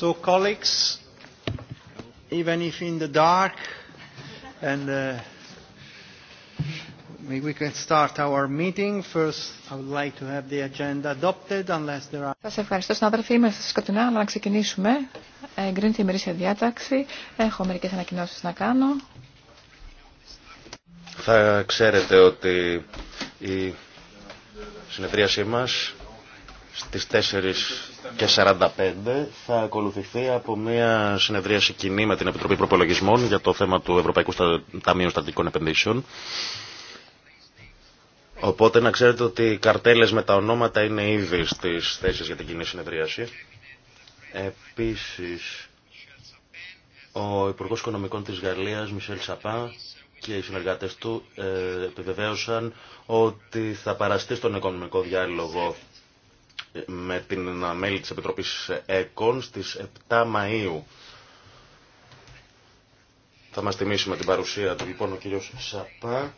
So, colleagues, even if in the dark, and uh, maybe we can start our meeting. First, I would like to have the agenda adopted, unless there are. Σας ευχαριστώ, συνάδελφοι. Είμαστε σκοτεινά, αλλά να ξεκινήσουμε. Ε, εγκρίνεται η ημερήσια διάταξη. Έχω μερικές ανακοινώσεις να κάνω. Θα ξέρετε ότι η συνεδρίασή μας στις 4 και 45 θα ακολουθηθεί από μια συνεδρίαση κοινή με την Επιτροπή Προπολογισμών για το θέμα του Ευρωπαϊκού Ταμείου Στατικών Επενδύσεων. Οπότε να ξέρετε ότι οι καρτέλες με τα ονόματα είναι ήδη στις θέσεις για την κοινή συνεδρίαση. Επίσης, ο Υπουργό Οικονομικών της Γαλλίας, Μισελ Σαπά, και οι συνεργάτες του ε, επιβεβαίωσαν ότι θα παραστεί στον οικονομικό διάλογο με την ε, μέλη της Επιτροπής ΕΚΟΝ στις 7 Μαΐου. Θα μας τιμήσουμε την παρουσία του λοιπόν ο κύριος Σαπά.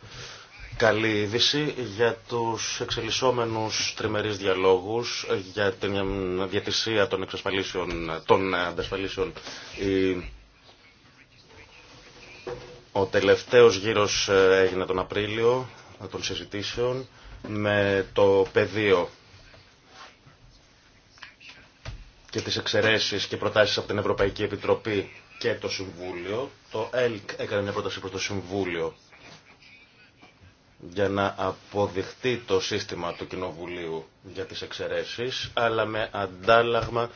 Καλή είδηση για τους εξελισσόμενους τριμερείς διαλόγους, για την διατησία των εξασφαλίσεων, των αντασφαλίσεων. Ο τελευταίος γύρος ε, έγινε τον Απρίλιο των συζητήσεων με το πεδίο και τις εξαιρέσεις και προτάσεις από την Ευρωπαϊκή Επιτροπή και το Συμβούλιο. Το ΕΛΚ έκανε μια πρόταση προς το Συμβούλιο για να αποδειχτεί το σύστημα του Κοινοβουλίου για τις εξαιρέσεις, αλλά με αντάλλαγμα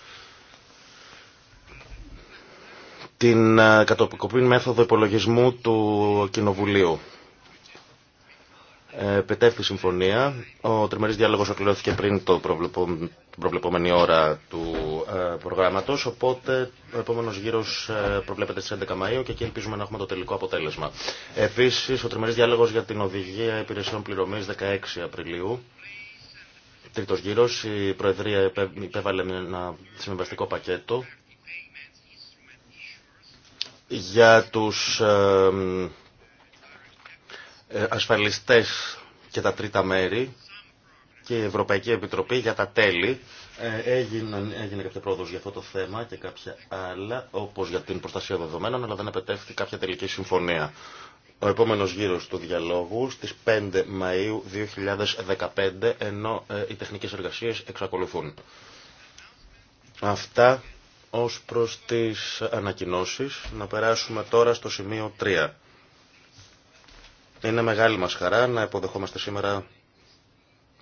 την ε, κατοπικοπή μέθοδο υπολογισμού του Κοινοβουλίου. Ε, πετεύχθη συμφωνία. Ο τριμερή διάλογο ολοκληρώθηκε πριν το προβλεπο... την προβλεπόμενη ώρα του ε, προγράμματο. Οπότε ο επόμενο γύρο ε, προβλέπεται στι 11 Μαου και εκεί ελπίζουμε να έχουμε το τελικό αποτέλεσμα. Επίση, ο τριμερή διάλογο για την οδηγία υπηρεσιών πληρωμή 16 Απριλίου. Τρίτο γύρο. Η Προεδρία υπέβαλε ένα συμβαστικό πακέτο για τους ε, ασφαλιστές και τα τρίτα μέρη και η Ευρωπαϊκή Επιτροπή για τα τέλη. Ε, έγινε, κάποια πρόοδος για αυτό το θέμα και κάποια άλλα, όπως για την προστασία δεδομένων, αλλά δεν επετεύχθη κάποια τελική συμφωνία. Ο επόμενος γύρος του διαλόγου στις 5 Μαΐου 2015, ενώ ε, οι τεχνικές εργασίες εξακολουθούν. Αυτά ως προς τις ανακοινώσεις. Να περάσουμε τώρα στο σημείο 3. Είναι μεγάλη μας χαρά να υποδεχόμαστε σήμερα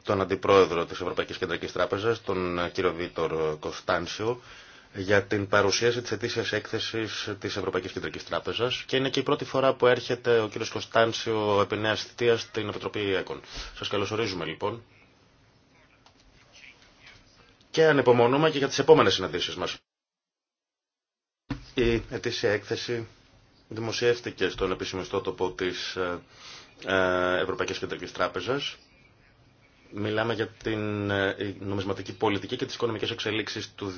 τον Αντιπρόεδρο της Ευρωπαϊκής Κεντρικής Τράπεζας, τον ε, κύριο Βίτορ Κωνστάνσιο, για την παρουσίαση της ετήσιας έκθεσης της Ευρωπαϊκής Κεντρικής Τράπεζας και είναι και η πρώτη φορά που έρχεται ο κύριος Κωνστάνσιο επί νέας θητείας στην Επιτροπή ΕΚΟΝ. Σας καλωσορίζουμε λοιπόν και ανεπομονούμε και για τις επόμενες συναντήσεις μας. Η ετήσια έκθεση δημοσιεύτηκε στον επίσημο τοπό της ε, ε, Ευρωπαϊκής Κεντρικής Τράπεζας. Μιλάμε για την ε, νομισματική πολιτική και τις οικονομικές εξελίξεις του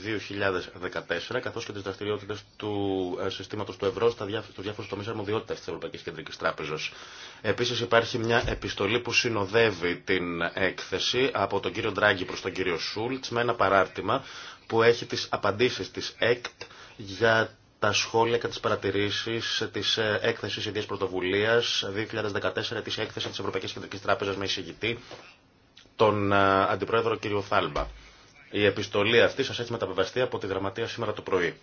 2014, καθώς και τις δραστηριότητες του συστήματος του ευρώ στα στους διάφορους τομείς αρμοδιότητας της Ευρωπαϊκής Κεντρικής Τράπεζας. Επίσης υπάρχει μια επιστολή που συνοδεύει την έκθεση από τον κύριο Ντράγκη προς τον κύριο Σούλτς με ένα παράρτημα που έχει τις απαντήσεις της ΕΚΤ για τα σχόλια και τι παρατηρήσει τη ε, Έκθεση ιδία πρωτοβουλία 2014 τη έκθεση τη Ευρωπαϊκή Κεντρική Τράπεζα με εισηγητή τον ε, Αντιπρόεδρο κ. Θάλμπα. Η επιστολή αυτή σα έχει μεταβεβαστεί από τη Γραμματεία σήμερα το πρωί.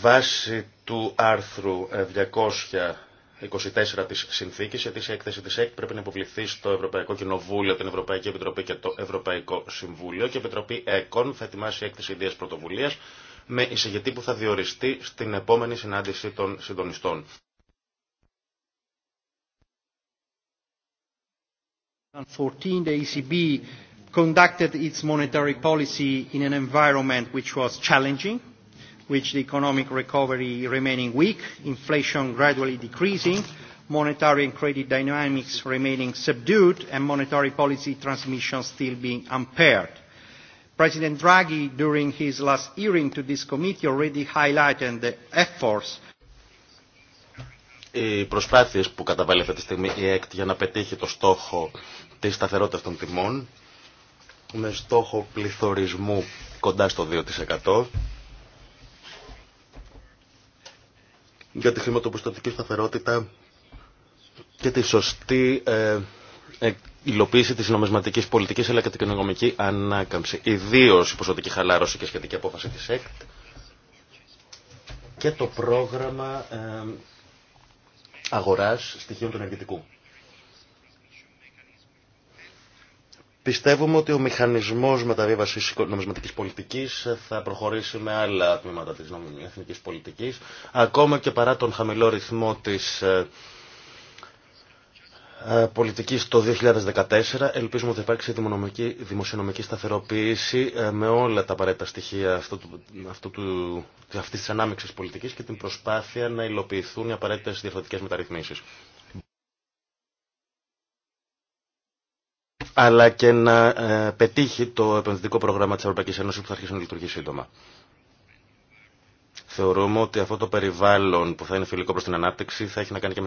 Βάσει του άρθρου 224 τη συνθήκη, συνθήκης, αιτήσια έκθεση τη ΕΚ πρέπει να υποβληθεί στο Ευρωπαϊκό Κοινοβούλιο, την Ευρωπαϊκή Επιτροπή και το Ευρωπαϊκό Συμβούλιο και η Επιτροπή ΕΚΟΝ θα ετοιμάσει έκθεση ιδέα πρωτοβουλία με εισηγητή που θα διοριστεί στην επόμενη συνάντηση των συντονιστών. The ECB conducted its monetary policy in an environment which was challenging, with the economic recovery remaining weak, inflation gradually decreasing, monetary and credit dynamics remaining subdued, and monetary policy transmission still being impaired. President Draghi, during his last hearing to this committee, already highlighted the efforts οι προσπάθειες που καταβάλει αυτή τη στιγμή η ΕΚΤ για να πετύχει το στόχο της σταθερότητας των τιμών με στόχο πληθωρισμού κοντά στο 2% για τη χρηματοπιστωτική σταθερότητα και τη σωστή ε, υλοποίηση τη νομισματική πολιτική αλλά και την οικονομική ανάκαμψη. Ιδίω η ποσοτική χαλάρωση και σχετική απόφαση της ΕΚΤ και το πρόγραμμα αγοράς στοιχείων του ενεργητικού. Πιστεύουμε ότι ο μηχανισμός μεταβίβασης νομισματικής πολιτική θα προχωρήσει με άλλα τμήματα της εθνική πολιτική, ακόμα και παρά τον χαμηλό ρυθμό της ε, ε, πολιτική το 2014. Ελπίζουμε ότι θα υπάρξει δημοσιονομική σταθεροποίηση ε, με όλα τα απαραίτητα στοιχεία αυτού του, αυτού πολιτική αυτής της ανάμειξης πολιτικής και την προσπάθεια να υλοποιηθούν οι απαραίτητες διαφορετικές μεταρρυθμίσεις. αλλά και να ε, πετύχει το επενδυτικό πρόγραμμα της Ευρωπαϊκής Ένωσης που θα αρχίσει να λειτουργεί σύντομα. Θεωρούμε ότι αυτό το περιβάλλον που θα είναι φιλικό προς την ανάπτυξη θα έχει να κάνει και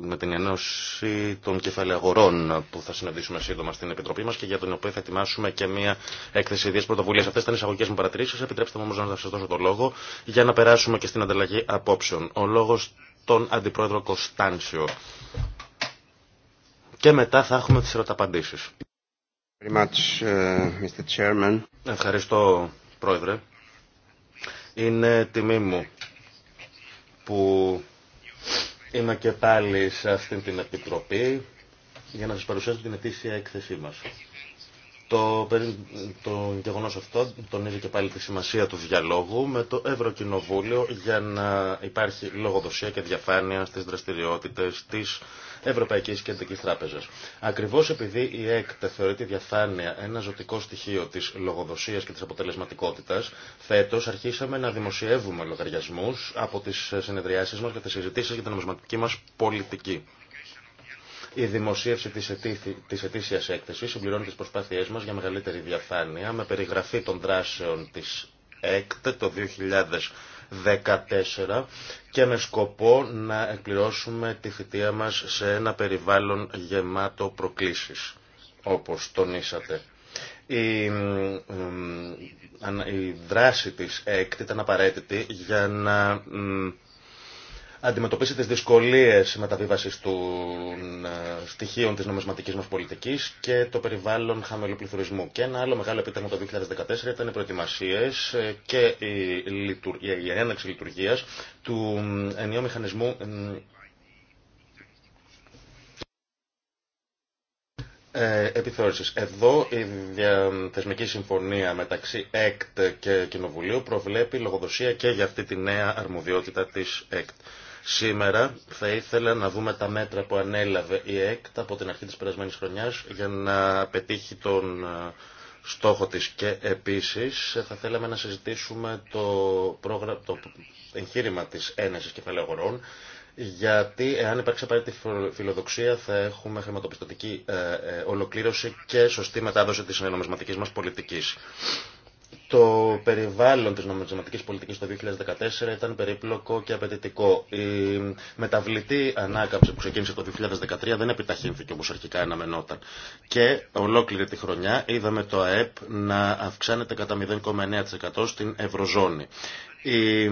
με, την ενώση των αγορών που θα συναντήσουμε σύντομα στην Επιτροπή μας και για τον οποίο θα ετοιμάσουμε και μια έκθεση ιδίας πρωτοβουλίας. Αυτές ήταν οι εισαγωγικές μου παρατηρήσεις. Επιτρέψτε μου όμως να σας δώσω το λόγο για να περάσουμε και στην ανταλλαγή απόψεων. Ο λόγος τον Αντιπρόεδρο Κωνστανσιο. Και μετά θα έχουμε τις ερωταπαντήσεις. Uh, Ευχαριστώ, Πρόεδρε. Είναι τιμή μου που είμαι και πάλι σε αυτή την Επιτροπή για να σας παρουσιάσω την ετήσια έκθεσή μας. Το, το γεγονό αυτό τονίζει και πάλι τη σημασία του διαλόγου με το Ευρωκοινοβούλιο για να υπάρχει λογοδοσία και διαφάνεια στι δραστηριότητε τη Ευρωπαϊκή Κεντρική Τράπεζα. Ακριβώ, επειδή η ΕΚΤ θεωρεί τη διαφάνεια ένα ζωτικό στοιχείο τη λογοδοσία και τη αποτελεσματικότητα, φέτο αρχίσαμε να δημοσιεύουμε λογαριασμού από τι συνεδριάσεις μα και τι συζητήσει για την νομισματική μα πολιτική. Η δημοσίευση της ετήσιας έκθεση συμπληρώνει τις προσπάθειές μας για μεγαλύτερη διαφάνεια με περιγραφή των δράσεων της ΕΚΤ το 2014 και με σκοπό να εκπληρώσουμε τη θητεία μας σε ένα περιβάλλον γεμάτο προκλήσεις, όπως τονίσατε. Η, η δράση της ΕΚΤ ήταν απαραίτητη για να αντιμετωπίσει τις δυσκολίες μεταβίβασης των ε, στοιχείων της νομισματικής μας πολιτικής και το περιβάλλον χαμηλού πληθωρισμού. Και ένα άλλο μεγάλο επίτευγμα το 2014 ήταν οι προετοιμασίες ε, και η έναρξη λειτουργίας του ε, ενιαίου μηχανισμού επιθεώρησης. Εδώ η διαθεσμική συμφωνία μεταξύ ΕΚΤ και Κοινοβουλίου προβλέπει λογοδοσία και για αυτή τη νέα αρμοδιότητα της ΕΚΤ. Σήμερα θα ήθελα να δούμε τα μέτρα που ανέλαβε η ΕΚΤ από την αρχή της περασμένης χρονιάς για να πετύχει τον ε, στόχο της και επίσης ε, θα θέλαμε να συζητήσουμε το, πρόγραμμα, το εγχείρημα της ένεσης κεφαλαίου γιατί εάν υπάρξει απαραίτητη φιλοδοξία θα έχουμε χρηματοπιστωτική ε, ολοκλήρωση και σωστή μετάδοση της νομισματικής μας πολιτικής. Το περιβάλλον της νομισματικής πολιτικής το 2014 ήταν περίπλοκο και απαιτητικό. Η μεταβλητή ανάκαμψη που ξεκίνησε το 2013 δεν επιταχύνθηκε όπως αρχικά αναμενόταν. Και ολόκληρη τη χρονιά είδαμε το ΑΕΠ να αυξάνεται κατά 0,9% στην Ευρωζώνη. Η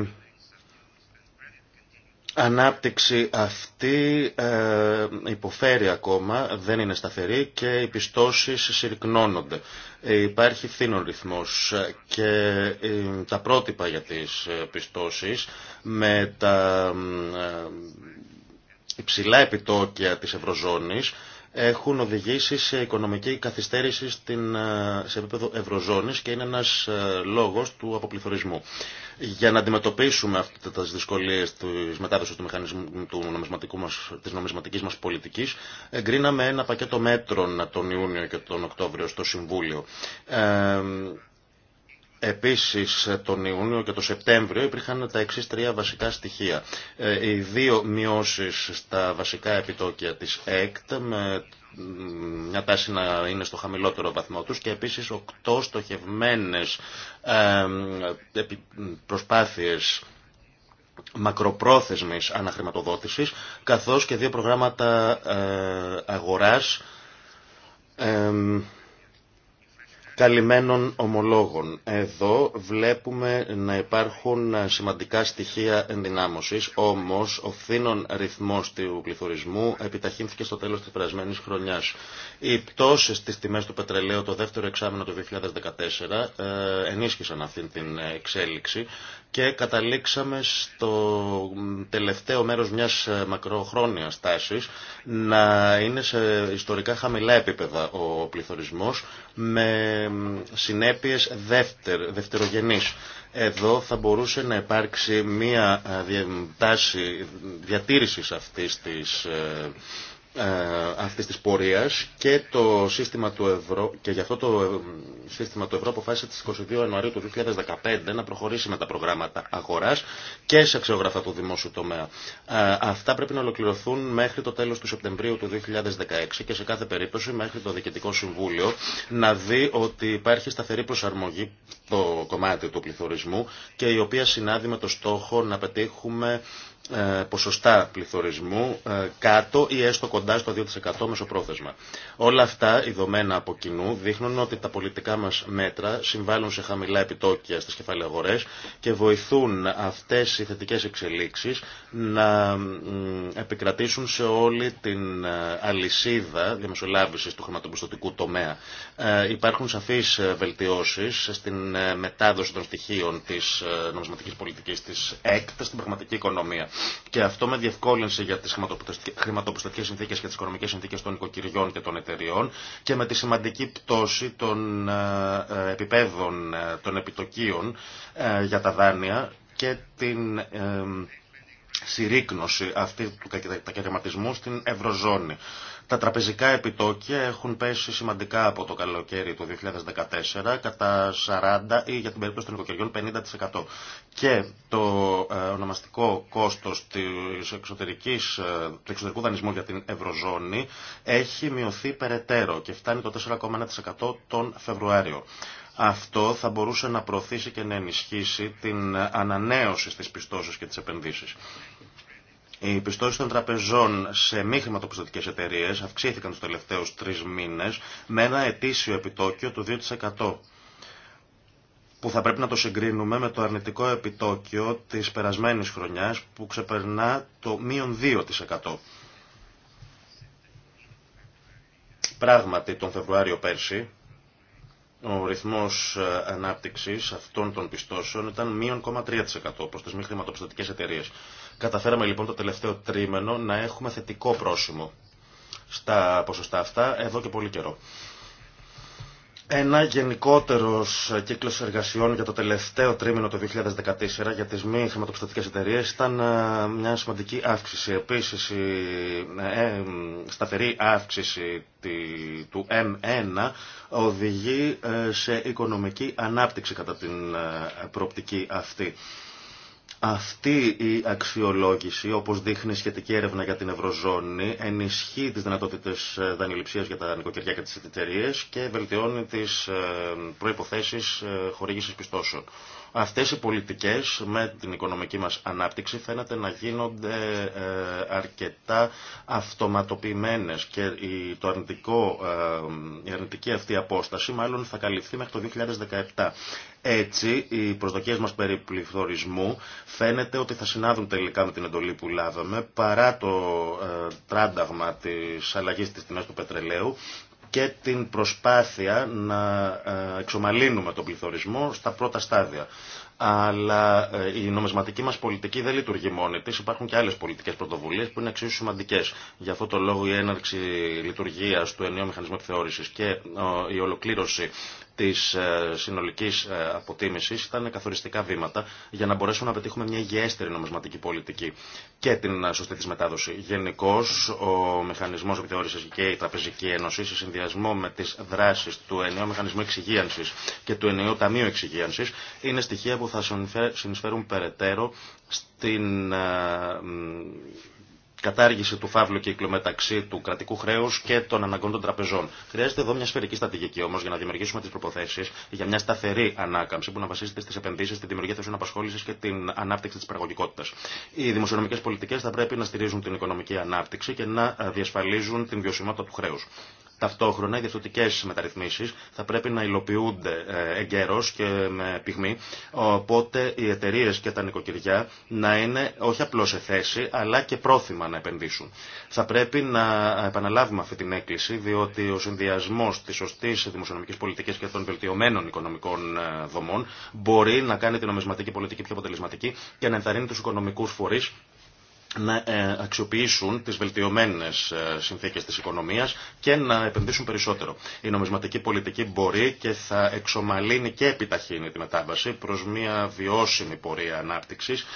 ανάπτυξη αυτή ε, υποφέρει ακόμα, δεν είναι σταθερή και οι πιστώσεις συρρυκνώνονται. Ε, υπάρχει φθήνων ρυθμός και ε, τα πρότυπα για τις πιστώσεις με τα υψηλά επιτόκια της Ευρωζώνης έχουν οδηγήσει σε οικονομική καθυστέρηση στην, σε επίπεδο Ευρωζώνης και είναι ένας λόγος του αποπληθωρισμού για να αντιμετωπίσουμε αυτές τις δυσκολίες της μετάδοσης του μηχανισμού του νομισματικού μας, της νομισματικής μας πολιτικής, εγκρίναμε ένα πακέτο μέτρων τον Ιούνιο και τον Οκτώβριο στο Συμβούλιο. Ε, Επίσης τον Ιούνιο και τον Σεπτέμβριο υπήρχαν τα εξής τρία βασικά στοιχεία. Ε, οι δύο μειώσεις στα βασικά επιτόκια της ΕΚΤ με μια τάση να είναι στο χαμηλότερο βαθμό τους και επίσης οκτώ στοχευμένες προσπάθειες μακροπρόθεσμης αναχρηματοδότησης καθώς και δύο προγράμματα ε, αγοράς καλυμμένων ομολόγων. Εδώ βλέπουμε να υπάρχουν σημαντικά στοιχεία ενδυνάμωσης, όμως ο φθήνων ρυθμός του πληθωρισμού επιταχύνθηκε στο τέλος της περασμένης χρονιάς. Οι πτώσεις στις τιμές του πετρελαίου το δεύτερο εξάμεινο του 2014 ε, ενίσχυσαν αυτήν την ε, εξέλιξη και καταλήξαμε στο τελευταίο μέρος μιας ε, μακροχρόνιας τάσης να είναι σε ιστορικά χαμηλά επίπεδα ο πληθωρισμός με συνέπειες δεύτερο, Εδώ θα μπορούσε να υπάρξει μια ε, τάση διατήρησης αυτής της ε, ε, αυτής της πορείας και, το σύστημα του ευρώ, και γι' αυτό το ε, σύστημα του ευρώ αποφάσισε τις 22 Ιανουαρίου του 2015 να προχωρήσει με τα προγράμματα αγοράς και σε αξιογραφά του δημόσιου τομέα. Ε, αυτά πρέπει να ολοκληρωθούν μέχρι το τέλος του Σεπτεμβρίου του 2016 και σε κάθε περίπτωση μέχρι το Διοικητικό Συμβούλιο να δει ότι υπάρχει σταθερή προσαρμογή το κομμάτι του πληθωρισμού και η οποία συνάδει με το στόχο να πετύχουμε ε, ποσοστά πληθωρισμού ε, κάτω ή έστω κοντά στο 2% μεσοπρόθεσμα. Όλα αυτά, ειδωμένα από κοινού, δείχνουν ότι τα πολιτικά μας μέτρα συμβάλλουν σε χαμηλά επιτόκια στις κεφαλαιαγορές και βοηθούν αυτές οι θετικές εξελίξεις να επικρατήσουν σε όλη την ε, αλυσίδα διαμεσολάβησης του χρηματοπιστωτικού τομέα. Υπάρχουν σαφείς βελτιώσεις στην μετάδοση των στοιχείων της νομισματικής πολιτικής τη ΕΚΤ στην πραγματική οικονομία. Και αυτό με διευκόλυνση για τι χρηματοπιστωτικέ συνθήκε και τι οικονομικέ συνθήκε των οικοκυριών και των εταιριών και με τη σημαντική πτώση των ε, ε, επιπέδων ε, των επιτοκίων για τα δάνεια και την συρρήκνωση αυτή του κατακαιρματισμού στην Ευρωζώνη. Τα τραπεζικά επιτόκια έχουν πέσει σημαντικά από το καλοκαίρι του 2014 κατά 40 ή για την περίπτωση των οικοκαιριών 50%. Και το ε, ονομαστικό κόστος της εξωτερικής, ε, του εξωτερικού δανεισμού για την Ευρωζώνη έχει μειωθεί περαιτέρω και φτάνει το 4,1% τον Φεβρουάριο. Αυτό θα μπορούσε να προωθήσει και να ενισχύσει την ανανέωση στις πιστώσεις και τις επενδύσεις. Οι πιστώσει των τραπεζών σε μη χρηματοπιστωτικέ εταιρείε αυξήθηκαν του τελευταίου τρει μήνε με ένα ετήσιο επιτόκιο του 2% που θα πρέπει να το συγκρίνουμε με το αρνητικό επιτόκιο της περασμένης χρονιάς που ξεπερνά το μείον 2%. Πράγματι, τον Φεβρουάριο πέρσι ο ρυθμός ε, ανάπτυξης αυτών των πιστώσεων ήταν μείον 0,3% προς τις μη χρηματοπιστωτικές εταιρείες. Καταφέραμε λοιπόν το τελευταίο τρίμενο να έχουμε θετικό πρόσημο στα ποσοστά αυτά εδώ και πολύ καιρό. Ένα γενικότερο κύκλο εργασιών για το τελευταίο τρίμηνο του 2014 για τι μη χρηματοπιστωτικέ εταιρείε ήταν ε, μια σημαντική αύξηση. Επίση, η ε, ε, σταθερή αύξηση του M1 οδηγεί σε οικονομική ανάπτυξη κατά την προοπτική αυτή. Αυτή η αξιολόγηση, όπως δείχνει η σχετική έρευνα για την Ευρωζώνη, ενισχύει τις δυνατότητες ε, δανειληψίας για τα νοικοκυριά και τις εταιρείε και βελτιώνει τις ε, προϋποθέσεις ε, χορήγησης πιστώσεων. Αυτές οι πολιτικές με την οικονομική μας ανάπτυξη φαίνεται να γίνονται ε, αρκετά αυτοματοποιημένες και το αρνητικό, ε, η αρνητική αυτή απόσταση μάλλον θα καλυφθεί μέχρι το 2017. Έτσι, οι προσδοκίες μας περί πληθωρισμού φαίνεται ότι θα συνάδουν τελικά με την εντολή που λάβαμε παρά το ε, τράνταγμα της αλλαγής της τιμής του πετρελαίου και την προσπάθεια να ε, εξομαλύνουμε τον πληθωρισμό στα πρώτα στάδια. Αλλά ε, η νομισματική μα πολιτική δεν λειτουργεί μόνη τη. Υπάρχουν και άλλε πολιτικέ πρωτοβουλίε που είναι εξίσου σημαντικέ. Γι' αυτό το λόγο η έναρξη λειτουργία του ενιαίου μηχανισμού επιθεώρηση και ε, η ολοκλήρωση της ε, συνολικής ε, αποτίμησης ήταν καθοριστικά βήματα για να μπορέσουμε να πετύχουμε μια υγιέστερη νομισματική πολιτική και την ε, σωστή της μετάδοση. Γενικώ, ο μηχανισμός επιθεώρησης και η Τραπεζική Ένωση σε συνδυασμό με τις δράσεις του ενιαίου μηχανισμού εξυγίανσης και του ενιαίου ταμείου εξυγίανσης είναι στοιχεία που θα συνεισφέρουν περαιτέρω στην κατάργηση του φαύλου κύκλου μεταξύ του κρατικού χρέου και των αναγκών των τραπεζών. Χρειάζεται εδώ μια σφαιρική στρατηγική όμω για να δημιουργήσουμε τι προποθέσει για μια σταθερή ανάκαμψη που να βασίζεται στι επενδύσει, στη δημιουργία θέσεων απασχόληση και την ανάπτυξη τη πραγματικότητα. Οι δημοσιονομικέ πολιτικέ θα πρέπει να στηρίζουν την οικονομική ανάπτυξη και να διασφαλίζουν την βιωσιμότητα του χρέου. Ταυτόχρονα οι διευθυντικέ μεταρρυθμίσει θα πρέπει να υλοποιούνται ε, εγκαίρω και με πυγμή, οπότε οι εταιρείε και τα νοικοκυριά να είναι όχι απλώ σε θέση, αλλά και πρόθυμα να επενδύσουν. Θα πρέπει να επαναλάβουμε αυτή την έκκληση, διότι ο συνδυασμό τη σωστή δημοσιονομική πολιτική και των βελτιωμένων οικονομικών ε, δομών μπορεί να κάνει την νομισματική πολιτική πιο αποτελεσματική και να ενθαρρύνει του οικονομικού φορεί να ε, αξιοποιήσουν τις βελτιωμένες ε, συνθήκες της οικονομίας και να επενδύσουν περισσότερο. Η νομισματική πολιτική μπορεί και θα εξομαλύνει και επιταχύνει τη μετάβαση προς μια βιώσιμη πορεία ανάπτυξης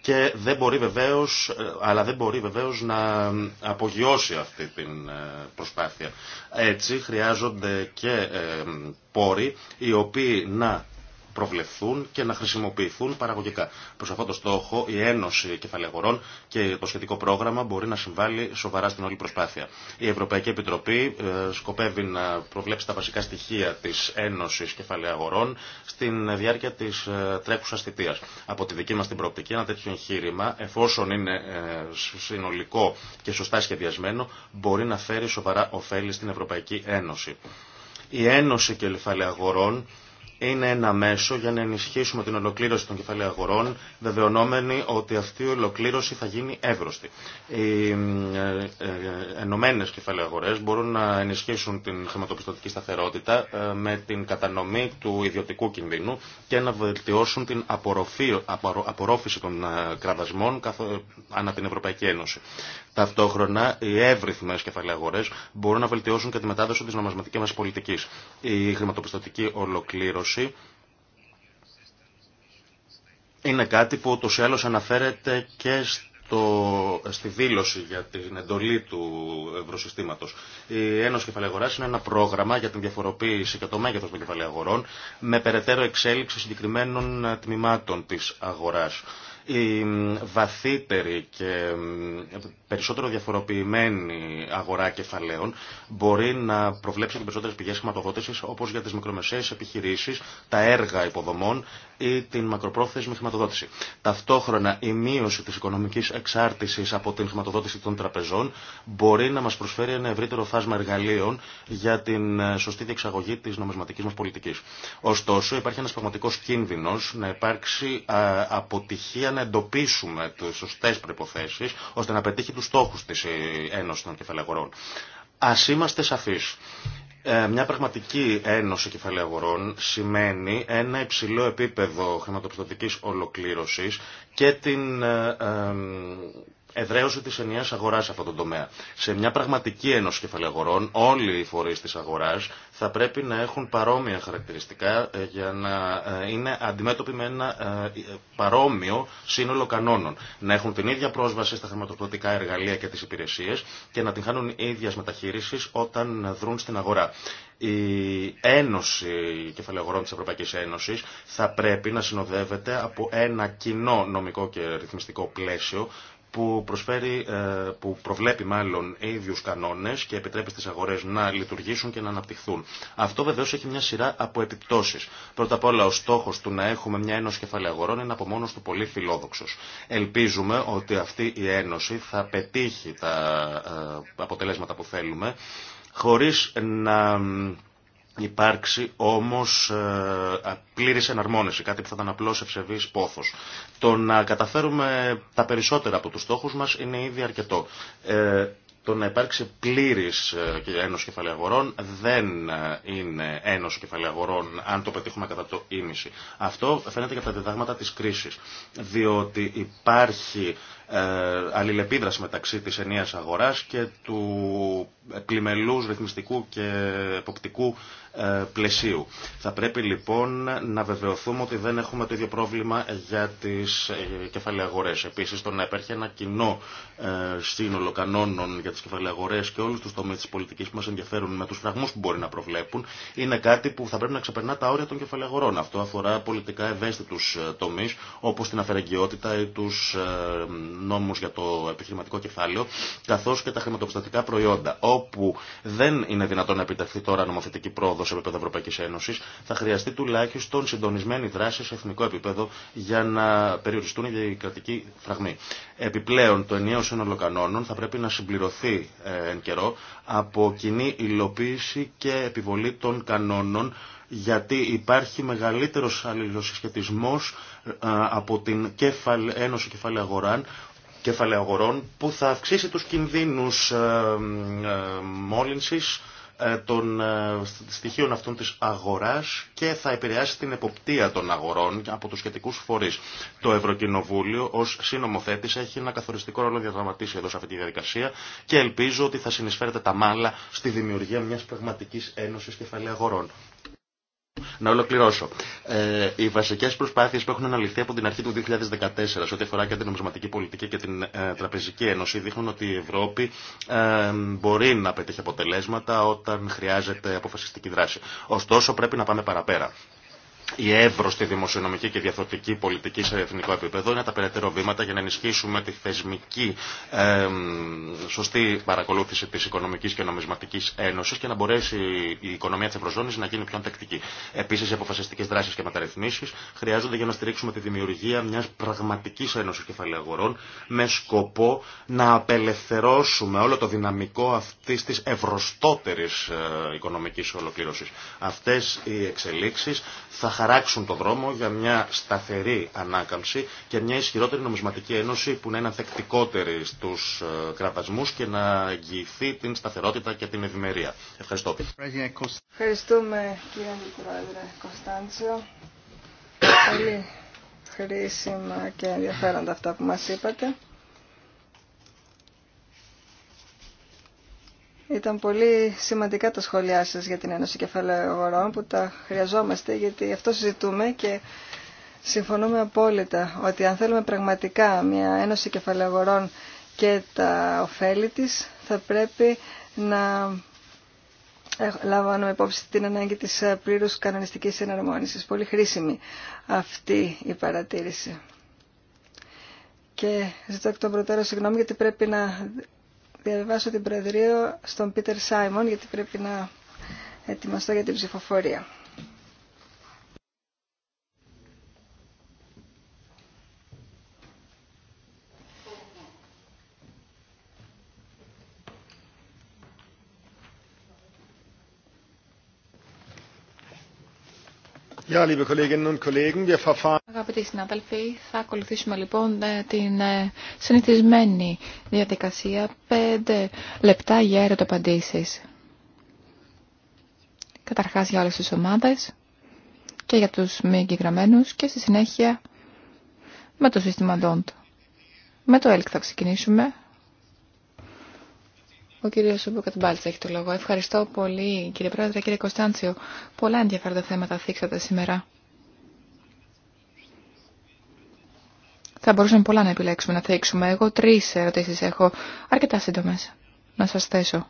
και δεν μπορεί βεβαίως, ε, αλλά δεν μπορεί βεβαίως να απογειώσει αυτή την προσπάθεια. Έτσι χρειάζονται και πόροι οι οποίοι να προβλεφθούν και να χρησιμοποιηθούν παραγωγικά. Προ αυτό το στόχο η Ένωση Κεφαλαιογορών και το σχετικό πρόγραμμα μπορεί να συμβάλλει σοβαρά στην όλη προσπάθεια. Η Ευρωπαϊκή Επιτροπή ε, σκοπεύει να προβλέψει τα βασικά στοιχεία της Ένωσης Κεφαλαιογορών στην διάρκεια της ε, τρέχουσας θητεία. Από τη δική μα την προοπτική ένα τέτοιο εγχείρημα εφόσον είναι ε, συνολικό και σωστά σχεδιασμένο μπορεί να φέρει σοβαρά ωφέλη στην Ευρωπαϊκή Ένωση. Η Ένωση Κεφαλαιογορών είναι ένα μέσο για να ενισχύσουμε την ολοκλήρωση των κεφαλαίων αγορών, βεβαιωνόμενοι ότι αυτή η ολοκλήρωση θα γίνει εύρωστη. Οι ε, ε, ενωμένε κεφαλαίων αγορέ μπορούν να ενισχύσουν την χρηματοπιστωτική σταθερότητα ε, με την κατανομή του ιδιωτικού κινδύνου και να βελτιώσουν την απορρόφηση των κραδασμών ανά την Ευρωπαϊκή Ένωση. Ταυτόχρονα, οι εύρυθμε κεφαλαίε μπορούν να βελτιώσουν και τη μετάδοση τη νομασματική μα πολιτική. Η χρηματοπιστωτική ολοκλήρωση είναι κάτι που ούτω ή άλλω αναφέρεται και στο, στη δήλωση για την εντολή του ευρωσυστήματο. Η Ένωση Κεφαλαίου είναι ένα πρόγραμμα για την διαφοροποίηση και το μέγεθο των κεφαλαίων αγορών με περαιτέρω εξέλιξη συγκεκριμένων τμήματων τη αγορά η βαθύτερη και περισσότερο διαφοροποιημένη αγορά κεφαλαίων μπορεί να προβλέψει και περισσότερε πηγέ χρηματοδότηση όπω για τι μικρομεσαίε επιχειρήσει, τα έργα υποδομών ή την μακροπρόθεσμη χρηματοδότηση. Ταυτόχρονα η μείωση τη οικονομική εξάρτηση από την χρηματοδότηση των τραπεζών μπορεί να μα προσφέρει ένα ευρύτερο φάσμα εργαλείων για την σωστή διεξαγωγή τη νομισματική μα πολιτική. Ωστόσο, υπάρχει ένα πραγματικό κίνδυνο να υπάρξει αποτυχία να εντοπίσουμε τι σωστέ προποθέσει ώστε να πετύχει του στόχου τη Ένωση των Κεφαλαίων Α είμαστε σαφεί. Ε, μια πραγματική ένωση κεφαλαίου αγορών σημαίνει ένα υψηλό επίπεδο χρηματοπιστωτικής ολοκλήρωσης και την ε, ε, εδραίωση τη ενιαία αγορά σε αυτόν τον τομέα. Σε μια πραγματική ένωση κεφαλαίου όλοι οι φορεί τη αγορά θα πρέπει να έχουν παρόμοια χαρακτηριστικά ε, για να ε, είναι αντιμέτωποι με ένα ε, παρόμοιο σύνολο κανόνων. Να έχουν την ίδια πρόσβαση στα χρηματοδοτικά εργαλεία και τι υπηρεσίε και να την χάνουν ίδια μεταχείριση όταν δρουν στην αγορά. Η Ένωση Κεφαλαίου της τη Ευρωπαϊκή Ένωση θα πρέπει να συνοδεύεται από ένα κοινό νομικό και ρυθμιστικό πλαίσιο που, προσφέρει, ε, που προβλέπει μάλλον ίδιους κανόνες και επιτρέπει στις αγορές να λειτουργήσουν και να αναπτυχθούν. Αυτό βεβαίως έχει μια σειρά από επιπτώσεις. Πρώτα απ' όλα ο στόχος του να έχουμε μια ένωση κεφαλαίου αγορών είναι από μόνος του πολύ φιλόδοξος. Ελπίζουμε ότι αυτή η ένωση θα πετύχει τα ε, αποτελέσματα που θέλουμε χωρίς να υπάρξει όμως πλήρη ε, πλήρης εναρμόνιση, κάτι που θα ήταν απλώς ευσεβής πόθος. Το να καταφέρουμε τα περισσότερα από τους στόχους μας είναι ήδη αρκετό. Ε, το να υπάρξει πλήρης ε, ένωση κεφαλαίου αγορών δεν είναι ένωση κεφαλαίου αν το πετύχουμε κατά το ίμιση. Αυτό φαίνεται και από τα διδάγματα της κρίσης, διότι υπάρχει ε, αλληλεπίδραση μεταξύ της ενίας αγοράς και του πλημελούς ρυθμιστικού και εποπτικού ε, πλαισίου. Θα πρέπει λοιπόν να βεβαιωθούμε ότι δεν έχουμε το ίδιο πρόβλημα για τις ε, κεφαλαίες αγορές. Επίσης το να υπέρχει ένα κοινό σύνολο κανόνων για τις κεφαλαίες αγορές και όλους τους τομείς της πολιτικής που μας ενδιαφέρουν με τους φραγμούς που μπορεί να προβλέπουν είναι κάτι που θα πρέπει να ξεπερνά τα όρια των κεφαλαίων αγορών. Αυτό αφορά πολιτικά ευαίσθητους τομείς όπως την αφαιρεγγιότητα ή τους νόμους για το επιχειρηματικό κεφάλαιο, καθώς και τα χρηματοπιστωτικά προϊόντα, όπου δεν είναι δυνατόν να επιτευχθεί τώρα νομοθετική πρόοδο σε επίπεδο Ευρωπαϊκής Ένωσης, θα χρειαστεί τουλάχιστον συντονισμένη δράση σε εθνικό επίπεδο για να περιοριστούν οι κρατικοί φραγμοί. Επιπλέον, το ενιαίο σύνολο κανόνων θα πρέπει να συμπληρωθεί ε, εν καιρό από κοινή υλοποίηση και επιβολή των κανόνων γιατί υπάρχει μεγαλύτερος αλληλοσυσχετισμός ε, από την Ένωση Κεφαλαίου Αγοράν αγορών που θα αυξήσει τους κινδύνους ε, ε, μόλυνσης των στοιχείων αυτών της αγοράς και θα επηρεάσει την εποπτεία των αγορών από τους σχετικούς φορείς. Το Ευρωκοινοβούλιο ως σύνομοθέτης έχει ένα καθοριστικό ρόλο διαδραματίσει εδώ σε αυτή τη διαδικασία και ελπίζω ότι θα συνεισφέρεται τα μάλα στη δημιουργία μιας πραγματικής ένωσης κεφαλαίου αγορών. Να ολοκληρώσω. Ε, οι βασικέ προσπάθειε που έχουν αναλυθεί από την αρχή του 2014 σε ό,τι αφορά και την νομισματική πολιτική και την ε, τραπεζική ένωση δείχνουν ότι η Ευρώπη ε, μπορεί να πετύχει αποτελέσματα όταν χρειάζεται αποφασιστική δράση. Ωστόσο πρέπει να πάμε παραπέρα η εύρωστη δημοσιονομική και διαθωτική πολιτική σε εθνικό επίπεδο είναι τα περαιτέρω βήματα για να ενισχύσουμε τη θεσμική ε, σωστή παρακολούθηση τη Οικονομική και Νομισματική Ένωση και να μπορέσει η οικονομία τη Ευρωζώνη να γίνει πιο αντακτική. Επίση, οι αποφασιστικέ δράσει και μεταρρυθμίσει χρειάζονται για να στηρίξουμε τη δημιουργία μια πραγματική Ένωση Κεφαλαίου Αγορών με σκοπό να απελευθερώσουμε όλο το δυναμικό αυτή τη ευρωστότερη ε, οικονομική ολοκλήρωση. Αυτέ οι εξελίξει θα χαράξουν το δρόμο για μια σταθερή ανάκαμψη και μια ισχυρότερη νομισματική ένωση που να είναι ανθεκτικότερη στους ε, κραβασμούς και να εγγυηθεί την σταθερότητα και την ευημερία. Ευχαριστώ. Ευχαριστούμε κύριε Πρόεδρε Κωνσταντσιο. Πολύ χρήσιμα και ενδιαφέροντα αυτά που μας είπατε. Ήταν πολύ σημαντικά τα σχόλιά σας για την Ένωση Κεφαλαίου Αγορών που τα χρειαζόμαστε γιατί αυτό συζητούμε και συμφωνούμε απόλυτα ότι αν θέλουμε πραγματικά μια Ένωση Κεφαλαίου Αγορών και τα ωφέλη της θα πρέπει να ε, λάβουμε υπόψη την ανάγκη της ε, πλήρους κανονιστικής εναρμόνισης. Πολύ χρήσιμη αυτή η παρατήρηση. Και ζητώ εκ των προτέρων συγγνώμη γιατί πρέπει να διαβάσω την Προεδρία στον Πίτερ Σάιμον γιατί πρέπει να ετοιμαστώ για την ψηφοφορία. Αγαπητοί συνάδελφοι, θα ακολουθήσουμε λοιπόν ε, την ε, συνηθισμένη διαδικασία. Πέντε λεπτά για ερωτοπαντήσει. Καταρχά για όλε τι ομάδε και για του μη εγγεγραμμένου και στη συνέχεια με το σύστημα DONT. Με το ΕΛΚ e θα ξεκινήσουμε. Ο κύριο Σουμποκατμπάλτ έχει το λόγο. Ευχαριστώ πολύ, κύριε Πρόεδρε, κύριε Κωνσταντσιο. Πολλά ενδιαφέροντα θέματα θίξατε σήμερα. Θα μπορούσαμε πολλά να επιλέξουμε να θίξουμε. Εγώ τρει ερωτήσει έχω, αρκετά σύντομε, να σα θέσω.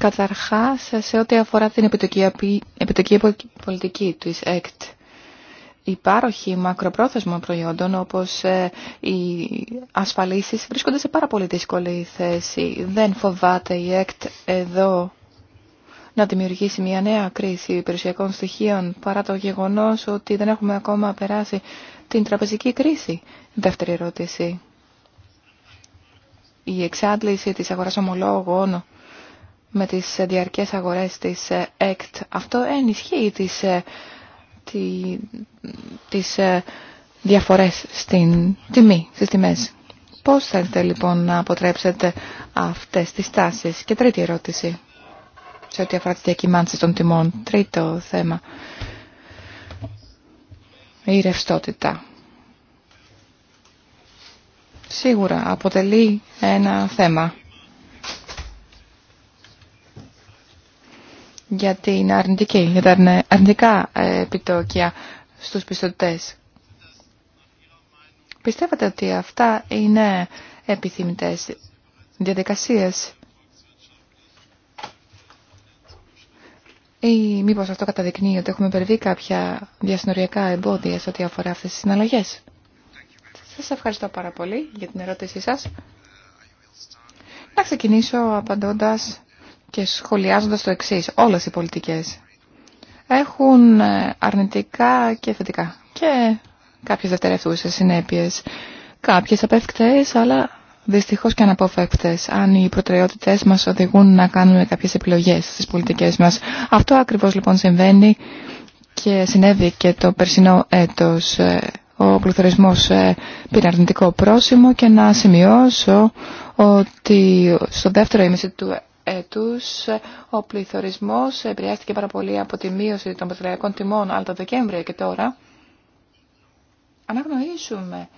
Καταρχάς, σε ό,τι αφορά την επιτοκή πολιτική του ΕΚΤ, οι πάροχοι μακροπρόθεσμων προϊόντων όπως ε, οι ασφαλίσεις βρίσκονται σε πάρα πολύ δύσκολη θέση. Δεν φοβάται η ΕΚΤ εδώ να δημιουργήσει μια νέα κρίση περιουσιακών στοιχείων παρά το γεγονός ότι δεν έχουμε ακόμα περάσει την τραπεζική κρίση. Δεύτερη ερώτηση. Η εξάντληση της αγοράς ομολόγων με τις διαρκές αγορές της ε, ΕΚΤ. Αυτό ενισχύει τις ε, τη, τις ε, διαφορές στην τιμή, στις τιμές. Πώς θέλετε λοιπόν να αποτρέψετε αυτές τις τάσεις. Και τρίτη ερώτηση σε ό,τι αφορά τις διακυμάνσεις των τιμών. Τρίτο θέμα. Η ρευστότητα. Σίγουρα αποτελεί ένα θέμα για, την αρνητική, για τα αρνητικά ε, επιτόκια στους πιστωτές. Πιστεύετε ότι αυτά είναι επιθυμητές διαδικασίες ή μήπως αυτό καταδεικνύει ότι έχουμε περβεί κάποια διασυνοριακά εμπόδια σε ό,τι αφορά αυτές τις συναλλαγές. Σας ευχαριστώ πάρα πολύ για την ερώτησή σας. Να ξεκινήσω απαντώντας και σχολιάζοντας το εξής, όλες οι πολιτικές έχουν ε, αρνητικά και θετικά και κάποιες δευτερευτούσες συνέπειες, κάποιες απευκτές αλλά δυστυχώς και αναπόφευκτες αν οι προτεραιότητες μας οδηγούν να κάνουμε κάποιες επιλογές στις πολιτικές μας. Αυτό ακριβώς λοιπόν συμβαίνει και συνέβη και το περσινό έτος ε, ο πληθωρισμός ε, πήρε αρνητικό πρόσημο και να σημειώσω ότι στο δεύτερο ήμιση του έτους ο πληθωρισμός επηρεάστηκε πάρα πολύ από τη μείωση των πετρελαϊκών τιμών, αλλά το Δεκέμβριο και τώρα αναγνωρίζουμε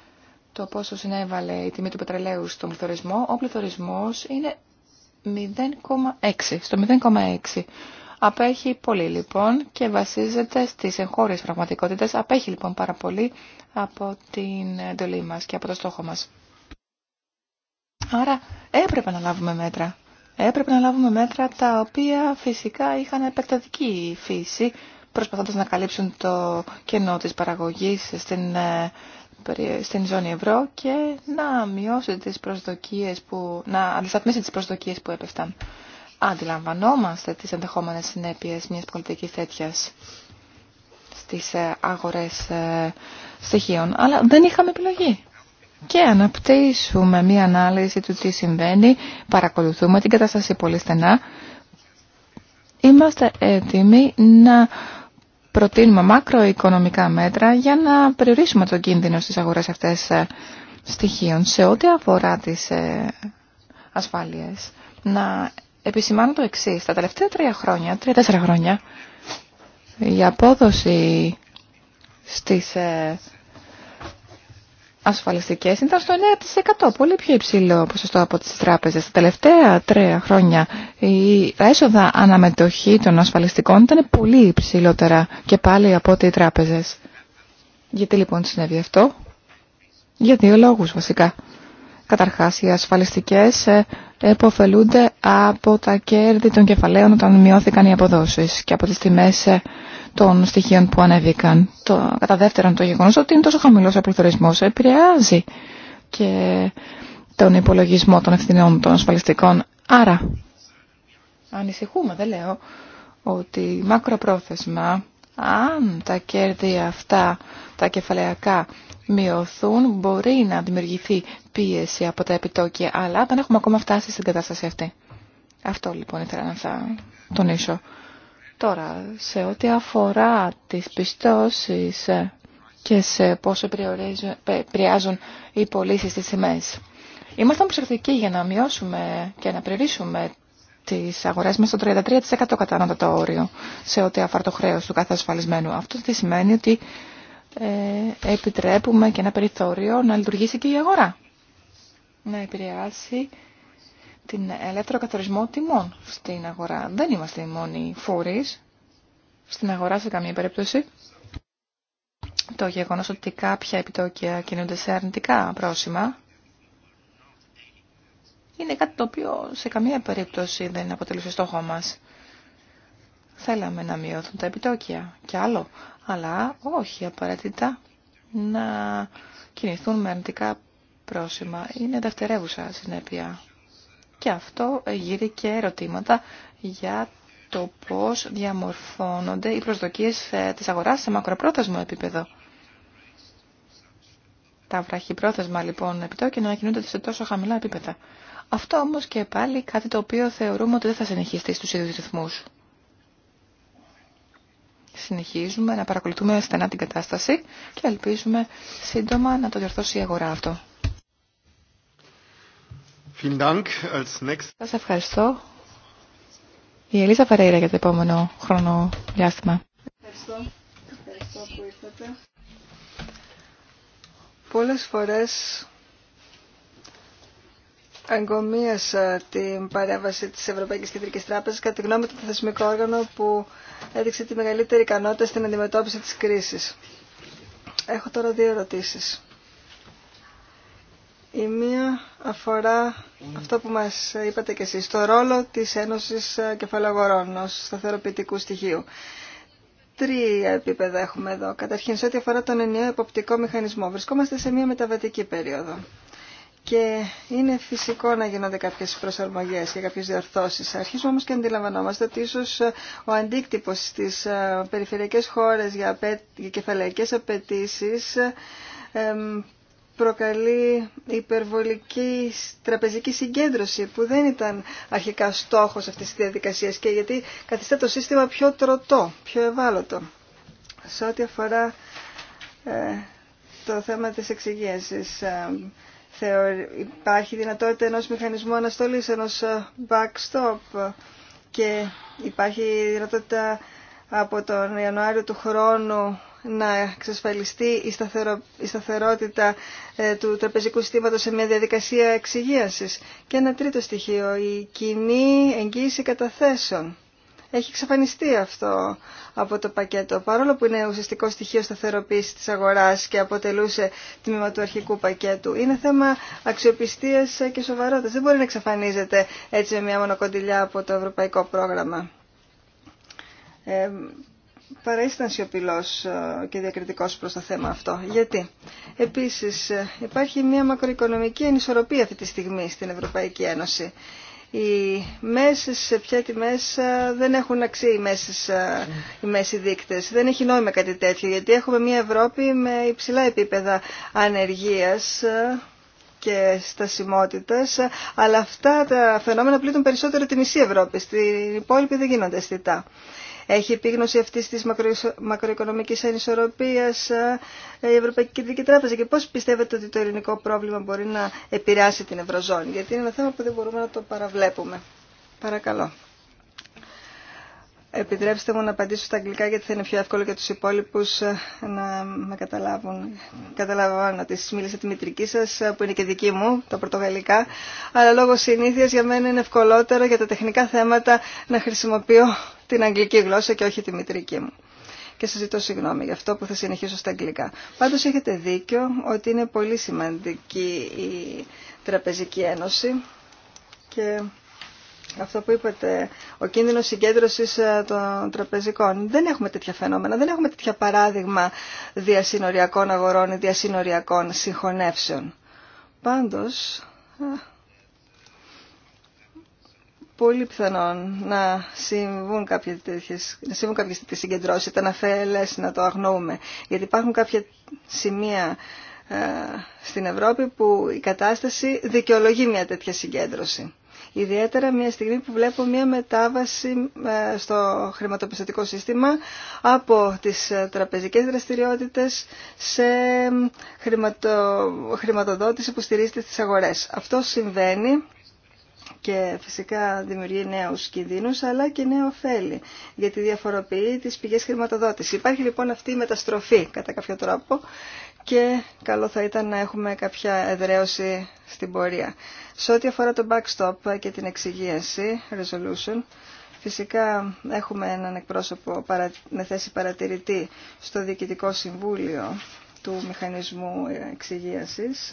το πόσο συνέβαλε η τιμή του πετρελαίου στον πληθωρισμό. Ο πληθωρισμός είναι 0,6, στο 0,6. Απέχει πολύ λοιπόν και βασίζεται στις εγχώριες πραγματικότητες. Απέχει λοιπόν πάρα πολύ από την εντολή μας και από το στόχο μας. Άρα έπρεπε να λάβουμε μέτρα έπρεπε να λάβουμε μέτρα τα οποία φυσικά είχαν επεκτατική φύση, προσπαθώντας να καλύψουν το κενό της παραγωγής στην, ε, στην ζώνη ευρώ και να μειώσει τις προσδοκίες που, να αντισταθμίσει τις προσδοκίες που έπεφταν. Αντιλαμβανόμαστε τις ενδεχόμενες συνέπειες μιας πολιτικής τέτοια στις ε, αγορές ε, στοιχείων, αλλά δεν είχαμε επιλογή και αναπτύσσουμε μία ανάλυση του τι συμβαίνει, παρακολουθούμε την κατάσταση πολύ στενά. Είμαστε έτοιμοι να προτείνουμε μακροοικονομικά μέτρα για να περιορίσουμε τον κίνδυνο στις αγορές αυτές ε, στοιχείων σε ό,τι αφορά τις ε, ασφάλειες. Να επισημάνω το εξή. Τα τελευταία τρία χρόνια, τρία-τέσσερα χρόνια, η απόδοση στις ε, ασφαλιστικές ήταν στο 9%, πολύ πιο υψηλό ποσοστό από τις τράπεζες. Τα τελευταία τρία χρόνια η έσοδα αναμετοχή των ασφαλιστικών ήταν πολύ υψηλότερα και πάλι από ό,τι οι τράπεζες. Γιατί λοιπόν συνέβη αυτό? Για δύο λόγους βασικά. Καταρχάς, οι ασφαλιστικές ε, εποφελούνται από τα κέρδη των κεφαλαίων όταν μειώθηκαν οι αποδόσεις και από τις τιμές ε, των στοιχείων που ανέβηκαν. Το, κατά δεύτερον, το γεγονός ότι είναι τόσο χαμηλός ο πληθωρισμός επηρεάζει και τον υπολογισμό των ευθυνών των ασφαλιστικών. Άρα, ανησυχούμε, δεν λέω, ότι μακροπρόθεσμα, αν τα κέρδη αυτά, τα κεφαλαιακά, μειωθούν, μπορεί να δημιουργηθεί πίεση από τα επιτόκια, αλλά δεν έχουμε ακόμα φτάσει στην κατάσταση αυτή. Αυτό λοιπόν ήθελα να θα τονίσω. Τώρα, σε ό,τι αφορά τις πιστώσεις ε, και σε πόσο επηρεάζουν οι πωλήσει στις τιμές. Είμαστε προσεκτικοί για να μειώσουμε και να περιορίσουμε τις αγορές μέσα στο 33% κατά το όριο σε ό,τι αφορά το χρέος του κάθε ασφαλισμένου. Αυτό τι σημαίνει ότι ε, επιτρέπουμε και ένα περιθώριο να λειτουργήσει και η αγορά. Να επηρεάσει την ελεύθερο καθορισμό τιμών στην αγορά. Δεν είμαστε οι μόνοι φορείς στην αγορά σε καμία περίπτωση. Το γεγονός ότι κάποια επιτόκια κινούνται σε αρνητικά πρόσημα είναι κάτι το οποίο σε καμία περίπτωση δεν αποτελούσε στόχο μας. Θέλαμε να μειώθουν τα επιτόκια και άλλο, αλλά όχι απαραίτητα να κινηθούν με αρνητικά πρόσημα. Είναι δευτερεύουσα συνέπεια και αυτό γύρει και ερωτήματα για το πώς διαμορφώνονται οι προσδοκίες ε, της αγοράς σε μακροπρόθεσμο επίπεδο. Τα βραχυπρόθεσμα λοιπόν επιτόκια να κινούνται σε τόσο χαμηλά επίπεδα. Αυτό όμως και πάλι κάτι το οποίο θεωρούμε ότι δεν θα συνεχιστεί στους ίδιους ρυθμούς. Συνεχίζουμε να παρακολουθούμε στενά την κατάσταση και ελπίζουμε σύντομα να το διορθώσει η αγορά αυτό. Σας ευχαριστώ. Η Ελίζα Φαρέιρα για το επόμενο χρόνο διάστημα. Ευχαριστώ. Ευχαριστώ που Πολλές φορές αγκομίασα την παρέμβαση της Ευρωπαϊκής Κεντρικής Τράπεζας κατά τη γνώμη του θεσμικού όργανο που έδειξε τη μεγαλύτερη ικανότητα στην αντιμετώπιση της κρίσης. Έχω τώρα δύο ερωτήσεις. Η μία αφορά αυτό που μας είπατε και εσείς, το ρόλο της Ένωσης Κεφαλαγορών ως σταθεροποιητικού στοιχείου. Τρία επίπεδα έχουμε εδώ. Καταρχήν, σε ό,τι αφορά τον ενιαίο εποπτικό μηχανισμό, βρισκόμαστε σε μία μεταβατική περίοδο. Και είναι φυσικό να γίνονται κάποιε προσαρμογέ και κάποιε διορθώσει. Αρχίζουμε όμω και αντιλαμβανόμαστε ότι ίσω ο αντίκτυπο στι ε, περιφερειακέ χώρε για κεφαλαϊκέ απαιτήσει προκαλεί υπερβολική τραπεζική συγκέντρωση που δεν ήταν αρχικά στόχος αυτής της διαδικασίας και γιατί καθιστά το σύστημα πιο τρωτό, πιο ευάλωτο. Σε ό,τι αφορά ε, το θέμα της εξυγίασης, ε, υπάρχει δυνατότητα ενός μηχανισμού αναστολής, ενός ε, backstop και υπάρχει δυνατότητα από τον Ιανουάριο του χρόνου να εξασφαλιστεί η, σταθερο, η σταθερότητα ε, του τραπεζικού συστήματος σε μια διαδικασία εξυγίασης. Και ένα τρίτο στοιχείο, η κοινή εγγύηση καταθέσεων. Έχει εξαφανιστεί αυτό από το πακέτο, παρόλο που είναι ουσιαστικό στοιχείο σταθεροποίησης της αγοράς και αποτελούσε τμήμα του αρχικού πακέτου. Είναι θέμα αξιοπιστίας και σοβαρότητας. Δεν μπορεί να εξαφανίζεται έτσι με μια μονοκοντιλιά από το ευρωπαϊκό πρόγραμμα. Ε, παρέσει ήταν σιωπηλό ε, και διακριτικό προ το θέμα αυτό. Γιατί επίση ε, υπάρχει μια μακροοικονομική ανισορροπία αυτή τη στιγμή στην Ευρωπαϊκή Ένωση. Οι σε πια τιμέ δεν έχουν αξία οι, μέσες, ε, οι μέσοι δείκτες. Δεν έχει νόημα κάτι τέτοιο γιατί έχουμε μια Ευρώπη με υψηλά επίπεδα ανεργία και στασιμότητα. αλλά αυτά τα φαινόμενα πλήττουν περισσότερο την μισή Ευρώπη. Στην υπόλοιπη δεν γίνονται αισθητά. Έχει επίγνωση αυτή τη μακροοικονομική ανισορροπία ε, η Ευρωπαϊκή Κεντρική Τράπεζα και πώ πιστεύετε ότι το ελληνικό πρόβλημα μπορεί να επηρεάσει την Ευρωζώνη, γιατί είναι ένα θέμα που δεν μπορούμε να το παραβλέπουμε. Παρακαλώ. Επιτρέψτε μου να απαντήσω στα αγγλικά γιατί θα είναι πιο εύκολο για τους υπόλοιπους ε, να με καταλάβουν. Καταλαβαίνω ότι εσείς τη μητρική σας ε, που είναι και δική μου, τα πρωτογαλλικά, αλλά λόγω συνήθειας για μένα είναι ευκολότερο για τα τεχνικά θέματα να χρησιμοποιώ την αγγλική γλώσσα και όχι τη μητρική μου. Και σας ζητώ συγγνώμη για αυτό που θα συνεχίσω στα αγγλικά. Πάντως έχετε δίκιο ότι είναι πολύ σημαντική η Τραπεζική Ένωση και αυτό που είπατε, ο κίνδυνος συγκέντρωσης ε, των τραπεζικών. Δεν έχουμε τέτοια φαινόμενα, δεν έχουμε τέτοια παράδειγμα διασυνοριακών αγορών ή διασυνοριακών συγχωνεύσεων. Πάντως, ε, πολύ πιθανόν να συμβούν κάποιες τέτοιες, να συμβούν κάποιες τέτοιες συγκεντρώσεις. Ήταν αφέλες να το αγνοούμε. Γιατί υπάρχουν κάποια σημεία ε, στην Ευρώπη που η κατάσταση δικαιολογεί μια τέτοια συγκέντρωση. Ιδιαίτερα μια στιγμή που βλέπω μια μετάβαση ε, στο χρηματοπιστωτικό σύστημα από τις ε, τραπεζικές δραστηριότητες σε χρηματοδότηση που στηρίζεται στις αγορές. Αυτό συμβαίνει και φυσικά δημιουργεί νέους κινδύνους αλλά και νέο ωφέλη γιατί διαφοροποιεί τις πηγές χρηματοδότησης. Υπάρχει λοιπόν αυτή η μεταστροφή κατά κάποιο τρόπο και καλό θα ήταν να έχουμε κάποια εδραίωση στην πορεία. Σε ό,τι αφορά το backstop και την εξυγίαση, resolution, φυσικά έχουμε έναν εκπρόσωπο με θέση παρατηρητή στο Διοικητικό Συμβούλιο του Μηχανισμού Εξυγίασης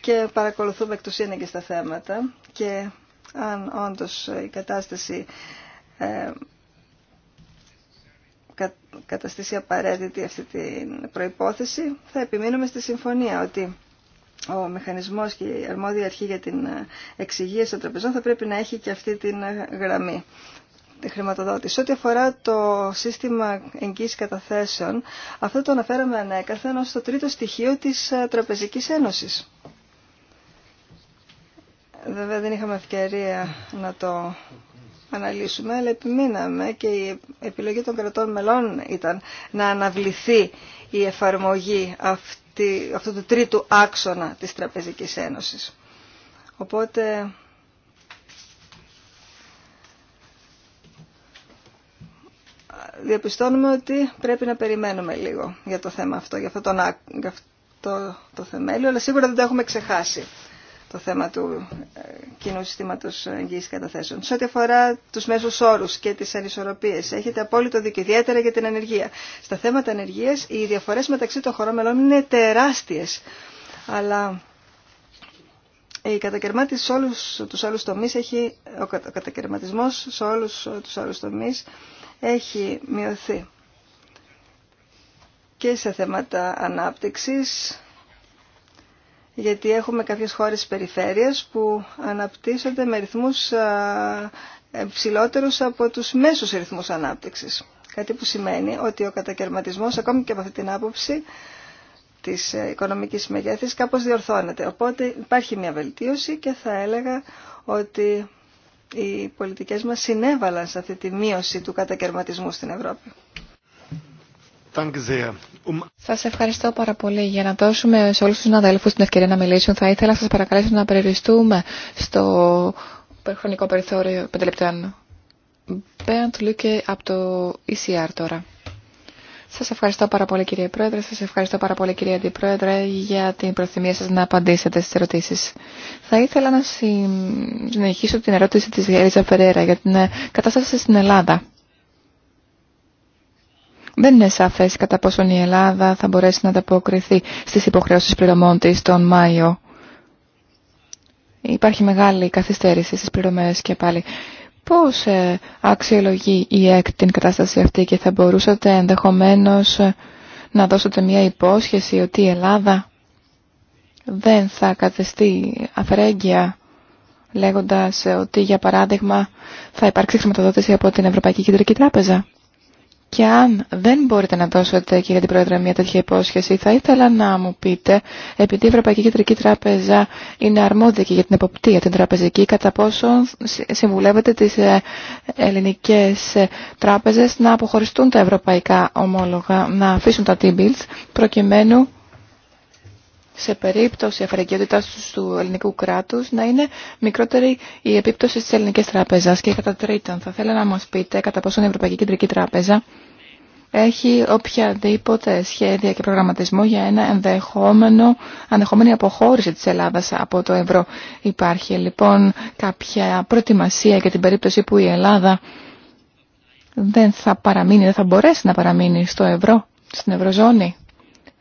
και παρακολουθούμε εκ του σύνεγγυ τα θέματα και αν όντως η κατάσταση ε, καταστήσει απαραίτητη αυτή την προϋπόθεση θα επιμείνουμε στη συμφωνία ότι ο μηχανισμός και η αρμόδια αρχή για την ε, εξυγίαση των τραπεζών θα πρέπει να έχει και αυτή την ε, γραμμή τη χρηματοδότηση. Ό,τι αφορά το σύστημα εγγύηση καταθέσεων, αυτό το αναφέραμε ανέκαθεν ως το τρίτο στοιχείο της ε, Τραπεζικής Ένωσης. Βέβαια δεν είχαμε ευκαιρία να το αναλύσουμε, αλλά επιμείναμε και η επιλογή των κρατών μελών ήταν να αναβληθεί η εφαρμογή αυτή, αυτού του τρίτου άξονα της Τραπεζικής Ένωσης. Οπότε διαπιστώνουμε ότι πρέπει να περιμένουμε λίγο για το θέμα αυτό, για αυτό, το, για αυτό το θεμέλιο, αλλά σίγουρα δεν το έχουμε ξεχάσει το θέμα του ε, κοινού συστήματο εγγύηση καταθέσεων. Σε ό,τι αφορά του μέσου όρου και τι ανισορροπίε, έχετε απόλυτο δίκιο, ιδιαίτερα για την ανεργία. Στα θέματα ανεργία, οι διαφορέ μεταξύ των χωρών μελών είναι τεράστιε. Αλλά η κατακαιρμάτιση όλους τους έχει, ο κατακαιρματισμό σε όλους του άλλου τομεί έχει μειωθεί και σε θέματα ανάπτυξης γιατί έχουμε κάποιες χώρες περιφέρειας που αναπτύσσονται με ρυθμούς ψηλότερους από τους μέσους ρυθμούς ανάπτυξης. Κάτι που σημαίνει ότι ο κατακαιρματισμός, ακόμη και από αυτή την άποψη, της ε, οικονομικής μεγέθης κάπως διορθώνεται. Οπότε υπάρχει μια βελτίωση και θα έλεγα ότι οι πολιτικές μας συνέβαλαν σε αυτή τη μείωση του κατακαιρματισμού στην Ευρώπη. Um- σα ευχαριστώ πάρα πολύ. Για να δώσουμε σε όλου του αδέλφους την ευκαιρία να μιλήσουν, θα ήθελα να σα παρακαλέσω να περιοριστούμε στο χρονικό περιθώριο 5 λεπτών. του Λούκε από το ECR τώρα. Σας ευχαριστώ πάρα πολύ κύριε Πρόεδρε, σα ευχαριστώ πάρα πολύ κύριε Αντιπρόεδρε για την προθυμία σα να απαντήσετε στι ερωτήσει. Θα ήθελα να συνεχίσω την ερώτηση τη Γερίζα Φεραίρα για την ε, κατάσταση στην Ελλάδα. Δεν είναι σαφέ κατά πόσον η Ελλάδα θα μπορέσει να ανταποκριθεί στις υποχρεώσεις πληρωμών τη τον Μάιο. Υπάρχει μεγάλη καθυστέρηση στις πληρωμές και πάλι. Πώς ε, αξιολογεί η ΕΚ την κατάσταση αυτή και θα μπορούσατε ενδεχομένως ε, να δώσετε μια υπόσχεση ότι η Ελλάδα δεν θα καθεστεί αφρέγγια λέγοντας ότι για παράδειγμα θα υπάρξει χρηματοδότηση από την Ευρωπαϊκή Κεντρική Τράπεζα. Και αν δεν μπορείτε να δώσετε, για την Πρόεδρε, μια τέτοια υπόσχεση, θα ήθελα να μου πείτε, επειδή η Ευρωπαϊκή Κεντρική Τράπεζα είναι αρμόδια και για την εποπτεία, την τραπεζική, κατά πόσον συμβουλεύετε τις ε, ελληνικές ε, τράπεζες να αποχωριστούν τα ευρωπαϊκά ομόλογα, να αφήσουν τα T-bills, προκειμένου σε περίπτωση αφαιρεγγιότητας του ελληνικού κράτους να είναι μικρότερη η επίπτωση της ελληνικής τράπεζας. Και κατά τρίτον, θα θέλω να μας πείτε κατά πόσο η Ευρωπαϊκή Κεντρική Τράπεζα έχει οποιαδήποτε σχέδια και προγραμματισμό για ένα ενδεχόμενο, ενδεχόμενη αποχώρηση της Ελλάδας από το ευρώ. Υπάρχει λοιπόν κάποια προετοιμασία για την περίπτωση που η Ελλάδα δεν θα παραμείνει, δεν θα μπορέσει να παραμείνει στο ευρώ, στην ευρωζώνη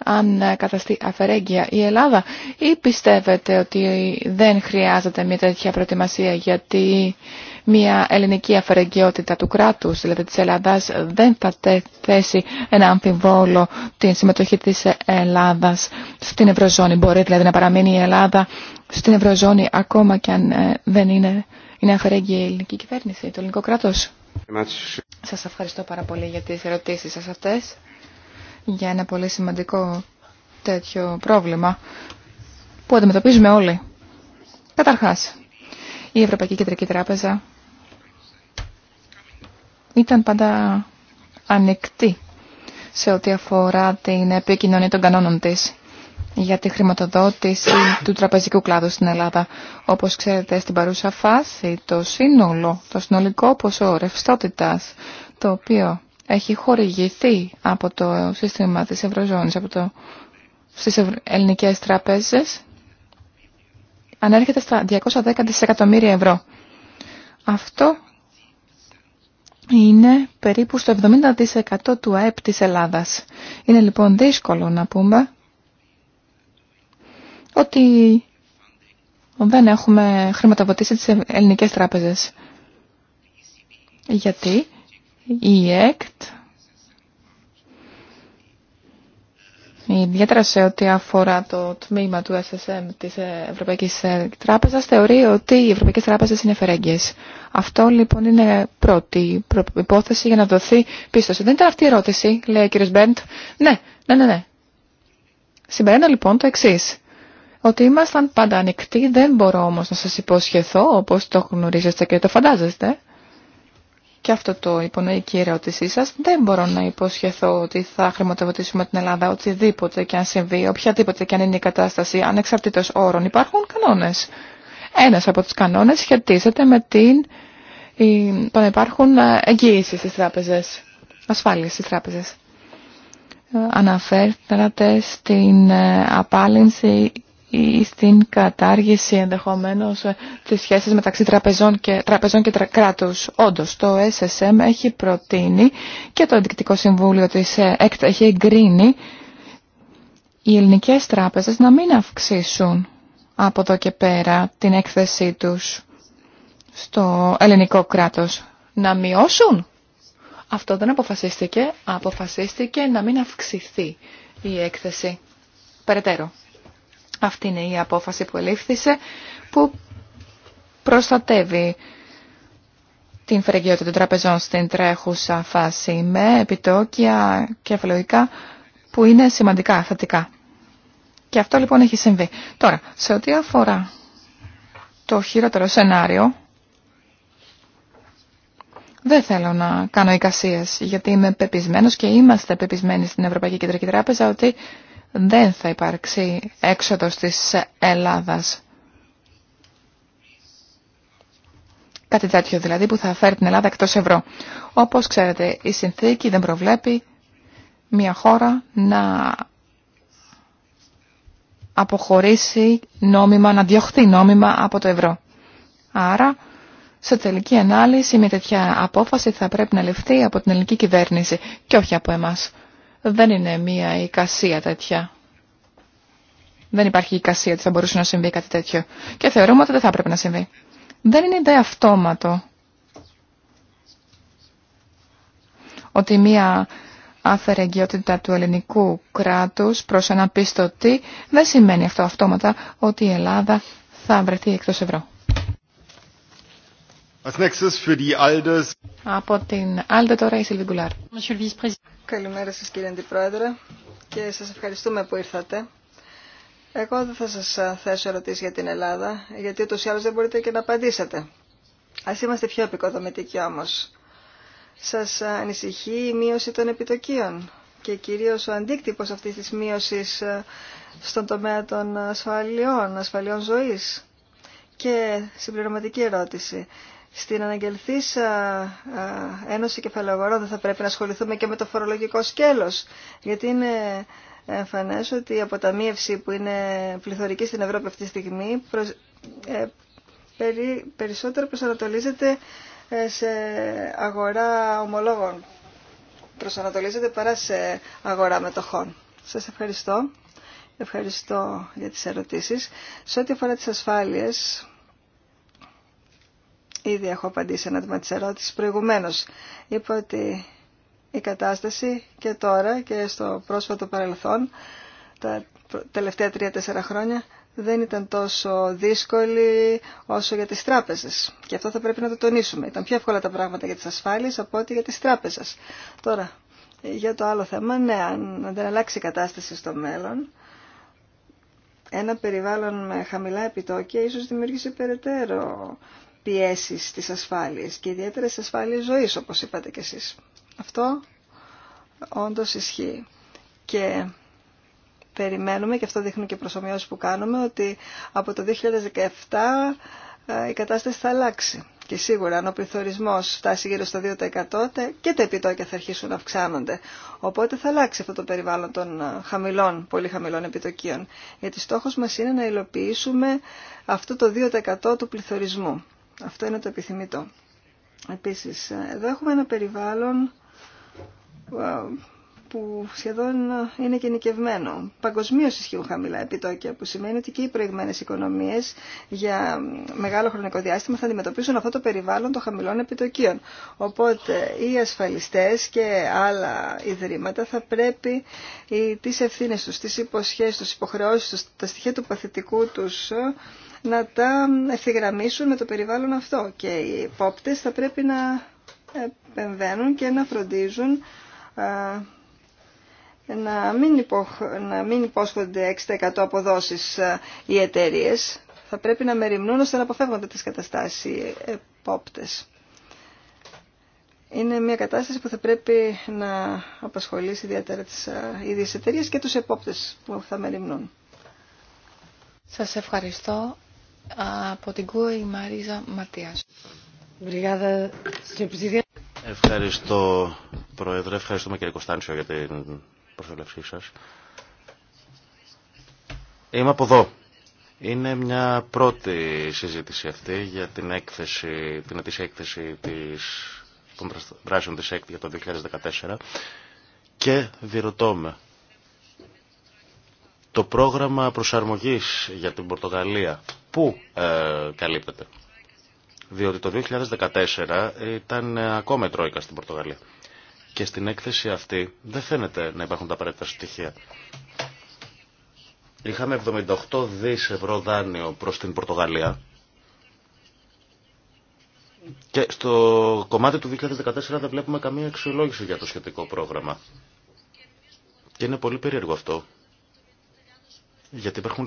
αν ε, καταστεί αφαιρέγγια η Ελλάδα ή πιστεύετε ότι δεν χρειάζεται μια τέτοια προετοιμασία γιατί μια ελληνική αφαιρεγγιότητα του κράτους, δηλαδή της Ελλάδας, δεν θα θέσει ένα αμφιβόλο την συμμετοχή της Ελλάδας στην Ευρωζώνη. Μπορεί δηλαδή να παραμείνει η Ελλάδα στην Ευρωζώνη ακόμα και αν ε, δεν είναι, είναι αφαιρέγγια η ελληνική κυβέρνηση, το ελληνικό κράτος. Σας ευχαριστώ πάρα πολύ για τις ερωτήσεις σας αυτές για ένα πολύ σημαντικό τέτοιο πρόβλημα που αντιμετωπίζουμε όλοι. Καταρχάς, η Ευρωπαϊκή Κεντρική Τράπεζα ήταν πάντα ανοιχτή σε ό,τι αφορά την επικοινωνία των κανόνων της για τη χρηματοδότηση του τραπεζικού κλάδου στην Ελλάδα. Όπως ξέρετε, στην παρούσα φάση το σύνολο, το συνολικό ποσό ρευστότητας, το οποίο έχει χορηγηθεί από το σύστημα της Ευρωζώνης, από το, στις ελληνικές τραπέζες, ανέρχεται στα 210 δισεκατομμύρια ευρώ. Αυτό είναι περίπου στο 70% του ΑΕΠ της Ελλάδας. Είναι λοιπόν δύσκολο να πούμε ότι δεν έχουμε χρηματοδοτήσει τις ελληνικές τράπεζες. Γιατί η ΕΚΤ ιδιαίτερα σε ό,τι αφορά το τμήμα του SSM της Ευρωπαϊκής Τράπεζας, θεωρεί ότι οι Ευρωπαϊκές Τράπεζες είναι φερέγγιες. Αυτό λοιπόν είναι πρώτη υπόθεση για να δοθεί πίστοση. Δεν ήταν αυτή η ερώτηση, λέει ο κύριος Μπέντ. Ναι, ναι, ναι, ναι. Συμπεραίνω λοιπόν το εξή. Ότι ήμασταν πάντα ανοιχτοί, δεν μπορώ όμως να σας υποσχεθώ, όπως το γνωρίζετε και το φαντάζεστε, και αυτό το υπονοεί και η ερώτησή σα. Δεν μπορώ να υποσχεθώ ότι θα χρηματοδοτήσουμε την Ελλάδα οτιδήποτε και αν συμβεί, οποιαδήποτε και αν είναι η κατάσταση, ανεξαρτήτω όρων. Υπάρχουν κανόνε. Ένα από του κανόνε σχετίζεται με την, το να υπάρχουν εγγυήσει στι τράπεζε, ασφάλειε στι τράπεζε. Ε, Αναφέρατε στην ε, απάλυνση ή στην κατάργηση ενδεχομένως ε, της σχέσης μεταξύ τραπεζών και, τραπεζών και κράτους. το SSM έχει προτείνει και το Αντικτικό Συμβούλιο της ε, ΕΚΤ έχει εγκρίνει οι ελληνικές τράπεζες να μην αυξήσουν από εδώ και πέρα την έκθεσή τους στο ελληνικό κράτος. Να μειώσουν. Αυτό δεν αποφασίστηκε. Αποφασίστηκε να μην αυξηθεί η έκθεση. Περαιτέρω. Αυτή είναι η απόφαση που ελήφθησε που προστατεύει την φρεγγιότητα των τραπεζών στην τρέχουσα φάση με επιτόκια και κεφαλαιοικά που είναι σημαντικά θετικά. Και αυτό λοιπόν έχει συμβεί. Τώρα, σε ό,τι αφορά το χειρότερο σενάριο, δεν θέλω να κάνω εικασίες, γιατί είμαι πεπισμένος και είμαστε πεπισμένοι στην Ευρωπαϊκή Κεντρική Τράπεζα ότι δεν θα υπάρξει έξοδος της Ελλάδας. Κάτι τέτοιο δηλαδή που θα φέρει την Ελλάδα εκτός ευρώ. Όπως ξέρετε, η συνθήκη δεν προβλέπει μια χώρα να αποχωρήσει νόμιμα, να διωχθεί νόμιμα από το ευρώ. Άρα, σε τελική ανάλυση, μια τέτοια απόφαση θα πρέπει να ληφθεί από την ελληνική κυβέρνηση και όχι από εμάς δεν είναι μία εικασία τέτοια. Δεν υπάρχει εικασία ότι θα μπορούσε να συμβεί κάτι τέτοιο. Και θεωρούμε ότι δεν θα έπρεπε να συμβεί. Δεν είναι δε αυτόματο ότι μία εγκαιότητα του ελληνικού κράτους προς ένα πιστωτή δεν σημαίνει αυτό αυτόματα ότι η Ελλάδα θα βρεθεί εκτός ευρώ. Από την Άλτε τώρα η Σιλβιγκουλάρ. Καλημέρα σας κύριε Αντιπρόεδρε και σας ευχαριστούμε που ήρθατε. Εγώ δεν θα σας θέσω ερωτήσεις για την Ελλάδα, γιατί ούτως ή άλλως δεν μπορείτε και να απαντήσετε. Ας είμαστε πιο επικοδομητικοί όμως. Σας ανησυχεί η μείωση των επιτοκίων και κυρίως ο αντίκτυπος αυτής της μείωσης στον τομέα των ασφαλιών, ασφαλιών ζωής. Και συμπληρωματική ερώτηση στην αναγγελθήσα Ένωση Κεφαλαιογορών δεν θα πρέπει να ασχοληθούμε και με το φορολογικό σκέλος, γιατί είναι εμφανές ότι η αποταμίευση που είναι πληθωρική στην Ευρώπη αυτή τη στιγμή ε, περισσότερο προσανατολίζεται ε, σε αγορά ομολόγων. Προσανατολίζεται παρά σε αγορά μετοχών. Σας ευχαριστώ. Ευχαριστώ για τις ερωτήσεις. Σε ό,τι αφορά τις ασφάλειες, Ήδη έχω απαντήσει ένα τμήμα της ερώτησης προηγουμένως. Είπα ότι η κατάσταση και τώρα και στο πρόσφατο παρελθόν, τα τελευταία τρία-τέσσερα χρόνια, δεν ήταν τόσο δύσκολη όσο για τις τράπεζες. Και αυτό θα πρέπει να το τονίσουμε. Ήταν πιο εύκολα τα πράγματα για τις ασφάλειες από ό,τι για τις τράπεζες. Τώρα, για το άλλο θέμα, ναι, αν δεν αλλάξει η κατάσταση στο μέλλον, ένα περιβάλλον με χαμηλά επιτόκια ίσως δημιούργησε περαιτέρω πιέσεις της ασφάλειας και ιδιαίτερα της ασφάλειες ζωής όπως είπατε κι εσείς. Αυτό όντως ισχύει. Και περιμένουμε, και αυτό δείχνουν και προσωμιώσεις που κάνουμε, ότι από το 2017 ε, η κατάσταση θα αλλάξει. Και σίγουρα αν ο πληθωρισμός φτάσει γύρω στο 2% και τα επιτόκια θα αρχίσουν να αυξάνονται. Οπότε θα αλλάξει αυτό το περιβάλλον των ε, χαμηλών, πολύ χαμηλών επιτοκίων. Γιατί στόχος μας είναι να υλοποιήσουμε αυτό το 2% του πληθωρισμού. Αυτό είναι το επιθυμητό. Επίσης, εδώ έχουμε ένα περιβάλλον που σχεδόν είναι γενικευμένο. Παγκοσμίω ισχύουν χαμηλά επιτόκια, που σημαίνει ότι και οι προηγμένε οικονομίε για μεγάλο χρονικό διάστημα θα αντιμετωπίσουν αυτό το περιβάλλον των χαμηλών επιτοκίων. Οπότε οι ασφαλιστέ και άλλα ιδρύματα θα πρέπει τι ευθύνε του, τι υποσχέσει του, τι υποχρεώσει του, τα στοιχεία του παθητικού του να τα ευθυγραμμίσουν με το περιβάλλον αυτό. Και οι υπόπτες θα πρέπει να επεμβαίνουν και να φροντίζουν να μην, να μην υπόσχονται 6% αποδόσεις οι εταιρείε. Θα πρέπει να μεριμνούν ώστε να αποφεύγονται τις καταστάσεις οι επόπτες. Είναι μια κατάσταση που θα πρέπει να απασχολήσει ιδιαίτερα τις ίδιες εταιρείε και τους επόπτες που θα μεριμνούν. Σας ευχαριστώ. Από την ΚΟΕ η Ευχαριστώ Πρόεδρε, ευχαριστούμε κύριε Κωνσταντσιο για την προσέλευσή σας. Είμαι από εδώ. Είναι μια πρώτη συζήτηση αυτή για την έκθεση, την ετήσια έκθεση των δράσεων της ΕΚΤ για το 2014 και διερωτώ με το πρόγραμμα προσαρμογής για την Πορτογαλία, πού ε, καλύπτεται. Διότι το 2014 ήταν ε, ακόμα η Τρόικα στην Πορτογαλία. Και στην έκθεση αυτή δεν φαίνεται να υπάρχουν τα απαραίτητα στοιχεία. Είχαμε 78 δις ευρώ δάνειο προς την Πορτογαλία. Και στο κομμάτι του 2014 δεν βλέπουμε καμία αξιολόγηση για το σχετικό πρόγραμμα. Και είναι πολύ περίεργο αυτό γιατί υπάρχουν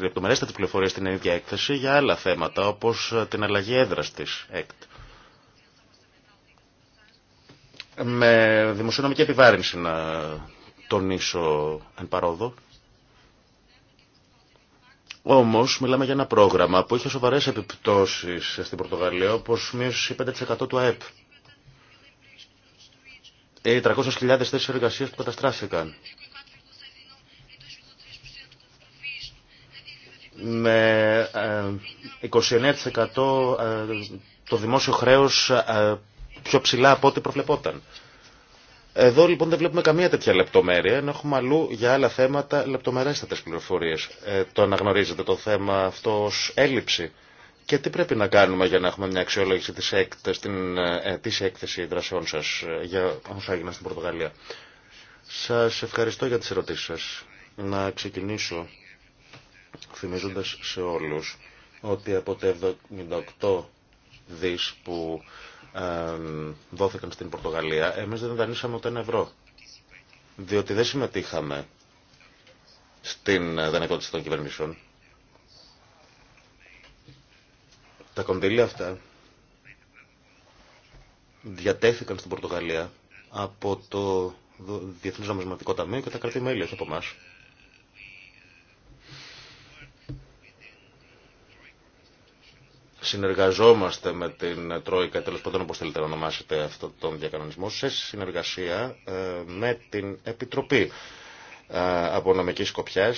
λεπτομερέστερες πληροφορίες στην ίδια έκθεση για άλλα θέματα, όπως ε, την αλλαγή έδρας της ΕΚΤ. Με δημοσιονομική επιβάρυνση να τονίσω εν παρόδο. Όμως μιλάμε για ένα πρόγραμμα που είχε σοβαρές επιπτώσεις στην Πορτογαλία, όπως μείωση 5% του ΑΕΠ. Οι 300.000 θέσεις εργασίας που καταστράφηκαν. με 29% ε, ε, το δημόσιο χρέος ε, πιο ψηλά από ό,τι προβλεπόταν. Εδώ λοιπόν δεν βλέπουμε καμία τέτοια λεπτομέρεια, ενώ έχουμε αλλού για άλλα θέματα λεπτομερέστατες πληροφορίες. Ε, το αναγνωρίζετε το θέμα αυτό ως έλλειψη. Και τι πρέπει να κάνουμε για να έχουμε μια αξιολόγηση της, έκτης στην, της έκθεση δρασεών σας για όσα έγιναν στην Πορτογαλία. Σας ευχαριστώ για τις ερωτήσεις σας. Να ξεκινήσω θυμίζοντας σε όλους ότι από τα 78 δις που δόθηκαν στην Πορτογαλία, εμείς δεν δανείσαμε ούτε ένα ευρώ. Διότι δεν συμμετείχαμε στην ε, δανεικότητα των κυβερνήσεων. Τα κονδύλια αυτά διατέθηκαν στην Πορτογαλία από το Διεθνές Νομισματικό Ταμείο και τα κρατή μέλη, από εμάς. συνεργαζόμαστε με την Τρόικα, τέλος πάντων όπω θέλετε να ονομάσετε αυτόν τον διακανονισμό, σε συνεργασία ε, με την Επιτροπή ε, από νομική σκοπιά.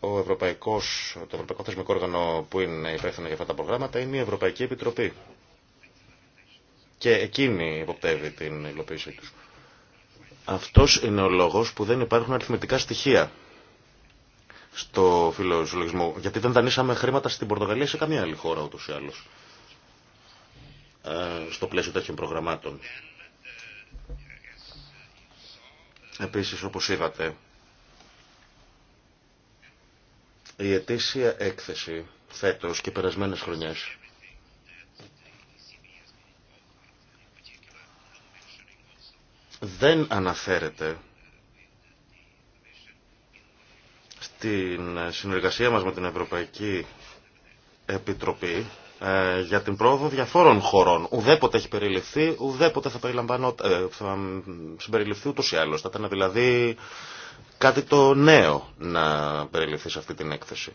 ο Ευρωπαϊκός, το Ευρωπαϊκό Θεσμικό Όργανο που είναι υπεύθυνο για αυτά τα προγράμματα είναι η Ευρωπαϊκή Επιτροπή. Και εκείνη υποπτεύει την υλοποίησή τους. Αυτός είναι ο λόγο που δεν υπάρχουν αριθμητικά στοιχεία στο φιλοσυλλογισμό. Γιατί δεν δανείσαμε χρήματα στην Πορτογαλία σε καμία άλλη χώρα ούτως ή άλλως. Ε, στο πλαίσιο τέτοιων προγραμμάτων. Επίση, όπως είδατε, η ετήσια έκθεση φέτος και περασμένες χρονιές δεν αναφέρεται την συνεργασία μας με την Ευρωπαϊκή Επιτροπή ε, για την πρόοδο διαφόρων χωρών. Ουδέποτε έχει περιληφθεί, ουδέποτε θα, ε, θα συμπεριληφθεί ούτως ή άλλως. Θα ήταν δηλαδή κάτι το νέο να περιληφθεί σε αυτή την έκθεση.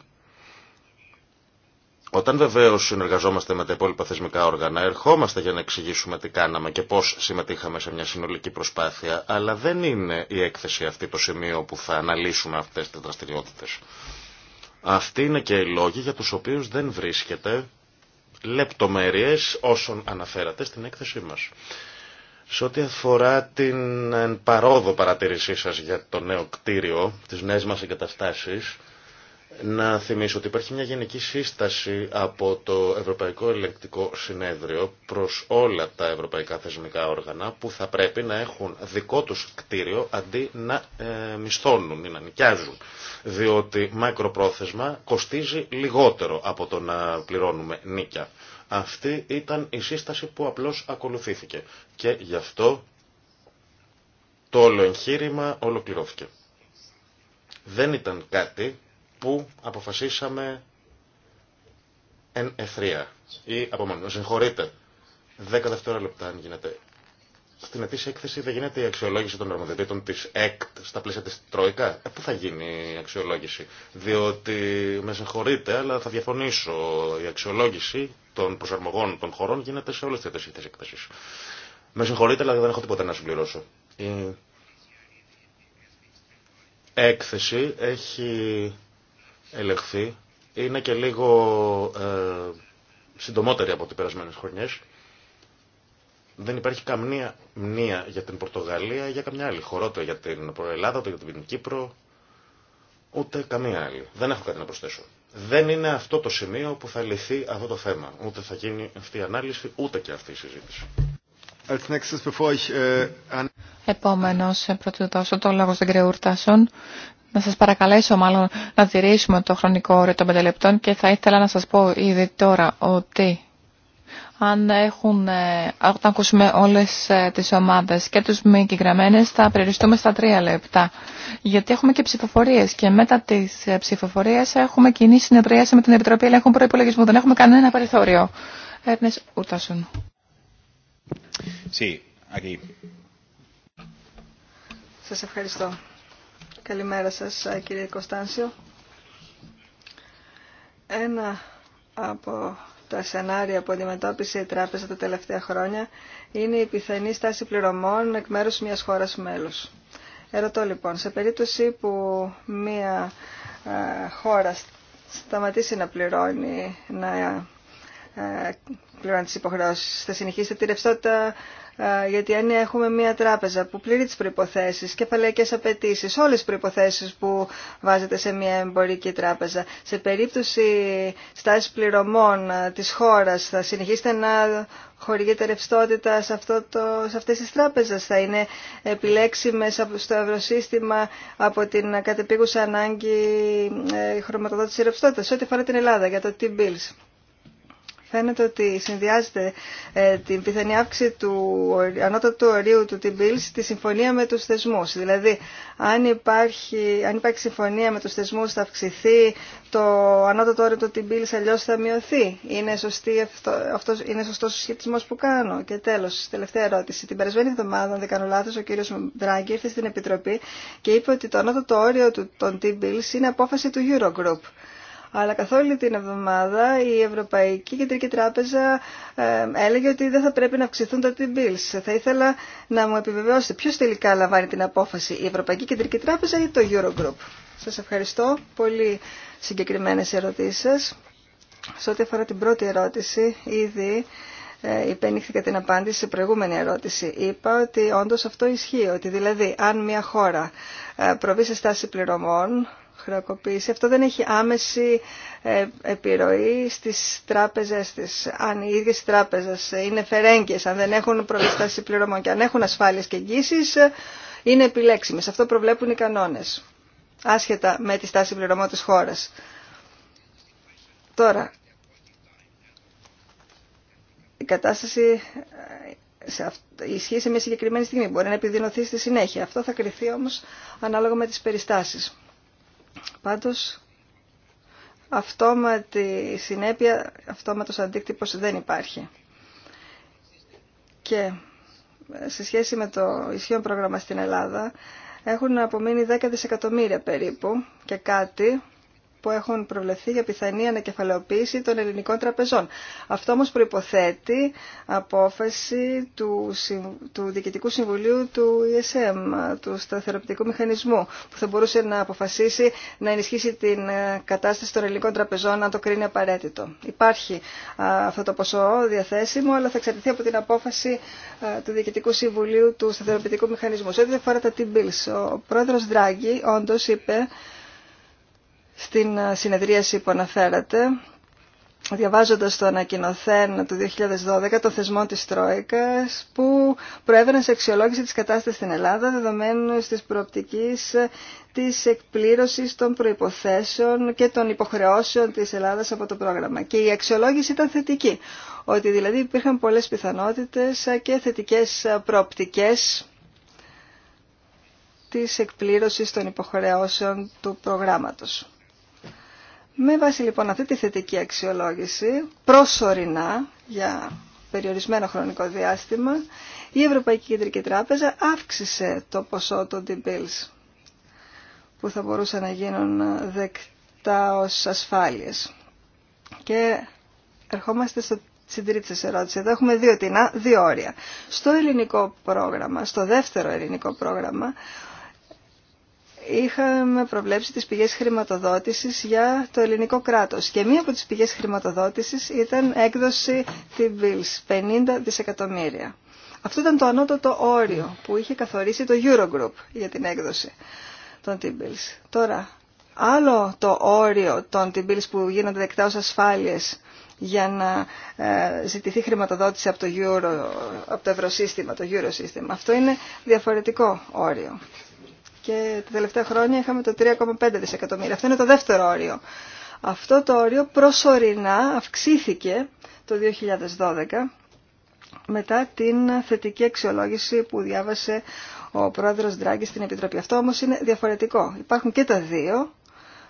Όταν βεβαίω συνεργαζόμαστε με τα υπόλοιπα θεσμικά όργανα, ερχόμαστε για να εξηγήσουμε τι κάναμε και πώ συμμετείχαμε σε μια συνολική προσπάθεια, αλλά δεν είναι η έκθεση αυτή το σημείο που θα αναλύσουμε αυτέ τι δραστηριότητε. Αυτοί είναι και οι λόγοι για του οποίου δεν βρίσκεται λεπτομέρειε όσων αναφέρατε στην έκθεσή μα. Σε ό,τι αφορά την παρόδο παρατήρησή σα για το νέο κτίριο, τι νέε μα εγκαταστάσει, να θυμίσω ότι υπάρχει μια γενική σύσταση από το Ευρωπαϊκό Ελεκτικό Συνέδριο προς όλα τα ευρωπαϊκά θεσμικά όργανα που θα πρέπει να έχουν δικό τους κτίριο αντί να ε, μισθώνουν ή να νοικιάζουν. Διότι μακροπρόθεσμα κοστίζει λιγότερο από το να πληρώνουμε νίκια. Αυτή ήταν η σύσταση που απλώς ακολουθήθηκε και γι' αυτό το όλο εγχείρημα ολοκληρώθηκε. Δεν ήταν κάτι που αποφασίσαμε εν εθρία ή απομονώ. Συγχωρείτε. 10 δευτερόλεπτα αν γίνεται. Στην ετήσια έκθεση δεν γίνεται η απο μονο συγχωρειτε δεκα δευτερολεπτα αν γινεται στην ετησια εκθεση δεν γινεται η αξιολογηση των αρμοδιοτήτων τη ΕΚΤ στα πλαίσια τη Τρόικα. Ε, πού θα γίνει η αξιολόγηση. Διότι με συγχωρείτε, αλλά θα διαφωνήσω. Η αξιολόγηση των προσαρμογών των χωρών γίνεται σε όλε τι ετήσιε εκθέσει. Με συγχωρείτε, αλλά δεν έχω τίποτα να συμπληρώσω. Η έκθεση έχει ελεγχθεί είναι και λίγο ε, συντομότερη από τις περασμένες χρονιές. Δεν υπάρχει καμία μνήμα για την Πορτογαλία ή για καμιά άλλη χώρα, ούτε για την Ελλάδα, ούτε για την Κύπρο, ούτε καμία άλλη. Δεν έχω κάτι να προσθέσω. Δεν είναι αυτό το σημείο που θα λυθεί αυτό το θέμα. Ούτε θα γίνει αυτή η ανάλυση, ούτε και αυτή η συζήτηση. Ε, Επόμενος, ε, το λόγο στον να σας παρακαλέσω μάλλον να τηρήσουμε το χρονικό όριο των 5 λεπτών και θα ήθελα να σας πω ήδη τώρα ότι αν έχουν, ε, όταν ακούσουμε όλες ε, τις ομάδες και τους μη εγγεγραμμένες θα περιοριστούμε στα τρία λεπτά. Γιατί έχουμε και ψηφοφορίες και μετά τις ε, ψηφοφορίες έχουμε κοινή συνεδρίαση με την Επιτροπή Ελέγχων Προϋπολογισμού. Δεν έχουμε κανένα περιθώριο. Έρνες Ούρτασον. Σας ευχαριστώ. Καλημέρα σας κύριε Κωνστάνσιο. Ένα από τα σενάρια που αντιμετώπισε η τράπεζα τα τελευταία χρόνια είναι η πιθανή στάση πληρωμών εκ μέρους μιας χώρας μέλους. Ερωτώ λοιπόν, σε περίπτωση που μια χώρα σταματήσει να πληρώνει, να πληρώνει τις υποχρεώσεις, θα συνεχίσετε τη ρευστότητα γιατί αν έχουμε μια τράπεζα που πλήρει τις προϋποθέσεις, κεφαλαϊκές απαιτήσει, όλες τις προϋποθέσεις που βάζεται σε μια εμπορική τράπεζα, σε περίπτωση στάσης πληρωμών της χώρας θα συνεχίσετε να χορηγείτε ρευστότητα σε, αυτό το, σε αυτές τις τράπεζες, θα είναι επιλέξιμες στο ευρωσύστημα από την κατεπίγουσα ανάγκη ε, χρωματοδότηση ρευστότητας, ό,τι αφορά την Ελλάδα για το T-Bills φαίνεται ότι συνδυάζεται ε, την πιθανή αύξηση του ανώτατου ορίου του Τιμπίλ στη συμφωνία με τους θεσμούς. Δηλαδή, αν υπάρχει, αν υπάρχει συμφωνία με τους θεσμούς θα αυξηθεί το ανώτατο όριο του Τιμπίλ, αλλιώς θα μειωθεί. Είναι, σωστή, αυτός, είναι σωστός ο σχετισμός που κάνω. Και τέλος, τελευταία ερώτηση. Την περασμένη εβδομάδα, αν δεν κάνω λάθος, ο κύριος Μπράγκη ήρθε στην Επιτροπή και είπε ότι το ανώτατο όριο του, των Τιμπίλ είναι απόφαση του Eurogroup. Αλλά καθ' όλη την εβδομάδα η Ευρωπαϊκή Κεντρική Τράπεζα έλεγε ότι δεν θα πρέπει να αυξηθούν τα T-bills. Θα ήθελα να μου επιβεβαιώσετε ποιο τελικά λαμβάνει την απόφαση, η Ευρωπαϊκή Κεντρική Τράπεζα ή το Eurogroup. Σας ευχαριστώ. Πολύ συγκεκριμένες ερωτήσεις σας. Σε ό,τι αφορά την πρώτη ερώτηση, ήδη ε, υπενήχθηκα την απάντηση σε προηγούμενη ερώτηση. Είπα ότι όντως αυτό ισχύει, ότι δηλαδή αν μια χώρα ε, προβεί σε στάση πληρωμών, χρεοκοπήσει. Αυτό δεν έχει άμεση ε, επιρροή στις τράπεζες της. Αν οι ίδιες οι τράπεζες είναι φερέγγιες, αν δεν έχουν προστασία πληρωμών και αν έχουν ασφάλειες και εγγύσεις, είναι επιλέξιμες. Αυτό προβλέπουν οι κανόνες, άσχετα με τη στάση πληρωμών της χώρας. Τώρα, η κατάσταση ε, σε ισχύει σε μια συγκεκριμένη στιγμή. Μπορεί να επιδεινωθεί στη συνέχεια. Αυτό θα κρυθεί όμως ανάλογα με τις περιστάσεις. Πάντως, αυτόματη συνέπεια, αυτόματος αντίκτυπος δεν υπάρχει. Και ε, σε σχέση με το ισχύον πρόγραμμα στην Ελλάδα, έχουν απομείνει 10 δισεκατομμύρια περίπου και κάτι που έχουν προβλεφθεί για πιθανή ανακεφαλαιοποίηση των ελληνικών τραπεζών. Αυτό όμως προϋποθέτει απόφαση του, του Διοικητικού Συμβουλίου του ESM, του Σταθεροποιητικού Μηχανισμού, που θα μπορούσε να αποφασίσει να ενισχύσει την ε, κατάσταση των ελληνικών τραπεζών αν το κρίνει απαραίτητο. Υπάρχει αυτό το ποσό διαθέσιμο, αλλά θα εξαρτηθεί από την απόφαση ε, του Διοικητικού Συμβουλίου του Σταθεροποιητικού Μηχανισμού. Σε ό,τι αφορά τα T-bills, ο πρόεδρος Δράγκη όντως είπε στην ε, συνεδρίαση που αναφέρατε, διαβάζοντας το ανακοινοθέν του 2012 το θεσμό της Τρόικας που προέβαινε σε αξιολόγηση της κατάστασης στην Ελλάδα δεδομένου της προοπτικής ε, της εκπλήρωσης των προϋποθέσεων και των υποχρεώσεων της Ελλάδας από το πρόγραμμα. Και η αξιολόγηση ήταν θετική, ότι δηλαδή υπήρχαν πολλές πιθανότητες και θετικές προοπτικές της εκπλήρωσης των υποχρεώσεων του προγράμματος. Με βάση λοιπόν αυτή τη θετική αξιολόγηση, προσωρινά, για περιορισμένο χρονικό διάστημα, η Ευρωπαϊκή Κεντρική Τράπεζα αύξησε το ποσό των d που θα μπορούσαν να γίνουν δεκτά ως ασφάλειες. Και ερχόμαστε στο στην τρίτη ερώτηση. Εδώ έχουμε δύο τεινά, δύο όρια. Στο ελληνικό πρόγραμμα, στο δεύτερο ελληνικό πρόγραμμα, είχαμε προβλέψει τις πηγές χρηματοδότησης για το ελληνικό κράτος. Και μία από τις πηγές χρηματοδότησης ήταν έκδοση T-bills, 50 δισεκατομμύρια. Αυτό ήταν το ανώτατο όριο που είχε καθορίσει το Eurogroup για την έκδοση των T-bills. Τώρα, άλλο το όριο των T-bills που γίνονται δεκτά ως ασφάλειες για να ε, ζητηθεί χρηματοδότηση από το, από το ευρωσύστημα, το Eurosystem, Αυτό είναι διαφορετικό όριο και τα τελευταία χρόνια είχαμε το 3,5 δισεκατομμύρια. Αυτό είναι το δεύτερο όριο. Αυτό το όριο προσωρινά αυξήθηκε το 2012 μετά την θετική αξιολόγηση που διάβασε ο πρόεδρος Ντράγκη στην Επιτροπή. Αυτό όμως είναι διαφορετικό. Υπάρχουν και τα δύο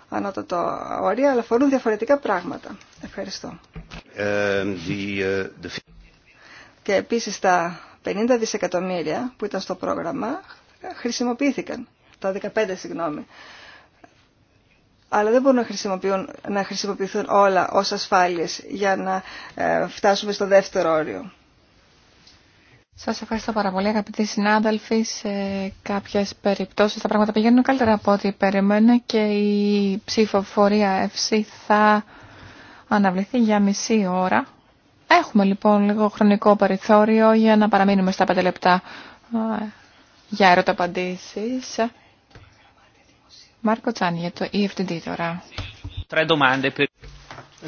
ανώτατα όρια, αλλά φορούν διαφορετικά πράγματα. Ευχαριστώ. Ε, ε, και επίσης τα 50 δισεκατομμύρια που ήταν στο πρόγραμμα ε, χρησιμοποιήθηκαν τα 15 συγγνώμη. Αλλά δεν μπορούν να, χρησιμοποιούν, να χρησιμοποιηθούν όλα ως ασφάλειες για να ε, φτάσουμε στο δεύτερο όριο. Σας ευχαριστώ πάρα πολύ αγαπητοί συνάδελφοι. Σε κάποιες περιπτώσεις τα πράγματα πηγαίνουν καλύτερα από ό,τι περιμένα και η ψηφοφορία FC θα αναβληθεί για μισή ώρα. Έχουμε λοιπόν λίγο χρονικό περιθώριο για να παραμείνουμε στα πέντε λεπτά ε, για ερωταπαντήσεις. Μάρκο Τσάνι για το EFTD τώρα.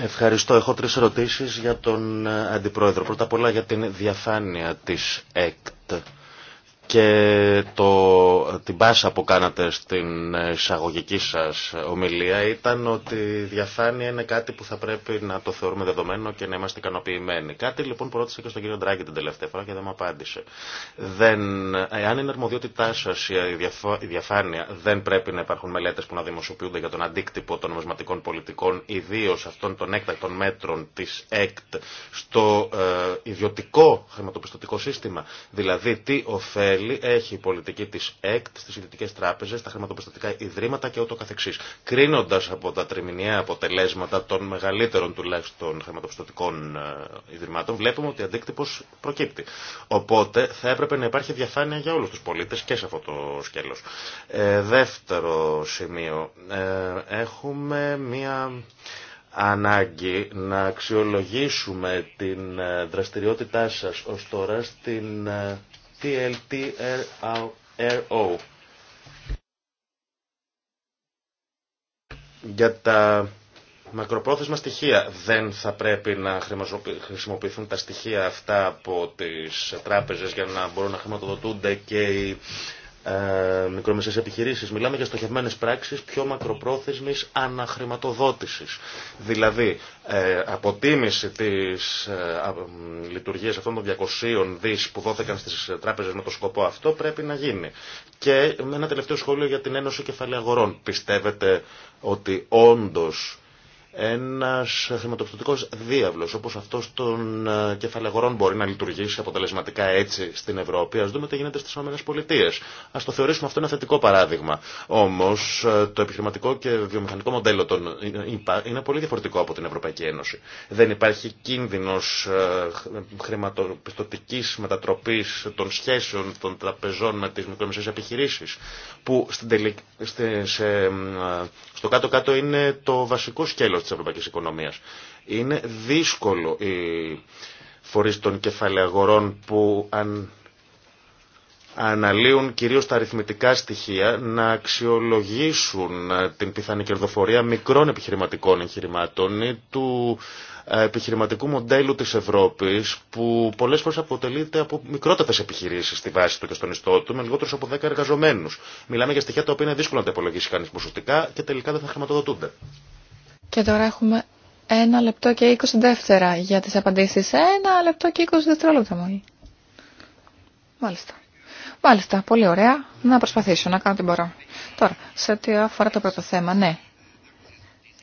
Ευχαριστώ. Έχω τρεις ερωτήσεις για τον ε, Αντιπρόεδρο. Πρώτα απ' όλα για την διαφάνεια της ΕΚΤ και το, την πάσα που κάνατε στην εισαγωγική σας ομιλία ήταν ότι η διαφάνεια είναι κάτι που θα πρέπει να το θεωρούμε δεδομένο και να είμαστε ικανοποιημένοι. Κάτι λοιπόν που ρώτησα και στον κύριο Ντράγκη την τελευταία φορά και δεν μου απάντησε. Δεν, εάν είναι αρμοδιότητά σας η, διαφάνεια δεν πρέπει να υπάρχουν μελέτες που να δημοσιοποιούνται για τον αντίκτυπο των νομισματικών πολιτικών ιδίω αυτών των έκτακτων μέτρων της ΕΚΤ στο ε, ιδιωτικό χρηματοπιστωτικό σύστημα. Δηλαδή τι ωφέλει έχει η πολιτική τη ΕΚΤ, στι ιδιωτικέ τράπεζε, τα χρηματοπιστωτικά ιδρύματα και ούτω καθεξή. Κρίνοντα από τα τριμηνιαία αποτελέσματα των μεγαλύτερων τουλάχιστον χρηματοπιστωτικών ε, ιδρυμάτων, βλέπουμε ότι αντίκτυπο προκύπτει. Οπότε θα έπρεπε να υπάρχει διαφάνεια για όλου του πολίτε και σε αυτό το σκέλο. Ε, δεύτερο σημείο. Ε, έχουμε μία ανάγκη να αξιολογήσουμε την δραστηριότητά σας ως τώρα στην TLTRO. Για τα μακροπρόθεσμα στοιχεία δεν θα πρέπει να χρησιμοποιηθούν τα στοιχεία αυτά από τις τράπεζες για να μπορούν να χρηματοδοτούνται και οι ε, μικρομεσαίες επιχειρήσεις. Μιλάμε για στοχευμένες πράξεις πιο μακροπρόθεσμης αναχρηματοδότησης. Δηλαδή, ε, αποτίμηση της ε, λειτουργίας αυτών των 200 δις που δόθηκαν στις ε, τράπεζες με το σκοπό αυτό πρέπει να γίνει. Και με ένα τελευταίο σχόλιο για την Ένωση Κεφαλαίου Αγορών. Πιστεύετε ότι όντως ένας χρηματοπιστωτικός διάβλος όπως αυτός των ε, κεφαλαγορών μπορεί να λειτουργήσει αποτελεσματικά έτσι στην Ευρώπη. Ας δούμε τι γίνεται στις ΗΠΑ. Ας το θεωρήσουμε αυτό ένα θετικό παράδειγμα. Όμως ε, το επιχειρηματικό και βιομηχανικό μοντέλο των ε, είναι πολύ διαφορετικό από την Ευρωπαϊκή Ένωση. Δεν υπάρχει κίνδυνος χρηματοπιστωτικής μετατροπής των σχέσεων των τραπεζών με τις μικρομεσαίες επιχειρήσεις που στο κάτω-κάτω είναι το βασικό σκέλος τη ευρωπαϊκή οικονομία. Είναι δύσκολο οι φορεί των κεφαλαίων που αν αναλύουν κυρίως τα αριθμητικά στοιχεία να αξιολογήσουν ε, την πιθανή κερδοφορία μικρών επιχειρηματικών εγχειρημάτων ή του ε, επιχειρηματικού μοντέλου της Ευρώπης που πολλές φορές αποτελείται από μικρότερες επιχειρήσεις στη βάση του και στον ιστό του με λιγότερους από 10 εργαζομένους. Μιλάμε για στοιχεία τα οποία είναι δύσκολο να τα υπολογίσει κανείς και τελικά δεν θα χρηματοδοτούνται. Και τώρα έχουμε ένα λεπτό και 20 δεύτερα για τις απαντήσεις. Ένα λεπτό και 20 δευτερόλεπτα μόνο. Μάλιστα. Μάλιστα, πολύ ωραία. Να προσπαθήσω να κάνω την μπορώ. Τώρα, σε ό,τι αφορά το πρώτο θέμα, ναι.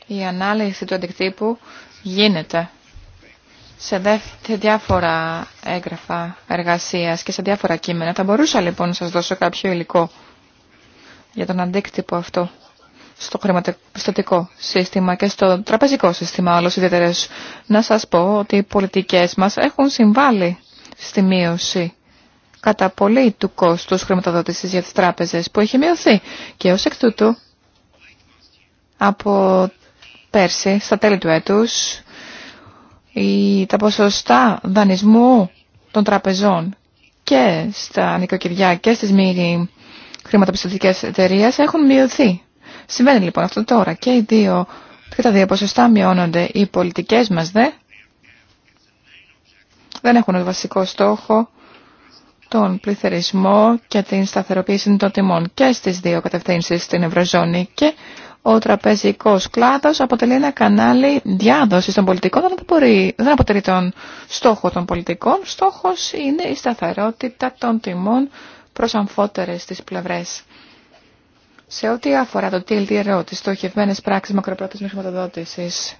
Η ανάλυση του αντικτύπου γίνεται σε, διάφορα έγγραφα εργασίας και σε διάφορα κείμενα. Θα μπορούσα λοιπόν να σας δώσω κάποιο υλικό για τον αντίκτυπο αυτό στο χρηματοπιστωτικό σύστημα και στο τραπεζικό σύστημα όλο ιδιαίτερες. Να σας πω ότι οι πολιτικές μας έχουν συμβάλει στη μείωση κατά πολύ του κόστους χρηματοδότησης για τις τράπεζες που έχει μειωθεί και ως εκ τούτου από πέρσι, στα τέλη του έτους, τα ποσοστά δανεισμού των τραπεζών και στα νοικοκυριά και στις μη χρηματοπιστωτικές εταιρείε έχουν μειωθεί Συμβαίνει λοιπόν αυτό τώρα και οι δύο, και τα δύο ποσοστά μειώνονται. Οι πολιτικές μας δε δεν έχουν ως βασικό στόχο τον πληθυρισμό και την σταθεροποίηση των τιμών και στις δύο κατευθύνσεις στην Ευρωζώνη και ο τραπεζικός κλάδος αποτελεί ένα κανάλι διάδοσης των πολιτικών, δεν, δεν αποτελεί τον στόχο των πολιτικών. Στόχος είναι η σταθερότητα των τιμών προς αμφότερες τις πλευρές. Σε ό,τι αφορά το TLDRO, τις στοχευμένες πράξεις μακροπρόθεσμης χρηματοδότησης,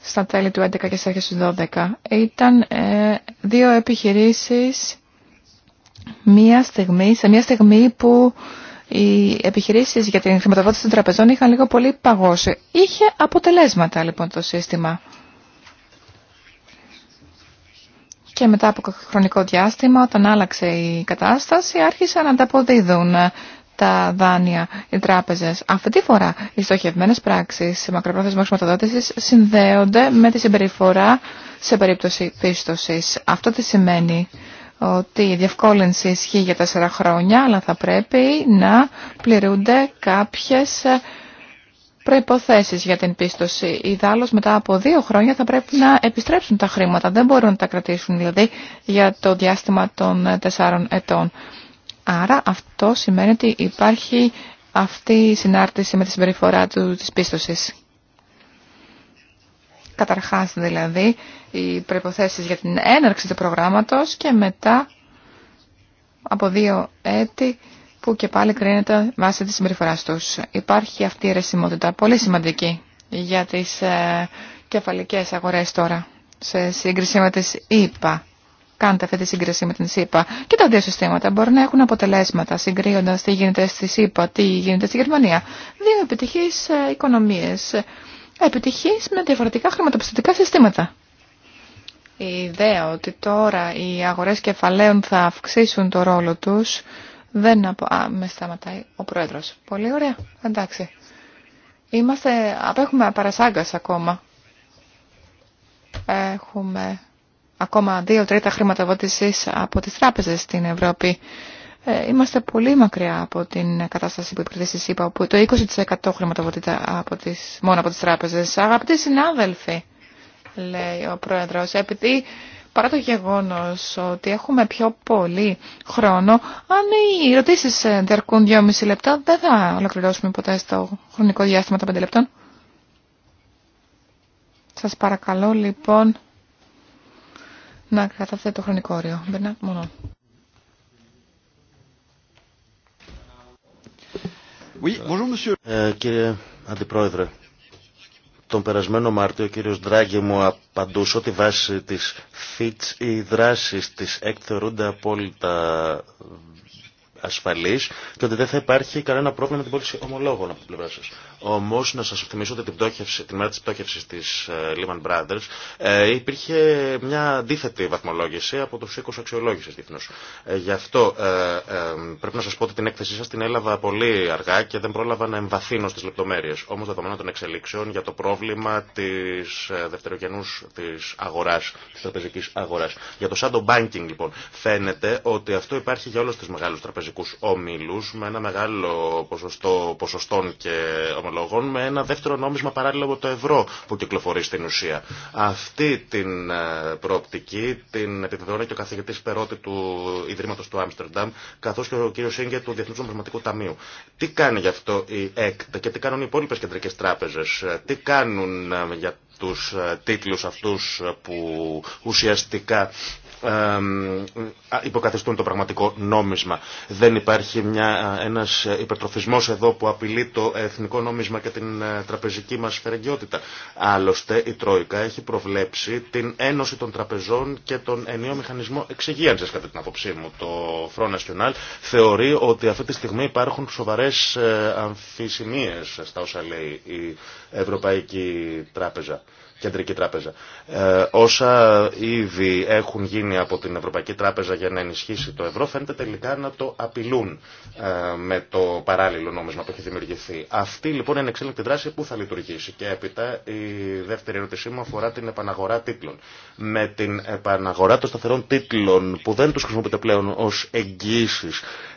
στα τέλη του 11 και στις αρχές του 12, ήταν ε, δύο επιχειρήσεις μία στιγμή, σε μία στιγμή που οι επιχειρήσεις για την χρηματοδότηση των τραπεζών είχαν λίγο πολύ παγώσει. Είχε αποτελέσματα λοιπόν το σύστημα. Και μετά από χρονικό διάστημα, όταν άλλαξε η κατάσταση, άρχισαν να ανταποδίδουν τα δάνεια οι τράπεζε. Αυτή τη φορά οι πράξει σε μακροπρόθεσμα χρηματοδότηση συνδέονται με τη συμπεριφορά σε περίπτωση πίστοση. Αυτό τι σημαίνει ότι η διευκόλυνση ισχύει για τέσσερα χρόνια, αλλά θα πρέπει να πληρούνται κάποιες προϋποθέσεις για την πίστοση. Ιδάλλως μετά από δύο χρόνια θα πρέπει να επιστρέψουν τα χρήματα. Δεν μπορούν να τα κρατήσουν δηλαδή για το διάστημα των τεσσάρων ετών. Άρα αυτό σημαίνει ότι υπάρχει αυτή η συνάρτηση με τη συμπεριφορά του της πίστοσης. Καταρχάς δηλαδή οι προϋποθέσεις για την έναρξη του προγράμματος και μετά από δύο έτη που και πάλι κρίνεται βάσει της συμπεριφοράς τους. Υπάρχει αυτή η ρεσιμότητα, πολύ σημαντική για τις ε, κεφαλικές αγορές τώρα, σε σύγκριση με τις κάνετε αυτή τη σύγκριση με την ΣΥΠΑ. Και τα δύο συστήματα μπορεί να έχουν αποτελέσματα συγκρίνοντα τι γίνεται στη ΣΥΠΑ, τι γίνεται στη Γερμανία. Δύο επιτυχεί ε, οικονομίε. Επιτυχεί με διαφορετικά χρηματοπιστωτικά συστήματα. Η ιδέα ότι τώρα οι αγορές κεφαλαίων θα αυξήσουν το ρόλο τους δεν απο... Α, με σταματάει ο πρόεδρος. Πολύ ωραία. Εντάξει. Είμαστε, απέχουμε παρασάγκας ακόμα. Έχουμε ακόμα δύο τρίτα χρηματοδότησης από τις τράπεζες στην Ευρώπη. Ε, είμαστε πολύ μακριά από την κατάσταση που υπήρχε στη ΣΥΠΑ, όπου το 20% χρηματοδοτείται από τις, μόνο από τις τράπεζες. Αγαπητοί συνάδελφοι, λέει ο Πρόεδρος, επειδή παρά το γεγονός ότι έχουμε πιο πολύ χρόνο, αν οι ερωτήσεις διαρκούν 2,5 λεπτά, δεν θα ολοκληρώσουμε ποτέ στο χρονικό διάστημα των 5 λεπτών. Σας παρακαλώ λοιπόν να καταθέτω το χρονικό όριο. Μπερνάτ, μόνο. Oui, bonjour, ε, κύριε Αντιπρόεδρε, τον περασμένο Μάρτιο ο κύριος Ντράγκη μου απαντούσε ότι βάσει της ΦΙΤΣ οι δράσεις της εκθερούνται θεωρούνται απόλυτα ασφαλής και ότι δεν θα υπάρχει κανένα πρόβλημα με την πώληση ομολόγων από την πλευρά σας. Όμω, να σα θυμίσω ότι την, πτώχευση, την μέρα τη πτώχευση τη ε, Lehman Brothers ε, υπήρχε μια αντίθετη βαθμολόγηση από του οίκου αξιολόγηση διεθνώ. Ε, γι' αυτό ε, ε πρέπει να σα πω ότι την έκθεσή σα την έλαβα πολύ αργά και δεν πρόλαβα να εμβαθύνω στι λεπτομέρειε. Όμω, δεδομένων των εξελίξεων για το πρόβλημα τη ε, δευτερογενού τη αγορά, τη τραπεζική αγορά. Για το shadow banking, λοιπόν, φαίνεται ότι αυτό υπάρχει για όλου του μεγάλου τραπεζικού ομίλου με ένα μεγάλο ποσοστό ποσοστών και λογον με ένα δεύτερο νόμισμα παράλληλο από το ευρώ που κυκλοφορεί στην ουσία. Αυτή την ε, προοπτική την επιβεβαιώνει και ο καθηγητή Περότη του Ιδρύματο του Άμστερνταμ καθώ και ο κύριο Σίγκε του Διεθνού Νομισματικού Ταμείου. Τι κάνει γι' αυτό η ΕΚΤ και τι κάνουν οι υπόλοιπε κεντρικέ τράπεζε, τι κάνουν ε, για τους ε, τίτλους αυτούς που ουσιαστικά υποκαθιστούν το πραγματικό νόμισμα. Δεν υπάρχει μια, ένας ε, υπερτροφισμός εδώ που απειλεί το εθνικό νόμισμα και την ε, τραπεζική μας φερεγγιότητα. Άλλωστε η Τρόικα έχει προβλέψει την ένωση των τραπεζών και τον ενίο μηχανισμό εξυγίανσης κατά την απόψή μου. Το Front National θεωρεί ότι αυτή τη στιγμή υπάρχουν σοβαρές ε, αμφισημίες στα όσα λέει η Ευρωπαϊκή Τράπεζα. Κεντρική Τράπεζα. Ε, όσα ήδη έχουν γίνει από την Ευρωπαϊκή Τράπεζα για να ενισχύσει το ευρώ φαίνεται τελικά να το απειλούν ε, με το παράλληλο νόμισμα που έχει δημιουργηθεί. Αυτή λοιπόν είναι εξέλιξη δράση που θα λειτουργήσει. Και έπειτα η δεύτερη ερώτησή μου αφορά την επαναγορά τίτλων. Με την επαναγορά των σταθερών τίτλων που δεν του χρησιμοποιείται πλέον ω εγγύσει,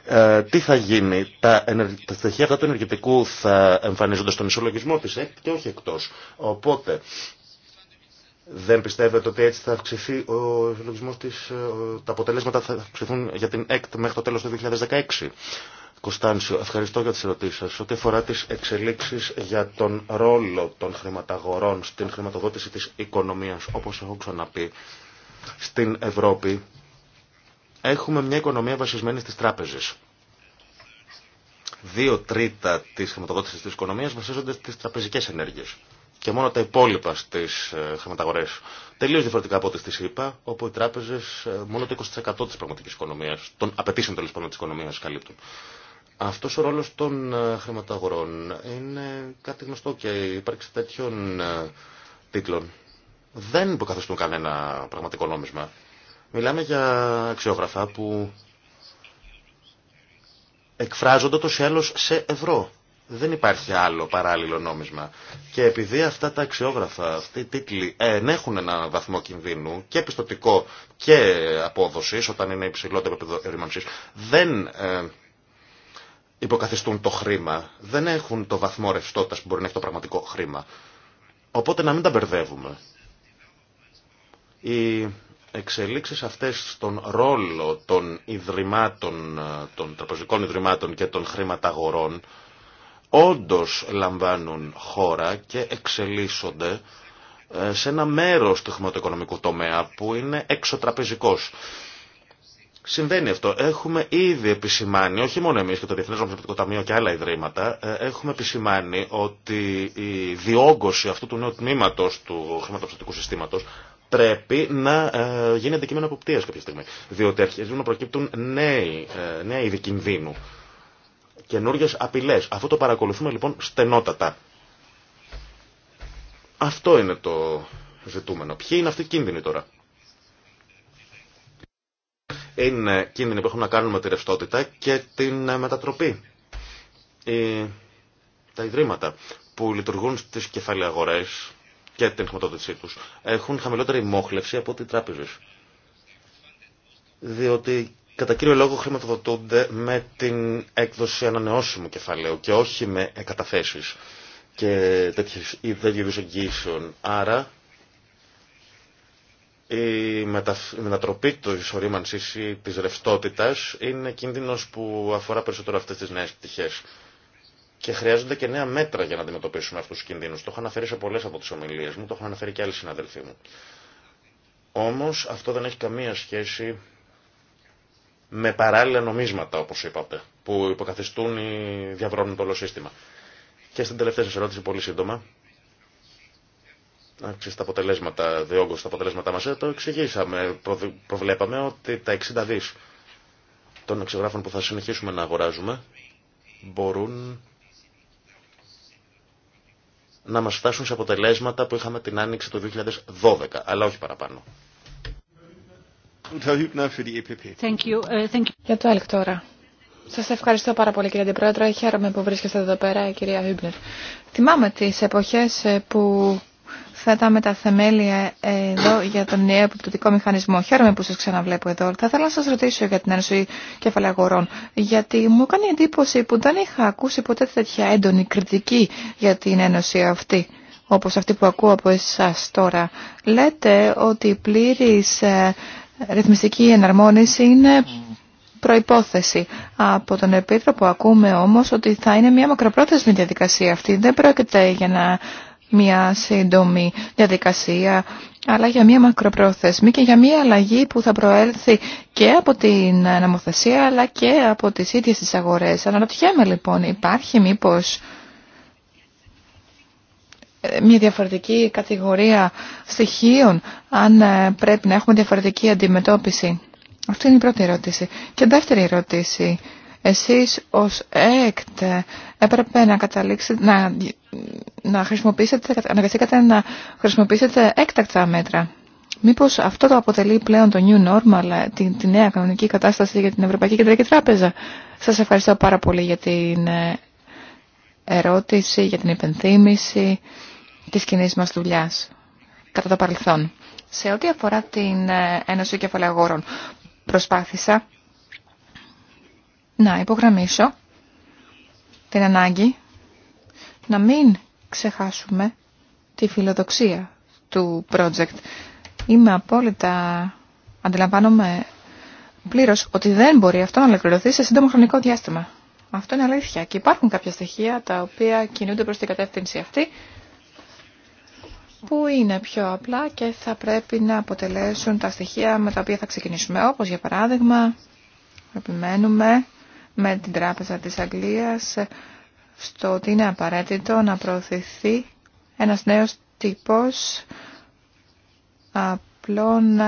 ε, τι θα γίνει, τα, τα στοιχεία αυτά του ενεργητικού θα εμφανίζονται στον ισολογισμό τη ΕΚΤ και όχι εκτό. Οπότε δεν πιστεύετε ότι έτσι θα αυξηθεί ο συλλογισμό τη, ε, τα αποτελέσματα θα αυξηθούν για την ΕΚΤ μέχρι το τέλο του 2016. Κωνσταντσιο, ευχαριστώ για τι ερωτήσεις σα, Ό,τι αφορά τι εξελίξει για τον ρόλο των χρηματαγορών στην χρηματοδότηση τη οικονομία, όπω έχω ξαναπεί, στην Ευρώπη, έχουμε μια οικονομία βασισμένη στι τράπεζε. Δύο τρίτα τη χρηματοδότηση τη οικονομία βασίζονται στι τραπεζικέ ενέργειε και μόνο τα υπόλοιπα στις ε, χρηματαγορές. Τελείως διαφορετικά από ό,τι στις είπα, όπου οι τράπεζες ε, μόνο το 20% της πραγματικής οικονομίας, των απαιτήσεων τέλος πάντων της οικονομίας καλύπτουν. Αυτός ο ρόλος των ε, χρηματαγορών είναι κάτι γνωστό και υπάρξει τέτοιων τίτλων. Δεν υποκαθιστούν κανένα πραγματικό νόμισμα. Μιλάμε για αξιόγραφα που εκφράζονται το σε σε ευρώ δεν υπάρχει άλλο παράλληλο νόμισμα. Και επειδή αυτά τα αξιόγραφα, αυτοί οι τίτλοι ε, ενέχουν έναν βαθμό κινδύνου και πιστοτικό και απόδοση όταν είναι υψηλότερο επίπεδο ρήμανση, δεν ε, υποκαθιστούν το χρήμα, δεν έχουν το βαθμό ρευστότητα που μπορεί να έχει το πραγματικό χρήμα. Οπότε να μην τα μπερδεύουμε. Οι εξελίξεις αυτές στον ρόλο των ιδρυμάτων, ε, των τραπεζικών ιδρυμάτων και των χρηματαγορών όντως λαμβάνουν χώρα και εξελίσσονται ε, σε ένα μέρος του χρηματοοικονομικού τομέα που είναι εξωτραπεζικός. Συμβαίνει αυτό. Έχουμε ήδη επισημάνει, όχι μόνο εμείς και το Διεθνές Νομισματικό Ταμείο και άλλα ιδρύματα, ε, έχουμε επισημάνει ότι η διόγκωση αυτού του νέου τμήματος του χρηματοπιστωτικού συστήματος πρέπει να ε, γίνει αντικείμενο αποπτίας κάποια στιγμή. Διότι αρχίζουν να προκύπτουν νέοι, νέα είδη κινδύνου Καινούριε απειλές. Αυτό το παρακολουθούμε λοιπόν στενότατα. Αυτό είναι το ζητούμενο. Ποιοι είναι αυτοί κίνδυνοι τώρα. Είναι κίνδυνοι που έχουν να κάνουν με τη ρευστότητα και την ε, μετατροπή. Τα ιδρύματα που λειτουργούν στις κεφαλαιαγορές και την χρηματοδότησή τους έχουν χαμηλότερη μόχλευση από ό,τι τράπεζες. Διότι κατά κύριο λόγο χρηματοδοτούνται με την έκδοση ανανεώσιμου κεφαλαίου και όχι με καταθέσει και τέτοιες είδους εγγύσεων. Άρα η μετατροπή της ορίμανσης ή της ρευστότητας είναι κίνδυνος που αφορά περισσότερο αυτές τις νέες πτυχές. Και χρειάζονται και νέα μέτρα για να αντιμετωπίσουμε αυτούς τους κινδύνους. Το έχω αναφέρει σε πολλές από τις ομιλίες μου, το έχω αναφέρει και άλλοι συναδελφοί μου. Όμως αυτό δεν έχει καμία σχέση με παράλληλα νομίσματα, όπως είπατε, που υποκαθιστούν ή διαβρώνουν το όλο σύστημα. Και στην τελευταία σας ερώτηση, πολύ σύντομα, αξίζει τα αποτελέσματα, διόγκως τα αποτελέσματά μας, ε, το εξηγήσαμε, προβλέπαμε ότι τα 60 δις των εξεγράφων που θα συνεχίσουμε να αγοράζουμε μπορούν να μας φτάσουν σε αποτελέσματα που είχαμε την άνοιξη του 2012, αλλά όχι παραπάνω. Για τώρα. Σα ευχαριστώ πάρα πολύ κύριε Αντιπρόεδρε. Χαίρομαι που βρίσκεστε εδώ πέρα, κυρία Hübner. Θυμάμαι τι εποχέ ε, που θέταμε τα θεμέλια ε, εδώ για τον νέο επιπτωτικό μηχανισμό. Χαίρομαι που σα ξαναβλέπω εδώ. Θα ήθελα να σα ρωτήσω για την Ένωση Κεφαλαίου Αγορών. Γιατί μου κάνει εντύπωση που δεν είχα ακούσει ποτέ τέτοια έντονη κριτική για την Ένωση αυτή όπως αυτή που ακούω από εσάς τώρα. Λέτε ότι πλήρης ε, ρυθμιστική εναρμόνιση είναι προϋπόθεση. Από τον Επίτροπο ακούμε όμως ότι θα είναι μια μακροπρόθεσμη διαδικασία αυτή. Δεν πρόκειται για μια σύντομη διαδικασία, αλλά για μια μακροπρόθεσμη και για μια αλλαγή που θα προέλθει και από την νομοθεσία αλλά και από τις ίδιες τις αγορές. Αναρωτιέμαι λοιπόν, υπάρχει μήπως μια διαφορετική κατηγορία στοιχείων, αν ε, πρέπει να έχουμε διαφορετική αντιμετώπιση. Αυτή είναι η πρώτη ερώτηση. Και δεύτερη ερώτηση. Εσείς ως ΕΚΤ ε, έπρεπε να καταλήξετε, να, να χρησιμοποιήσετε, αναγκαστήκατε να χρησιμοποιήσετε έκτακτα μέτρα. Μήπως αυτό το αποτελεί πλέον το new normal, ε, την, τη νέα κανονική κατάσταση για την Ευρωπαϊκή Κεντρική Τράπεζα. Σας ευχαριστώ πάρα πολύ για την ερώτηση, για την υπενθύμηση, της κοινή μα δουλειά κατά το παρελθόν. Σε ό,τι αφορά την ε, Ένωση Κεφαλαγόρων, προσπάθησα να υπογραμμίσω την ανάγκη να μην ξεχάσουμε τη φιλοδοξία του project. Είμαι απόλυτα, αντιλαμβάνομαι πλήρως ότι δεν μπορεί αυτό να ολοκληρωθεί σε σύντομο χρονικό διάστημα. Αυτό είναι αλήθεια και υπάρχουν κάποια στοιχεία τα οποία κινούνται προς την κατεύθυνση αυτή που είναι πιο απλά και θα πρέπει να αποτελέσουν τα στοιχεία με τα οποία θα ξεκινήσουμε. Όπως για παράδειγμα, επιμένουμε με την Τράπεζα της Αγγλίας στο ότι είναι απαραίτητο να προωθηθεί ένας νέος τύπος απλών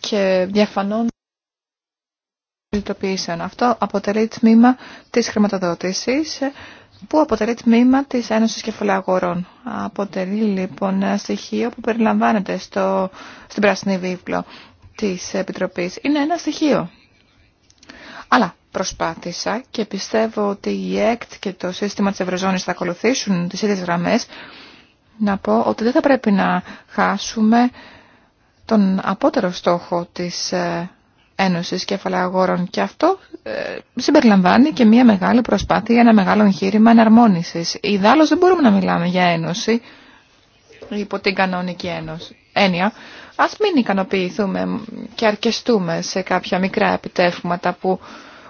και διαφανών Αυτό αποτελεί τμήμα της χρηματοδότησης που αποτελεί τμήμα της Ένωσης Κεφαλαγορών. Αποτελεί λοιπόν ένα στοιχείο που περιλαμβάνεται στο, στην πράσινη βίβλο της Επιτροπής. Είναι ένα στοιχείο. Αλλά προσπάθησα και πιστεύω ότι η ΕΚΤ και το σύστημα της Ευρωζώνης θα ακολουθήσουν τις ίδιες γραμμές να πω ότι δεν θα πρέπει να χάσουμε τον απότερο στόχο της ε, Ένωσης Κεφαλαγόρων και αυτό ε, συμπεριλαμβάνει και μια μεγάλη προσπάθεια, ένα μεγάλο εγχείρημα Η Ιδάλλως δεν μπορούμε να μιλάμε για ένωση υπό την κανονική ένωση. έννοια. Ας μην ικανοποιηθούμε και αρκεστούμε σε κάποια μικρά επιτεύγματα που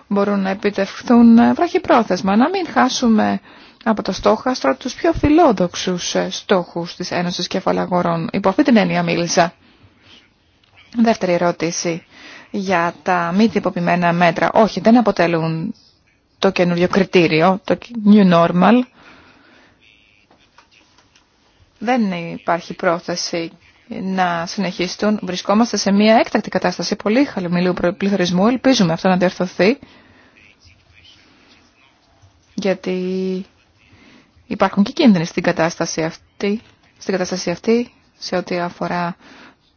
μπορούν να επιτευχθούν βραχυπρόθεσμα. Να μην χάσουμε από το στόχαστρο του πιο φιλόδοξους στόχους της Ένωσης Κεφαλαγορών. Υπό αυτή την έννοια μίλησα. Δεύτερη ερώτηση για τα μη τυποποιημένα μέτρα. Όχι, δεν αποτελούν το καινούριο κριτήριο, το new normal. Δεν υπάρχει πρόθεση να συνεχίσουν. Βρισκόμαστε σε μια έκτακτη κατάσταση πολύ χαμηλού πληθωρισμού. Ελπίζουμε αυτό να διορθωθεί. Γιατί υπάρχουν και κίνδυνοι στην κατάσταση αυτή, στην κατάσταση αυτή σε ό,τι αφορά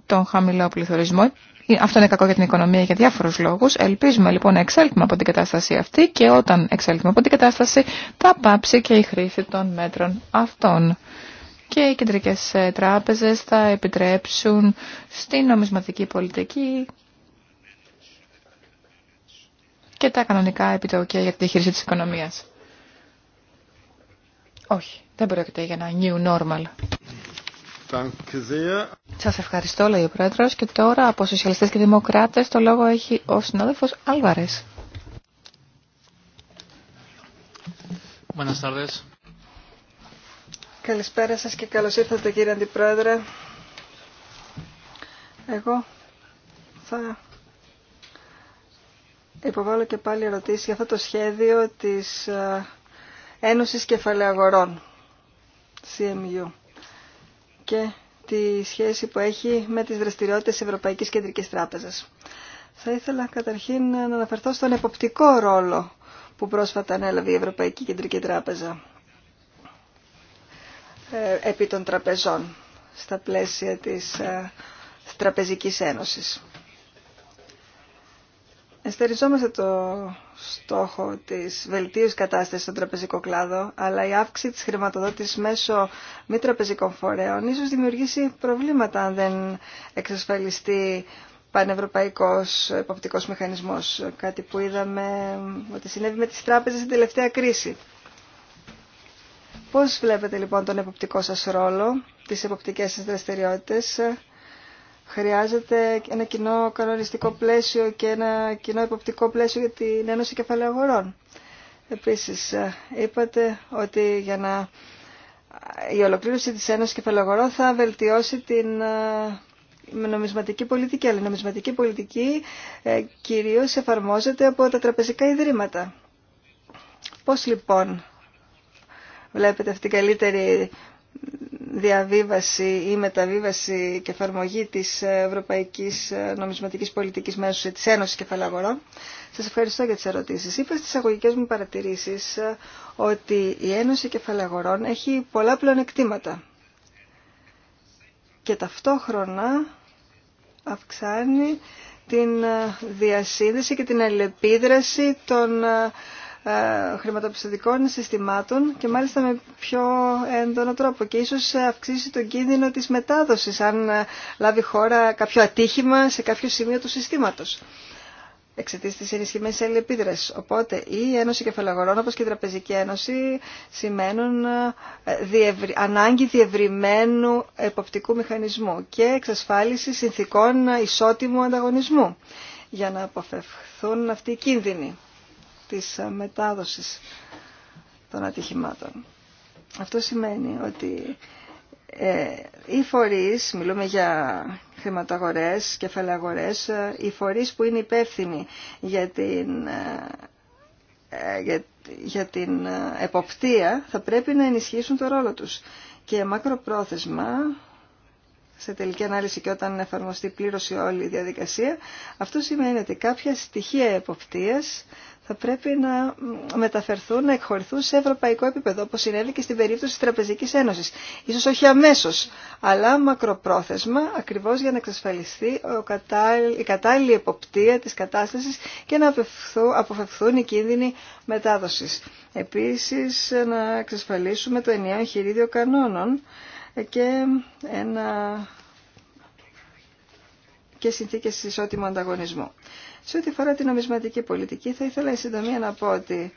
τον χαμηλό πληθωρισμό. Ε, αυτό είναι κακό για την οικονομία για διάφορους λόγους. Ελπίζουμε λοιπόν να εξέλθουμε από την κατάσταση αυτή και όταν εξέλθουμε από την κατάσταση θα πάψει και η χρήση των μέτρων αυτών. Και οι κεντρικές ε, τράπεζες θα επιτρέψουν στην νομισματική πολιτική και τα κανονικά επιτοκία για τη διαχείριση της οικονομίας. Όχι, δεν πρόκειται για ένα new normal. Σας ευχαριστώ, λέει ο Πρόεδρος. Και τώρα από Σοσιαλιστές και Δημοκράτες το λόγο έχει ο συνάδελφος Άλβαρες. Καλησπέρα σας και καλώς ήρθατε κύριε Αντιπρόεδρε. Εγώ θα υποβάλλω και πάλι ερωτήσεις για αυτό το σχέδιο της ε, Ένωσης Κεφαλαίου Αγορών, CMU και τη σχέση που έχει με τις δραστηριότητες Ευρωπαϊκής Κεντρικής Τράπεζας. Θα ήθελα καταρχήν να αναφερθώ στον εποπτικό ρόλο που πρόσφατα ανέλαβε η Ευρωπαϊκή Κεντρική Τράπεζα ε, επί των τραπεζών στα πλαίσια της ε, Τραπεζικής Ένωσης. Εστεριζόμαστε το στόχο της βελτίωσης κατάστασης στον τραπεζικό κλάδο, αλλά η αύξηση της χρηματοδότησης μέσω μη τραπεζικών φορέων ίσως δημιουργήσει προβλήματα αν δεν εξασφαλιστεί πανευρωπαϊκός εποπτικός μηχανισμός, κάτι που είδαμε ότι συνέβη με τις τράπεζες στην τελευταία κρίση. Πώς βλέπετε λοιπόν τον εποπτικό σας ρόλο, τις εποπτικές σας δραστηριότητες Χρειάζεται ένα κοινό κανονιστικό πλαίσιο και ένα κοινό υποπτικό πλαίσιο για την Ένωση Κεφαλαίου Αγορών. Επίσης, ε, είπατε ότι για να... η ολοκλήρωση της Ένωσης Κεφαλαίου Αγορών θα βελτιώσει την ε, νομισματική πολιτική, αλλά η νομισματική πολιτική ε, κυρίως εφαρμόζεται από τα τραπεζικά ιδρύματα. Πώς λοιπόν βλέπετε αυτή την καλύτερη διαβίβαση ή μεταβίβαση και εφαρμογή της Ευρωπαϊκής Νομισματικής Πολιτικής μέσω της Ένωσης Κεφαλαγορών. Σας ευχαριστώ για τις ερωτήσεις. Είπα στις αγωγικές μου παρατηρήσεις ότι η Ένωση Κεφαλαγορών έχει πολλά πλεονεκτήματα και ταυτόχρονα αυξάνει την διασύνδεση και την αλληλεπίδραση των ε, χρηματοπιστωτικών συστημάτων και μάλιστα με πιο έντονο τρόπο και ίσως αυξήσει τον κίνδυνο της μετάδοσης αν ε, λάβει χώρα κάποιο ατύχημα σε κάποιο σημείο του συστήματος εξαιτία τη ενισχυμένη αλληλεπίδραση. Οπότε η Ένωση Κεφαλαγορών όπω και η Τραπεζική Ένωση σημαίνουν ε, ανάγκη διευρυμένου εποπτικού μηχανισμού και εξασφάλιση συνθήκων ισότιμου ανταγωνισμού για να αποφευχθούν αυτοί οι κίνδυνοι της ε, μετάδοσης των ατυχημάτων. Αυτό σημαίνει ότι ε, οι φορείς, μιλούμε για χρηματαγορές, κεφαλαγορές, ε, οι φορείς που είναι υπεύθυνοι για την, ε, για, την εποπτεία θα πρέπει να ενισχύσουν το ρόλο τους. Και μακροπρόθεσμα, σε τελική ανάλυση και όταν εφαρμοστεί πλήρωση όλη η διαδικασία, αυτό σημαίνει ότι κάποια στοιχεία εποπτείας θα πρέπει να μεταφερθούν, να εκχωρηθούν σε ευρωπαϊκό επίπεδο, όπως συνέβη και στην περίπτωση της Τραπεζικής Ένωσης. Ίσως όχι αμέσως, αλλά μακροπρόθεσμα, ακριβώς για να εξασφαλιστεί η κατάλληλη εποπτεία της κατάστασης και να αποφευθούν οι κίνδυνοι μετάδοσης. Επίσης, να εξασφαλίσουμε το ενιαίο εγχειρίδιο κανόνων και ένα και συνθήκες ισότιμου ανταγωνισμού. Σε ό,τι αφορά την νομισματική πολιτική, θα ήθελα η συντομία να πω ότι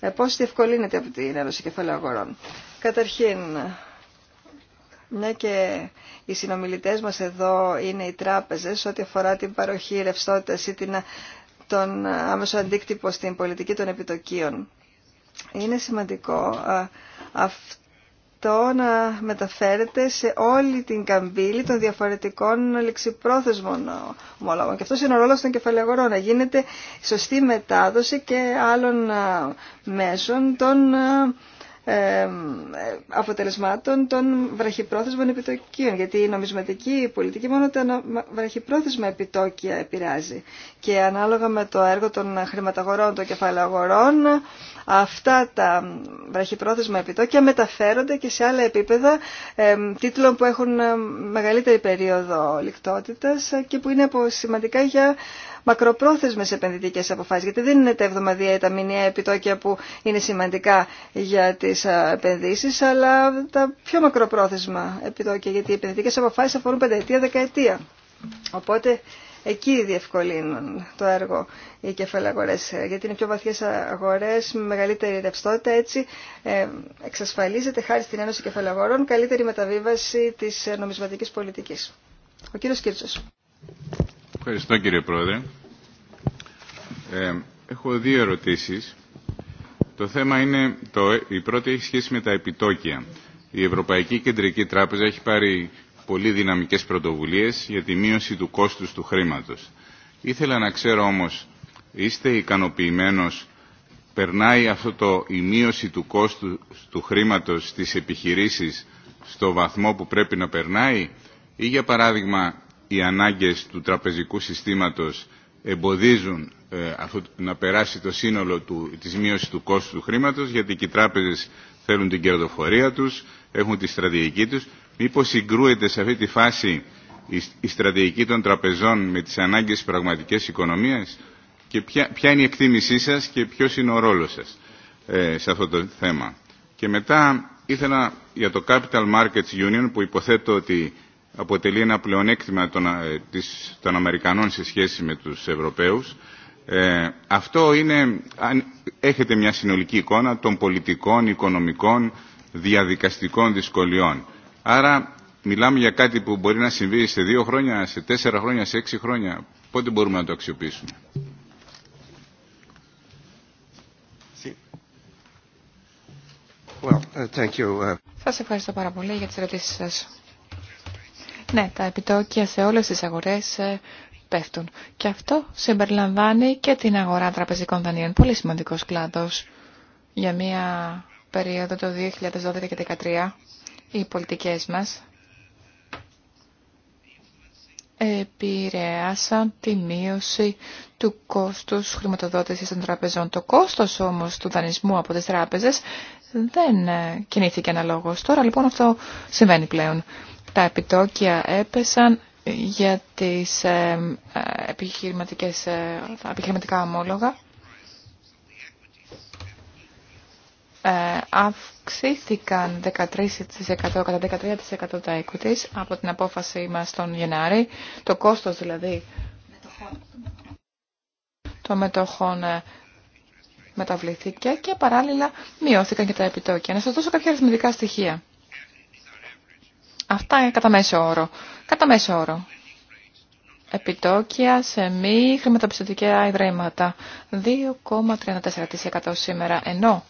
ε, πώς διευκολύνεται από την Ένωση Κεφαλαίου Αγορών. Καταρχήν, μια και οι συνομιλητές μας εδώ είναι οι τράπεζες, ό,τι αφορά την παροχή ρευστότητας ή την, τον άμεσο αντίκτυπο στην πολιτική των επιτοκίων. Είναι σημαντικό α, ε, αυτό το να μεταφέρεται σε όλη την καμπύλη των διαφορετικών λεξιπρόθεσμων ομολόγων. Και αυτό είναι ο ρόλο των κεφαλαιογορών, να γίνεται σωστή μετάδοση και άλλων ε, μέσων των ε, ε, αποτελεσμάτων των βραχυπρόθεσμων επιτοκίων. Γιατί η νομισματική πολιτική μόνο τα βραχυπρόθεσμα επιτόκια επηρεάζει. Και ανάλογα με το έργο των χρηματαγορών, των κεφαλαγορών, αυτά τα βραχυπρόθεσμα επιτόκια μεταφέρονται και σε άλλα επίπεδα ε, τίτλων που έχουν μεγαλύτερη περίοδο λικτότητας και που είναι σημαντικά για Μακροπρόθεσμε επενδυτικέ αποφάσει γιατί δεν είναι τα εβδομαδιαία ή τα μηνιαία επιτόκια που είναι σημαντικά για τι επενδύσει, αλλά τα πιο μακροπρόθεσμα επιτόκια, γιατί οι επενδυτικέ αποφάσεις αφορούν πενταετία-δεκαετία. Οπότε εκεί διευκολύνουν το έργο οι κεφαλαγορέ, γιατί είναι πιο βαθίε αγορέ, με μεγαλύτερη ρευστότητα, έτσι ε, εξασφαλίζεται χάρη στην Ένωση Κεφαλαγορών καλύτερη μεταβίβαση τη νομισματική πολιτική. Ο κύριο Κίρτσος. Ευχαριστώ κύριε Πρόεδρε. Ε, έχω δύο ερωτήσεις. Το θέμα είναι, το, η πρώτη έχει σχέση με τα επιτόκια. Η Ευρωπαϊκή Κεντρική Τράπεζα έχει πάρει πολύ δυναμικές πρωτοβουλίες για τη μείωση του κόστους του χρήματος. Ήθελα να ξέρω όμως, είστε ικανοποιημένος, περνάει αυτό το, η μείωση του κόστου του χρήματος στις επιχειρήσεις στο βαθμό που πρέπει να περνάει ή για παράδειγμα οι ανάγκες του τραπεζικού συστήματος εμποδίζουν ε, να περάσει το σύνολο του, της μείωσης του κόστου του χρήματος, γιατί και οι τράπεζες θέλουν την κερδοφορία τους, έχουν τη στρατηγική τους. Μήπως συγκρούεται σε αυτή τη φάση η, στρατηγική των τραπεζών με τις ανάγκες της πραγματικής οικονομίας και ποια, είναι η εκτίμησή σας και ποιος είναι ο ρόλος σας ε, σε αυτό το θέμα. Και μετά ήθελα για το Capital Markets Union που υποθέτω ότι αποτελεί ένα πλεονέκτημα των, ε, των Αμερικανών σε σχέση με τους Ευρωπαίους. Ε, αυτό είναι, αν έχετε μια συνολική εικόνα των πολιτικών, οικονομικών, διαδικαστικών δυσκολιών. Άρα μιλάμε για κάτι που μπορεί να συμβεί σε δύο χρόνια, σε τέσσερα χρόνια, σε έξι χρόνια. Πότε μπορούμε να το αξιοποιήσουμε. Well, uh, thank you. Uh. Σας ευχαριστώ πάρα πολύ για τις ερωτήσεις σας. Ναι, τα επιτόκια σε όλες τις αγορές ε, πέφτουν. Και αυτό συμπεριλαμβάνει και την αγορά τραπεζικών δανείων. Πολύ σημαντικός κλάδος για μια περίοδο το 2012 και 2013 οι πολιτικές μας επηρέασαν τη μείωση του κόστους χρηματοδότησης των τραπεζών. Το κόστος όμως του δανεισμού από τις τράπεζες δεν ε, κινήθηκε αναλόγως. Τώρα λοιπόν αυτό συμβαίνει πλέον. Τα επιτόκια έπεσαν για τις ε, ε, επιχειρηματικές, επιχειρηματικά ομόλογα. αυξήθηκαν 13% κατά 13% τα equities από την απόφαση μας τον Γενάρη. Το κόστος δηλαδή των μετοχών μεταβλήθηκε και παράλληλα μειώθηκαν και τα επιτόκια. Να σας δώσω κάποια αριθμητικά στοιχεία. Αυτά είναι κατά μέσο όρο. Κατά μέσο όρο. Επιτόκια σε μη χρηματοπιστωτικά ιδρύματα. 2,34% σήμερα. Ενώ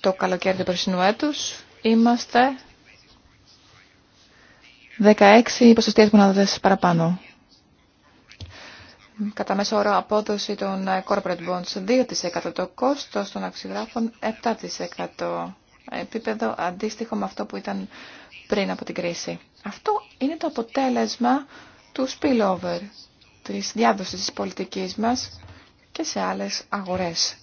το καλοκαίρι του περσινού έτους είμαστε 16 ποσοστίες μονάδες παραπάνω κατά μέσο όρο απόδοση των ε, corporate bonds 2%, το κόστος των αξιγράφων 7%, επίπεδο αντίστοιχο με αυτό που ήταν πριν από την κρίση. Αυτό είναι το αποτέλεσμα του spillover, της διάδοσης της πολιτικής μας και σε άλλες αγορές.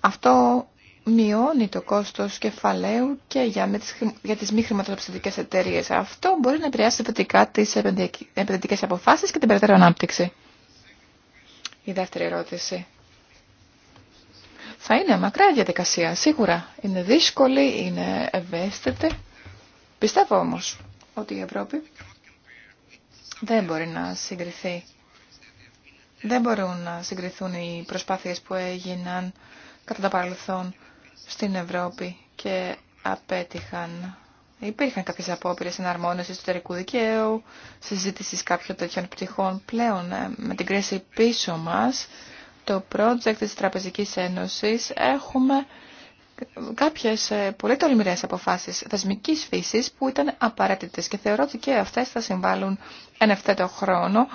Αυτό μειώνει το κόστος κεφαλαίου και για, με τις, για τις μη χρηματοπιστωτικές εταιρείες. Αυτό μπορεί να επηρεάσει θετικά τις επενδυτικές αποφάσεις και την περαιτέρω ανάπτυξη. Η δεύτερη ερώτηση. Θα είναι μακρά διαδικασία, σίγουρα. Είναι δύσκολη, είναι ευαίσθητη. Πιστεύω όμως ότι η Ευρώπη δεν μπορεί να συγκριθεί. Δεν μπορούν να συγκριθούν οι προσπάθειες που έγιναν κατά τα παρελθόν στην Ευρώπη και απέτυχαν. Υπήρχαν κάποιες απόπειρες εναρμόνισης του εταιρικού δικαίου, συζήτησης κάποιων τέτοιων πτυχών πλέον ε, με την κρίση πίσω μας. Το project της Τραπεζικής Ένωσης έχουμε κάποιες ε, πολύ τολμηρές αποφάσεις θεσμικής φύσης που ήταν απαραίτητες και θεωρώ ότι και αυτές θα συμβάλλουν εν ευθέτω χρόνο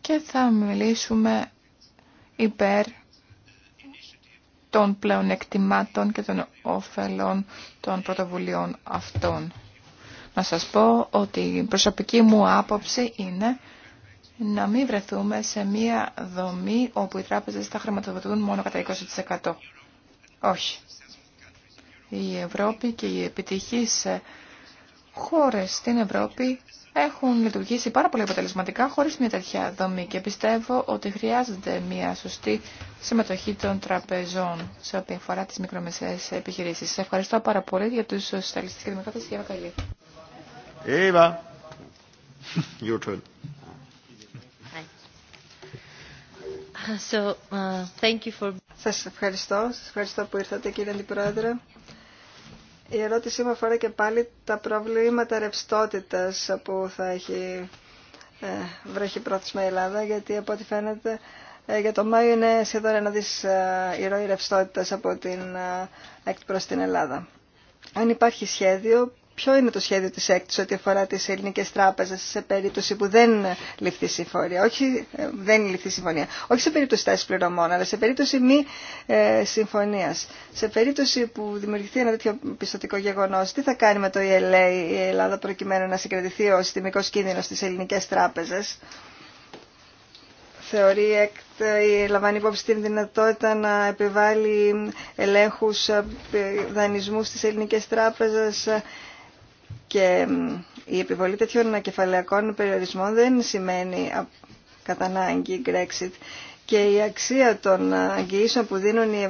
και θα μιλήσουμε υπέρ των πλεονεκτημάτων και των όφελων των πρωτοβουλίων αυτών. Να σας πω ότι η προσωπική μου άποψη είναι να μην βρεθούμε σε μία δομή όπου οι τράπεζες θα χρηματοδοτούν μόνο κατά 20%. Όχι. Η Ευρώπη και οι επιτυχείς χώρες στην Ευρώπη έχουν λειτουργήσει πάρα πολύ αποτελεσματικά χωρίς μια τέτοια δομή και πιστεύω ότι χρειάζεται μια σωστή συμμετοχή των τραπεζών σε ό,τι αφορά τις μικρομεσαίες επιχειρήσεις. Σα ευχαριστώ πάρα πολύ για τους σοσιαλιστέ και δημοκράτες. για καλή. Uh, Σας ευχαριστώ. Σας ευχαριστώ που ήρθατε κύριε Αντιπρόεδρε. Η ερώτησή μου αφορά και πάλι τα προβλήματα ρευστότητας που θα έχει ε, βρέχει πρόθεσμα η Ελλάδα, γιατί από ό,τι φαίνεται ε, για το Μάιο είναι σχεδόν ένα δις ε, η ρευστότητας από την έκτη προς την Ελλάδα. Αν υπάρχει σχέδιο ποιο είναι το σχέδιο της έκτη ό,τι αφορά τις ελληνικές τράπεζες σε περίπτωση που δεν ληφθεί συμφωνία, όχι, ε, δεν ληφθεί συμφωνία, όχι σε περίπτωση τάσης πληρωμών, αλλά σε περίπτωση μη ε, συμφωνίας. Σε περίπτωση που δημιουργηθεί ένα τέτοιο πιστοτικό γεγονός, τι θα κάνει με το ELA η Ελλάδα προκειμένου να συγκρατηθεί ο συστημικός κίνδυνος στις ελληνικές τράπεζες. Θεωρεί η λαμβάνει υπόψη την δυνατότητα να επιβάλλει ελέγχους ε, δανεισμού στις ελληνικές τράπεζες και η επιβολή τέτοιων κεφαλαιακών περιορισμών δεν σημαίνει κατά ανάγκη Brexit. Και η αξία των αγγιήσεων που δίνουν οι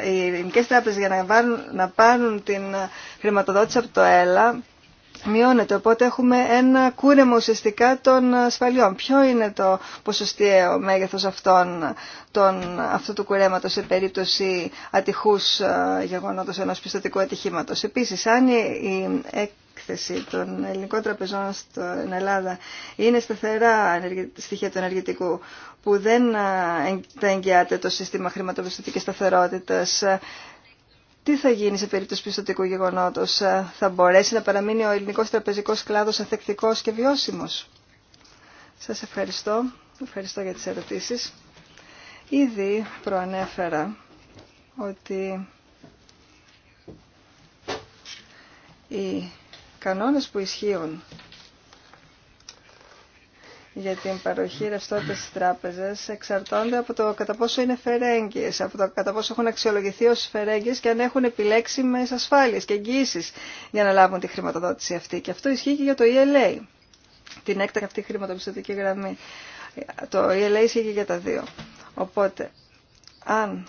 ελληνικές τράπεζες για να, να πάρουν την χρηματοδότηση από το ΕΛΑ μειώνεται. Οπότε έχουμε ένα κούρεμα ουσιαστικά των ασφαλιών. Ποιο είναι το ποσοστιαίο μέγεθος αυτών, τον, αυτού του κουρέματος σε περίπτωση ατυχούς ε, γεγονότος ενός πιστοτικού ατυχήματος. Επίσης, αν η έκθεση των ελληνικών τραπεζών στην Ελλάδα είναι σταθερά στοιχεία του ενεργητικού που δεν ε, τα εγγυάται το σύστημα χρηματοπιστωτικής σταθερότητας τι θα γίνει σε περίπτωση πιστοτικού γεγονότος. Ε, θα μπορέσει να παραμείνει ο ελληνικό τραπεζικός κλάδος ανθεκτικό και βιώσιμος. Σας ευχαριστώ. Ευχαριστώ για τις ερωτήσεις. Ήδη προανέφερα ότι οι κανόνες που ισχύουν για την παροχή ρευστότητα στι τράπεζες εξαρτώνται από το κατά πόσο είναι φερέγγιε, από το κατά πόσο έχουν αξιολογηθεί ως φερέγγιε και αν έχουν επιλέξει με ασφάλειες και εγγύησεις για να λάβουν τη χρηματοδότηση αυτή. Και αυτό ισχύει και για το ELA, την έκτακτη αυτή χρηματοπιστωτική γραμμή. Το ELA ισχύει και για τα δύο. Οπότε, αν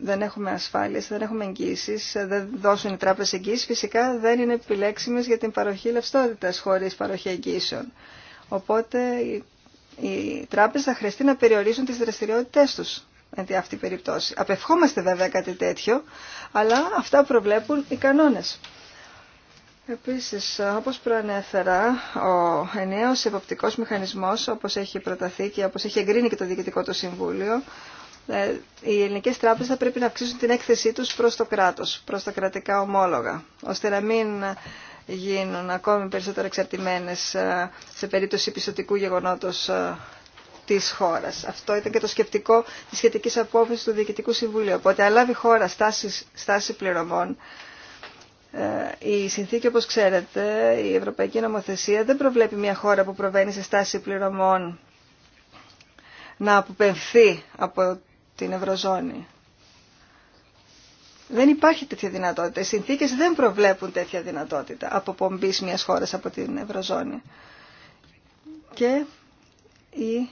δεν έχουμε ασφάλειες, δεν έχουμε εγγύσεις, δεν δώσουν οι τράπεζες εγγύσεις. φυσικά δεν είναι επιλέξιμες για την παροχή λευστότητας χωρίς παροχή εγγύσεων. Οπότε οι τράπεζες θα χρειαστεί να περιορίσουν τις δραστηριότητές τους τη αυτή περιπτώσει. περίπτωση. Απευχόμαστε βέβαια κάτι τέτοιο, αλλά αυτά προβλέπουν οι κανόνες. Επίσης, όπως προανέφερα, ο ενιαίος εποπτικός μηχανισμός, όπως έχει προταθεί και όπως έχει εγκρίνει και το Διοικητικό του Συμβούλιο, ε, οι ελληνικέ τράπεζε θα πρέπει να αυξήσουν την έκθεσή του προ το κράτο, προ τα κρατικά ομόλογα, ώστε να μην γίνουν ακόμη περισσότερο εξαρτημένε ε, σε περίπτωση πιστοτικού γεγονότος ε, τη χώρα. Αυτό ήταν και το σκεπτικό τη σχετική απόφαση του Διοικητικού Συμβουλίου. Οπότε αν λάβει χώρα στάση, στάση πληρωμών, η συνθήκη όπω ξέρετε, η Ευρωπαϊκή Νομοθεσία δεν προβλέπει μια χώρα που προβαίνει σε στάση πληρωμών να αποπευθεί από την Ευρωζώνη. Δεν υπάρχει τέτοια δυνατότητα. Οι συνθήκες δεν προβλέπουν τέτοια δυνατότητα από αποπομπής μιας χώρας από την Ευρωζώνη. Και οι,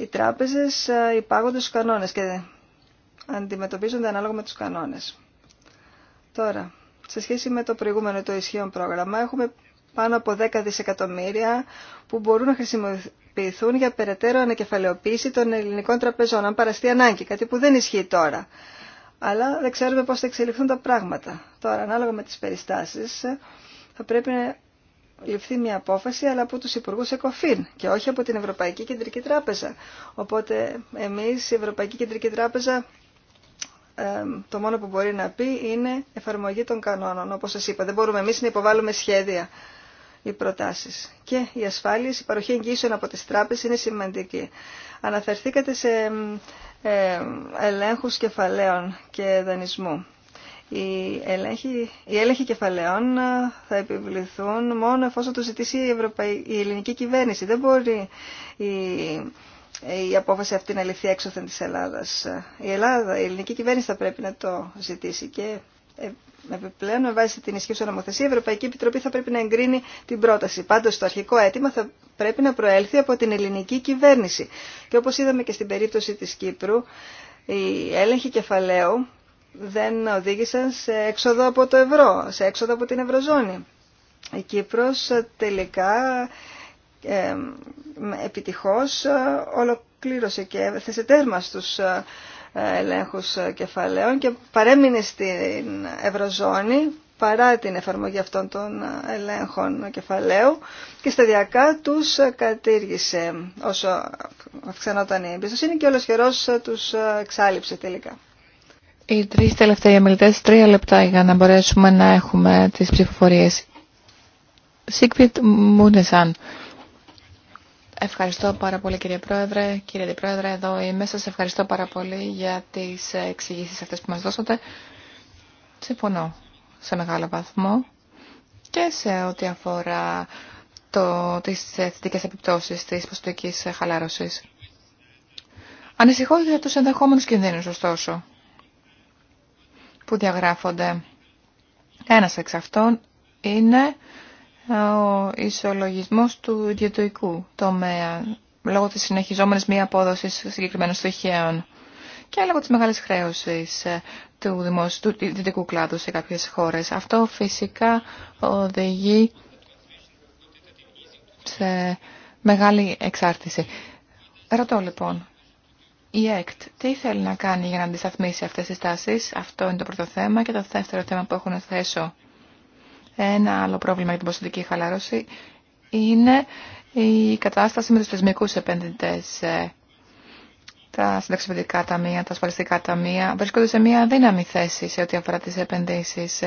οι τράπεζες ε, υπάγονται στους κανόνες και αντιμετωπίζονται ανάλογα με τους κανόνες. Τώρα, σε σχέση με το προηγούμενο το ισχύον πρόγραμμα, έχουμε πάνω από 10 δισεκατομμύρια που μπορούν να χρησιμοποιηθούν για περαιτέρω ανακεφαλαιοποίηση των ελληνικών τραπεζών, αν παραστεί ανάγκη, κάτι που δεν ισχύει τώρα. Αλλά δεν ξέρουμε πώς θα εξελιχθούν τα πράγματα. Τώρα, ανάλογα με τις περιστάσεις, θα πρέπει να ληφθεί μια απόφαση, αλλά από τους υπουργού ΕΚΟΦΗΝ και όχι από την Ευρωπαϊκή Κεντρική Τράπεζα. Οπότε, εμείς, η Ευρωπαϊκή Κεντρική Τράπεζα, το μόνο που μπορεί να πει είναι εφαρμογή των κανόνων, όπως σας είπα. Δεν μπορούμε εμείς να υποβάλουμε σχέδια οι προτάσεις. Και η ασφάλεια, η παροχή εγγύσεων από τι τράπεζες είναι σημαντική. Αναφερθήκατε σε ε, ελέγχους κεφαλαίων και δανεισμού. Οι έλεγχοι, οι έλεγχοι κεφαλαίων ε, θα επιβληθούν μόνο εφόσον το ζητήσει η, Ευρωπαϊ... η ελληνική κυβέρνηση. Δεν μπορεί η, η απόφαση αυτή να ληφθεί έξωθεν της Ελλάδας. Η Ελλάδα, η ελληνική κυβέρνηση θα πρέπει να το ζητήσει και ε, επιπλέον, με βάση την ισχύουσα νομοθεσία, η Ευρωπαϊκή Επιτροπή θα πρέπει να εγκρίνει την πρόταση. Πάντως, το αρχικό αίτημα θα πρέπει να προέλθει από την ελληνική κυβέρνηση. Και όπως είδαμε και στην περίπτωση της Κύπρου, οι έλεγχοι κεφαλαίου δεν οδήγησαν σε έξοδο από το ευρώ, σε έξοδο από την ευρωζώνη. Η Κύπρος ε, τελικά ε, ε επιτυχώς ολοκλήρωσε και θέσε τέρμα στους ελέγχους κεφαλαίων και παρέμεινε στην Ευρωζώνη παρά την εφαρμογή αυτών των ελέγχων κεφαλαίου και σταδιακά τους κατήργησε όσο αυξανόταν η εμπιστοσύνη και ολοσχερός τους εξάλληψε τελικά. Οι τρεις τελευταίοι ομιλητές, τρία λεπτά για να μπορέσουμε να έχουμε τις ψηφοφορίες. Σίκπιτ Μούνεσαν. Ευχαριστώ πάρα πολύ κύριε Πρόεδρε. Κύριε Διπρόεδρε, εδώ είμαι. Σας ευχαριστώ πάρα πολύ για τις εξηγήσει αυτές που μας δώσατε. Συμφωνώ σε μεγάλο βαθμό και σε ό,τι αφορά το, τις θετικές επιπτώσεις της προσωπικής χαλάρωσης. Ανησυχώ για τους ενδεχόμενους κινδύνους, ωστόσο, που διαγράφονται. Ένας εξ αυτών είναι ε, ο ισολογισμός του ιδιωτικού τομέα λόγω της συνεχιζόμενης μη απόδοσης συγκεκριμένων στοιχείων και λόγω της μεγάλης χρέωσης ε, του, δημόσιου, του ιδιωτικού κλάδου σε κάποιες χώρες. Αυτό φυσικά οδηγεί σε μεγάλη εξάρτηση. Ρωτώ λοιπόν, η ΕΚΤ τι θέλει να κάνει για να αντισταθμίσει αυτές τις τάσεις, αυτό είναι το πρώτο θέμα και το δεύτερο θέμα που έχω να θέσω ένα άλλο πρόβλημα για την προσωπική χαλάρωση είναι η κατάσταση με τους θεσμικούς επενδυτές. Ε, τα συνταξιδευτικά ταμεία, τα ασφαλιστικά ταμεία βρίσκονται σε μια δύναμη θέση σε ό,τι αφορά τις επενδύσεις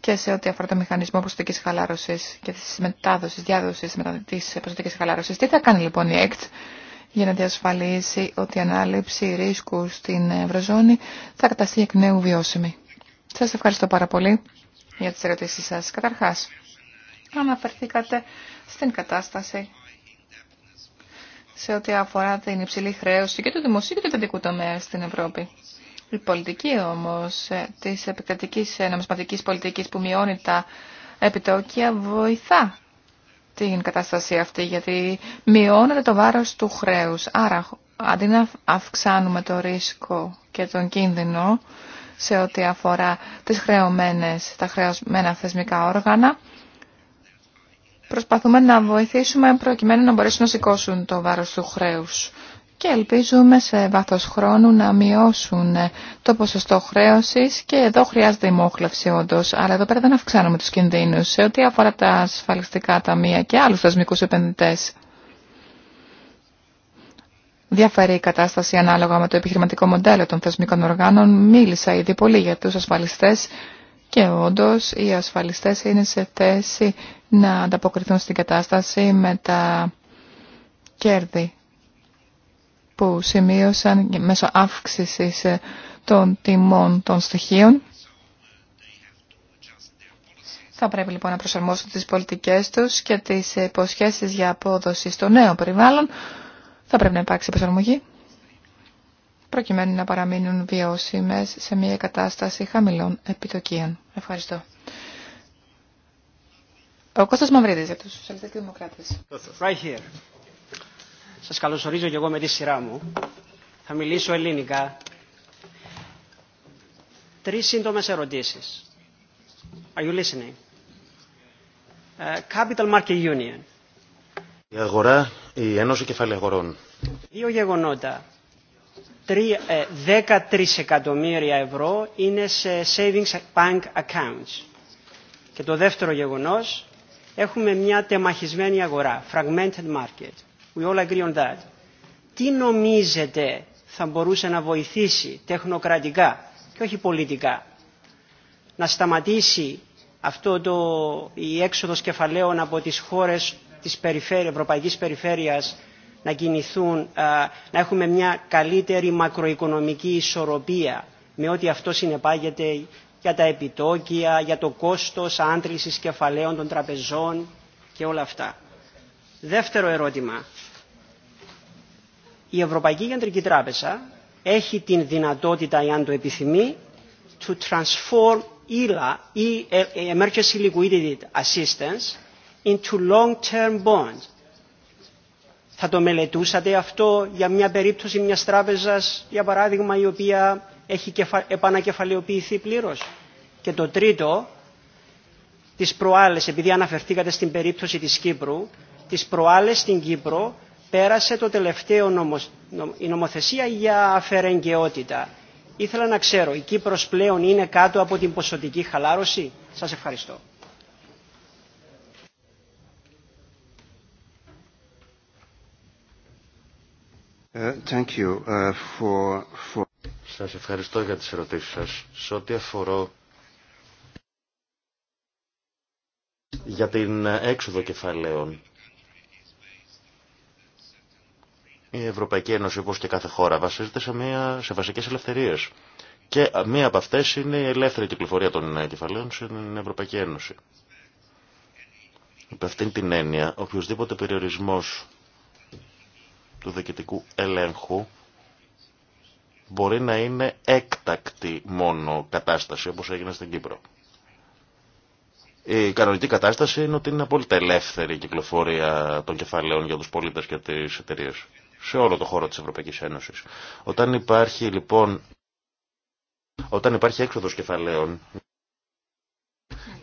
και σε ό,τι αφορά το μηχανισμό προσωπική χαλάρωση και τη μετάδοση, διάδοση τη προσωπική χαλάρωση. Τι θα κάνει λοιπόν η ΕΚΤ για να διασφαλίσει ότι η ανάληψη ρίσκου στην Ευρωζώνη θα καταστεί εκ νέου βιώσιμη. Σα ευχαριστώ πάρα πολύ για τις ερωτήσεις σας. Καταρχάς, αναφερθήκατε στην κατάσταση σε ό,τι αφορά την υψηλή χρέωση και του δημοσίου και του ιδιωτικού τομέα στην Ευρώπη. Η πολιτική όμως ε, της επικρατικής ε, νομισματικής πολιτικής που μειώνει τα επιτόκια βοηθά την κατάσταση αυτή γιατί μειώνεται το βάρος του χρέους. Άρα αντί να αυξάνουμε το ρίσκο και τον κίνδυνο σε ό,τι αφορά τις χρεωμένες, τα χρεωμένα θεσμικά όργανα. Προσπαθούμε να βοηθήσουμε προκειμένου να μπορέσουν να σηκώσουν το βάρος του χρέους και ελπίζουμε σε βάθος χρόνου να μειώσουν το ποσοστό χρέωσης και εδώ χρειάζεται η μόχλευση όντως, αλλά εδώ πέρα δεν αυξάνουμε τους κινδύνους σε ό,τι αφορά τα ασφαλιστικά ταμεία και άλλους θεσμικούς επενδυτές. Διαφέρει η κατάσταση ανάλογα με το επιχειρηματικό μοντέλο των θεσμικών οργάνων. Μίλησα ήδη πολύ για τους ασφαλιστές και όντως οι ασφαλιστές είναι σε θέση να ανταποκριθούν στην κατάσταση με τα κέρδη που σημείωσαν μέσω αύξησης των τιμών των στοιχείων. Θα πρέπει λοιπόν να προσαρμόσουν τις πολιτικές τους και τις υποσχέσεις για απόδοση στο νέο περιβάλλον θα πρέπει να υπάρξει προσαρμογή προκειμένου να παραμείνουν βιώσιμες σε μια κατάσταση χαμηλών επιτοκίων. Ευχαριστώ. Ο Κώστας Μαυρίδης για τους Σοσιαλιστές και Δημοκράτες. Right here. Σας καλωσορίζω και εγώ με τη σειρά μου. Θα μιλήσω ελληνικά. Τρεις σύντομες ερωτήσεις. Are you listening? Uh, Capital Market Union. Η αγορά, η Ένωση Κεφαλαίων Αγορών. Δύο γεγονότα. 13 ε, εκατομμύρια ευρώ είναι σε savings bank accounts. Και το δεύτερο γεγονός, έχουμε μια τεμαχισμένη αγορά, fragmented market. We all agree on that. Τι νομίζετε θα μπορούσε να βοηθήσει τεχνοκρατικά και όχι πολιτικά να σταματήσει αυτό το, η έξοδος κεφαλαίων από τις χώρες της περιφέρεια, Ευρωπαϊκής Περιφέρειας να κινηθούν, να έχουμε μια καλύτερη μακροοικονομική ισορροπία με ό,τι αυτό συνεπάγεται για τα επιτόκια, για το κόστος άντλησης κεφαλαίων των τραπεζών και όλα αυτά. Δεύτερο ερώτημα. Η Ευρωπαϊκή Κεντρική Τράπεζα έχει την δυνατότητα, εάν το επιθυμεί, to transform ELA, e, ε, Emergency Liquidity Assistance, into long-term bonds. Θα το μελετούσατε αυτό για μια περίπτωση μιας τράπεζας, για παράδειγμα, η οποία έχει επανακεφαλαιοποιηθεί πλήρως. Και το τρίτο, της προάλλες, επειδή αναφερθήκατε στην περίπτωση της Κύπρου, τις προάλλες στην Κύπρο πέρασε το τελευταίο η νομοθεσία για αφαιρεγκαιότητα. Ήθελα να ξέρω, η Κύπρος πλέον είναι κάτω από την ποσοτική χαλάρωση. Σας ευχαριστώ. Ε, thank ε, Σας ευχαριστώ για τις ερωτήσεις σας. Σε ό,τι αφορώ για την έξοδο κεφαλαίων, η Ευρωπαϊκή Ένωση, όπως και κάθε χώρα, βασίζεται σε, μια, σε βασικές ελευθερίες. Και μία από αυτές είναι η ελεύθερη κυκλοφορία των κεφαλαίων στην Ευρωπαϊκή Ένωση. Υπ' αυτήν την έννοια, οποιοδήποτε περιορισμός του διοικητικού ελέγχου μπορεί να είναι έκτακτη μόνο κατάσταση, όπως έγινε στην Κύπρο. Η κανονική κατάσταση είναι ότι είναι απόλυτα ελεύθερη η κυκλοφορία των κεφαλαίων για τους πολίτες και τις εταιρείε σε όλο το χώρο της Ευρωπαϊκής Ένωσης. Όταν υπάρχει λοιπόν όταν υπάρχει έξοδος κεφαλαίων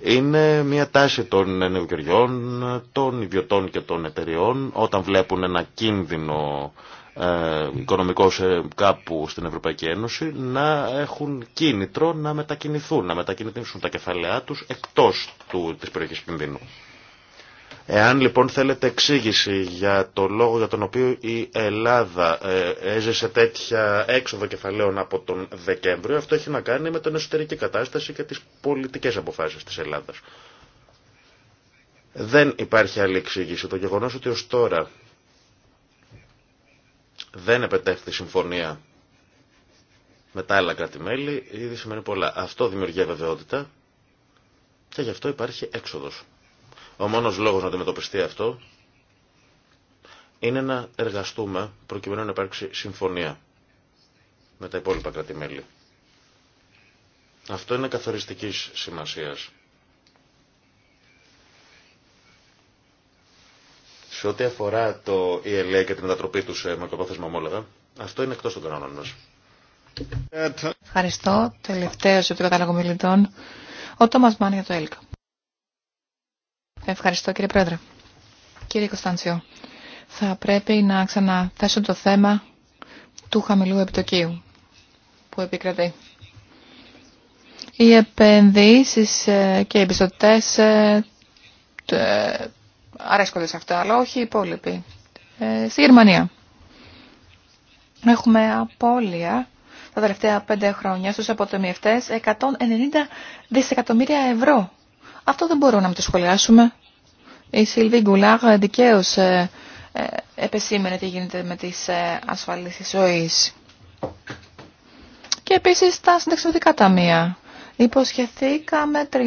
είναι μια τάση των νεοκαιριών, των ιδιωτών και των εταιριών όταν βλέπουν ένα κίνδυνο ε, οικονομικό κάπου στην Ευρωπαϊκή Ένωση να έχουν κίνητρο να μετακινηθούν, να μετακινηθούν τα κεφαλαία τους εκτός του, της περιοχής κινδύνου. Εάν λοιπόν θέλετε εξήγηση για το λόγο για τον οποίο η Ελλάδα ε, έζησε τέτοια έξοδο κεφαλαίων από τον Δεκέμβριο, αυτό έχει να κάνει με την εσωτερική κατάσταση και τις πολιτικές αποφάσεις της Ελλάδας. Δεν υπάρχει άλλη εξήγηση. Το γεγονός ότι ως τώρα δεν επετέχθη συμφωνία με τα άλλα κράτη-μέλη ήδη σημαίνει πολλά. Αυτό δημιουργεί βεβαιότητα και γι' αυτό υπάρχει έξοδος. Ο μόνος λόγος να αντιμετωπιστεί αυτό είναι να εργαστούμε προκειμένου να υπάρξει συμφωνία με τα υπόλοιπα κρατημέλη. Αυτό είναι καθοριστικής σημασίας. Σε ό,τι αφορά το ELA και την μετατροπή του σε μακροπρόθεσμα ομόλογα, αυτό είναι εκτός των κανόνων μας. Ευχαριστώ. Τελευταίος σε τον κατάλογο ο Τόμας Μάνια, το ΕΛΚΑ. Ευχαριστώ κύριε Πρόεδρε. Κύριε Κωνσταντσιό, θα πρέπει να ξαναθέσω το θέμα του χαμηλού επιτοκίου που επικρατεί. Οι επενδύσεις ε, και οι εμπιστοτές ε, αρέσκονται σε αυτά, αλλά όχι οι υπόλοιποι. Ε, στη Γερμανία έχουμε απώλεια τα τελευταία πέντε χρόνια στους αποτεμιευτές 190 δισεκατομμύρια ευρώ αυτό δεν μπορούμε να το σχολιάσουμε. Η Σιλβί Γκουλάγα δικαίω ε, ε, επεσήμενε τι γίνεται με τι ε, ασφαλίσεις ζωή. Και επίση τα συνταξιδοτικά ταμεία. Υποσχεθήκαμε 3,5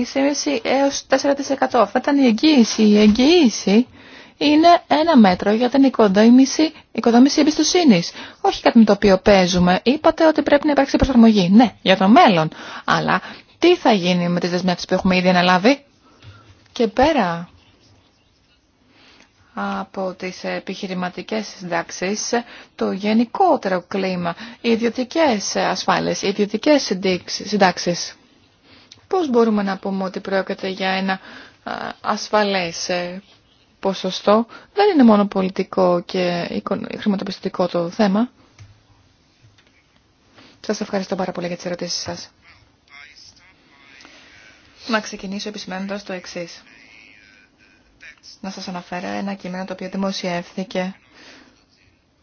έω 4%. Αυτά ήταν η εγγύηση. Η εγγύηση είναι ένα μέτρο για την οικοδόμηση, οικοδόμηση εμπιστοσύνη. Όχι κάτι με το οποίο παίζουμε. Είπατε ότι πρέπει να υπάρξει προσαρμογή. Ναι, για το μέλλον. Αλλά τι θα γίνει με τις δεσμεύσεις που έχουμε ήδη αναλάβει. Και πέρα από τις επιχειρηματικές συντάξεις, το γενικότερο κλίμα, οι ιδιωτικές ασφάλειες, οι ιδιωτικές συντάξεις. Πώς μπορούμε να πούμε ότι πρόκειται για ένα ασφαλές ε, ποσοστό. Δεν είναι μόνο πολιτικό και χρηματοπιστωτικό το θέμα. Σας ευχαριστώ πάρα πολύ για τις ερωτήσεις σας να ξεκινήσω επισημένοντά το εξή. Να σας αναφέρω ένα κείμενο το οποίο δημοσιεύθηκε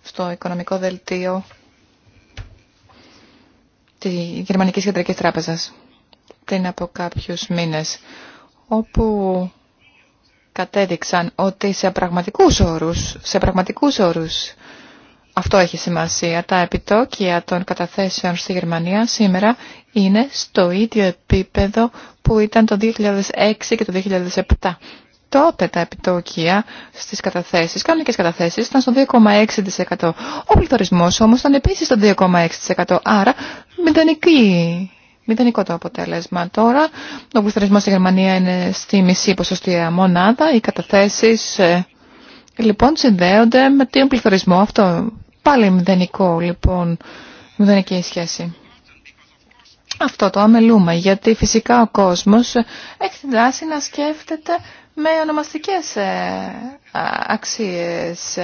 στο οικονομικό δελτίο τη Γερμανικής Κεντρική Τράπεζας πριν από κάποιου μήνες, όπου κατέδειξαν ότι σε πραγματικούς όρους, σε πραγματικούς όρους αυτό έχει σημασία. Τα επιτόκια των καταθέσεων στη Γερμανία σήμερα είναι στο ίδιο επίπεδο που ήταν το 2006 και το 2007. Τότε τα επιτόκια στις καταθέσεις, κανονικές καταθέσεις, ήταν στο 2,6%. Ο πληθωρισμός όμως ήταν επίσης στο 2,6%. Άρα μηδενική μηδενικό το αποτέλεσμα. Τώρα ο πληθωρισμός στη Γερμανία είναι στη μισή ποσοστία μονάδα. Οι καταθέσεις ε, λοιπόν συνδέονται με τι πληθωρισμό αυτό. Πάλι μηδενικό λοιπόν, μηδενική σχέση. Αυτό το αμελούμε, γιατί φυσικά ο κόσμος έχει την τάση να σκέφτεται με ονομαστικές ε, αξίες.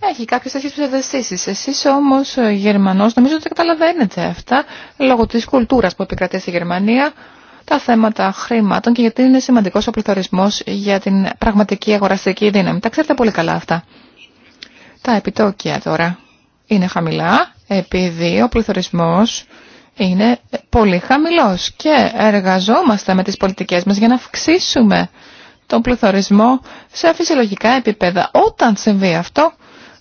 Έχει κάποιες τέτοιες ψευδεστήσεις. Εσείς όμως Γερμανός νομίζω ότι καταλαβαίνετε αυτά λόγω της κουλτούρας που επικρατεί στη Γερμανία τα θέματα χρήματων και γιατί είναι σημαντικός ο πληθωρισμός για την πραγματική αγοραστική δύναμη. Τα ξέρετε πολύ καλά αυτά. Τα επιτόκια τώρα είναι χαμηλά επειδή ο πληθωρισμός είναι πολύ χαμηλός και εργαζόμαστε με τις πολιτικές μας για να αυξήσουμε τον πληθωρισμό σε φυσιολογικά επίπεδα. Όταν συμβεί αυτό,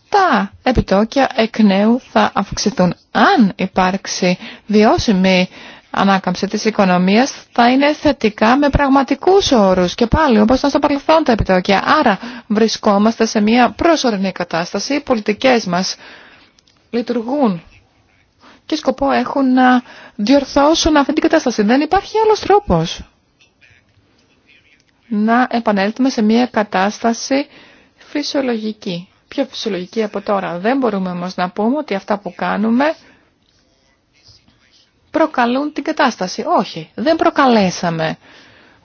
τα επιτόκια εκ νέου θα αυξηθούν. Αν υπάρξει βιώσιμη ανάκαμψη της οικονομίας θα είναι θετικά με πραγματικούς όρους και πάλι όπως ήταν στο παρελθόν τα επιτόκια. Άρα βρισκόμαστε σε μια προσωρινή κατάσταση, οι πολιτικές μας λειτουργούν και σκοπό έχουν να διορθώσουν αυτή την κατάσταση. Δεν υπάρχει άλλος τρόπος να επανέλθουμε σε μια κατάσταση φυσιολογική, πιο φυσιολογική από τώρα. Δεν μπορούμε όμως να πούμε ότι αυτά που κάνουμε προκαλούν την κατάσταση. Όχι, δεν προκαλέσαμε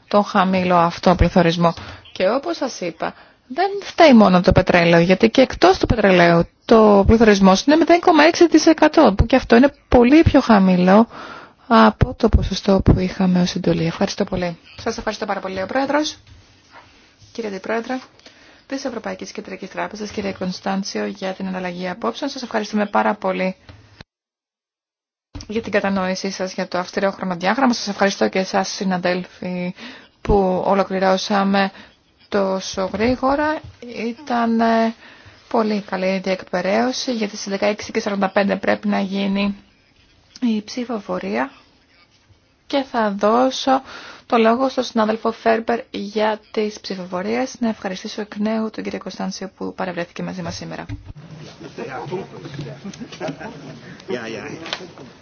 τον χαμηλό αυτό πληθωρισμό. Και όπως σας είπα, δεν φταίει μόνο το πετρέλαιο, γιατί και εκτός του πετρελαίου το πληθωρισμός είναι με 0,6% που και αυτό είναι πολύ πιο χαμηλό από το ποσοστό που είχαμε ως συντολή. Ευχαριστώ πολύ. Σας ευχαριστώ πάρα πολύ ο Πρόεδρος, κύριε Διπρόεδρε της Ευρωπαϊκής Κεντρικής Τράπεζας, κύριε Κωνστάντσιο, για την αναλλαγή απόψεων. Σας ευχαριστούμε πάρα πολύ για την κατανόησή σας για το αυστηρό χρονοδιάγραμμα. Σας ευχαριστώ και εσάς συναδέλφοι που ολοκληρώσαμε τόσο γρήγορα. Ήταν ε, πολύ καλή η διεκπαιρέωση γιατί στις 16.45 πρέπει να γίνει η ψηφοφορία και θα δώσω το λόγο στον συνάδελφο Φέρμπερ για τις ψηφοφορίες. Να ευχαριστήσω εκ νέου τον κύριο Κωνσταντσίου που παρευρέθηκε μαζί μας σήμερα.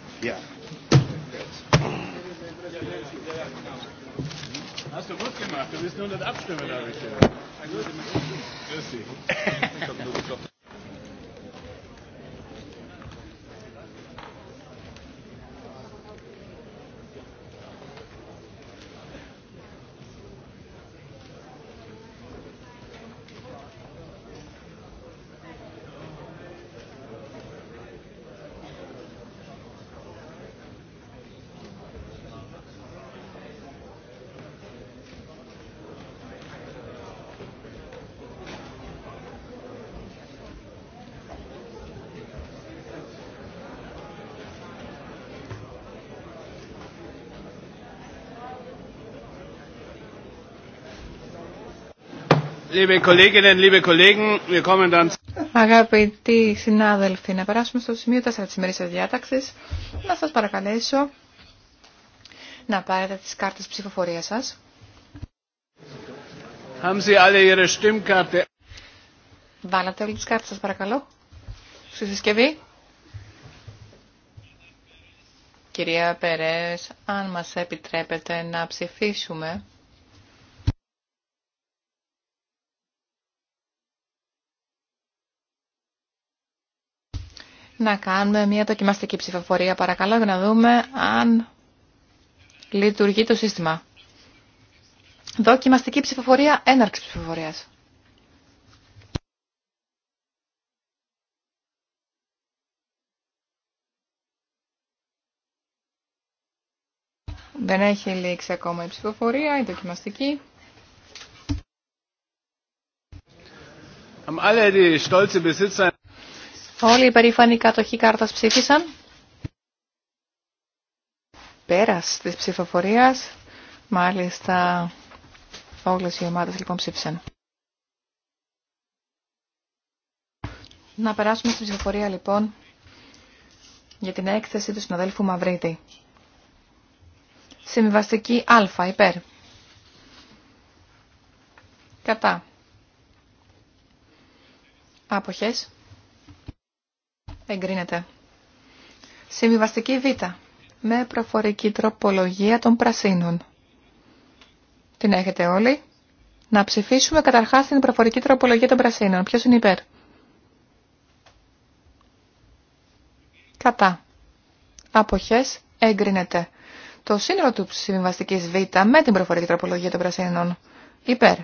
Ja. Hast du gut gemacht, du bist nur das abstimmen, habe ich gehört. Grüß dich. Liebe Kolleginnen, liebe Kollegen, wir kommen dann... Αγαπητοί συνάδελφοι, να περάσουμε στο σημείο 4 της ημερήσιας διάταξης. Να σας παρακαλέσω να πάρετε τις κάρτες ψηφοφορίας σας. Haben Sie alle Ihre Stimmkarte? Βάλατε όλες τις κάρτες σας παρακαλώ. Στη συσκευή. Κυρία Περές, αν μας επιτρέπετε να ψηφίσουμε... να κάνουμε μια δοκιμαστική ψηφοφορία παρακαλώ για να δούμε αν λειτουργεί το σύστημα. Δοκιμαστική ψηφοφορία, έναρξη ψηφοφορίας. Δεν έχει λήξει ακόμα η ψηφοφορία, η δοκιμαστική. Όλοι οι περήφανοι κατοχοί κάρτας ψήφισαν. Πέρας της ψηφοφορίας, μάλιστα όλες οι ομάδες λοιπόν ψήφισαν. Να περάσουμε στην ψηφοφορία λοιπόν για την έκθεση του συναδέλφου Μαυρίτη. Συμβιβαστική Α, υπέρ. Κατά. Άποχες. Εγκρίνεται. Συμβιβαστική Β. Με προφορική τροπολογία των πρασίνων. Την έχετε όλοι. Να ψηφίσουμε καταρχάς την προφορική τροπολογία των πρασίνων. Ποιος είναι υπέρ. Κατά. Αποχές εγκρίνεται. Το σύνολο του συμβιβαστική Β με την προφορική τροπολογία των πρασίνων. Υπέρ.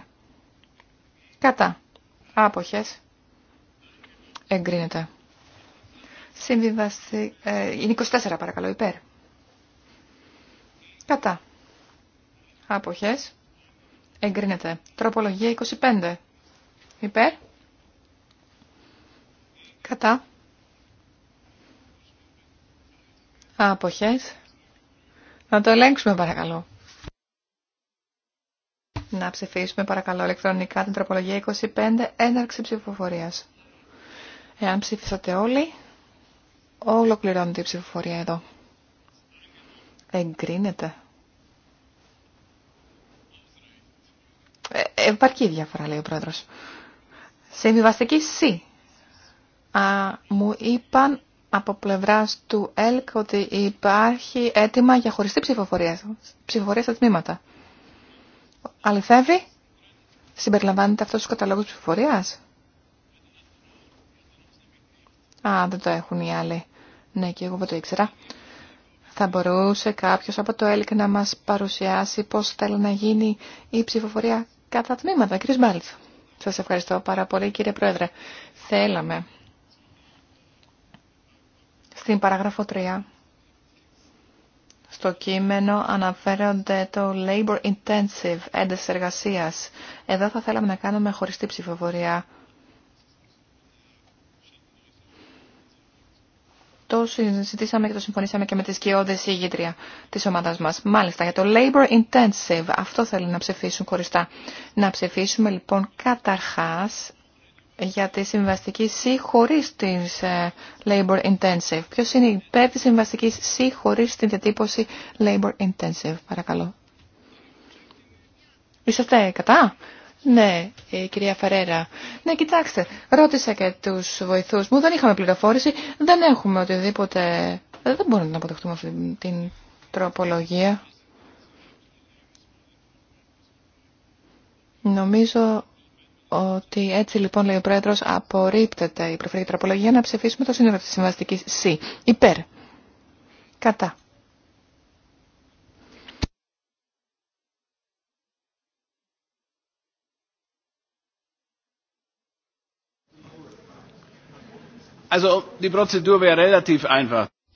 Κατά. Άποχες. Εγκρίνεται. Συμβιβαστή, ε, είναι 24 παρακαλώ, υπέρ. Κατά. Άποχες. Εγκρίνεται. Τροπολογία 25. Υπέρ. Κατά. Άποχες. Να το ελέγξουμε παρακαλώ. Να ψηφίσουμε παρακαλώ ηλεκτρονικά την τροπολογία 25 έναρξη ψηφοφορίας. Εάν ψήφισατε όλοι, Ολοκληρώνεται η ψηφοφορία εδώ. Εγκρίνεται. Ε, επαρκή διαφορά, λέει ο πρόεδρος. Συμβιβαστική C. Α, μου είπαν από πλευράς του ΕΛΚ ότι υπάρχει έτοιμα για χωριστή ψηφοφορία. Ψηφοφορία στα τμήματα. Αληθεύει. Συμπεριλαμβάνεται αυτός ο καταλόγος ψηφοφορίας. Α, δεν το έχουν οι άλλοι. Ναι, και εγώ δεν το ήξερα. Θα μπορούσε κάποιο από το ΕΛΚ να μα παρουσιάσει πώς θέλει να γίνει η ψηφοφορία κατά τμήματα. Κύριε Μπάλτς, σας ευχαριστώ πάρα πολύ κύριε Πρόεδρε. Θέλαμε στην παράγραφο 3 στο κείμενο αναφέρονται το labor intensive, έντες εργασίας. Εδώ θα θέλαμε να κάνουμε χωριστή ψηφοφορία το συζητήσαμε και το συμφωνήσαμε και με τις σκιώδη ηγήτρια της ομάδας μας. Μάλιστα, για το labor intensive, αυτό θέλουν να ψηφίσουν χωριστά. Να ψηφίσουμε λοιπόν καταρχάς για τη συμβαστική C χωρίς την ε, labor intensive. Ποιος είναι υπέρ της συμβαστικής C χωρίς την διατύπωση labor intensive, παρακαλώ. Είσαστε κατά? Ναι, η ε, κυρία Φερέρα. Ναι, κοιτάξτε, ρώτησα και τους βοηθούς μου, δεν είχαμε πληροφόρηση, δεν έχουμε οτιδήποτε... Ε, δεν μπορούμε να αποδεχτούμε αυτή την τροπολογία. Νομίζω ότι έτσι λοιπόν λέει ο Πρόεδρος απορρίπτεται η προφορική τροπολογία να ψηφίσουμε το σύνολο της συμβαστικής C. Υπέρ. Κατά.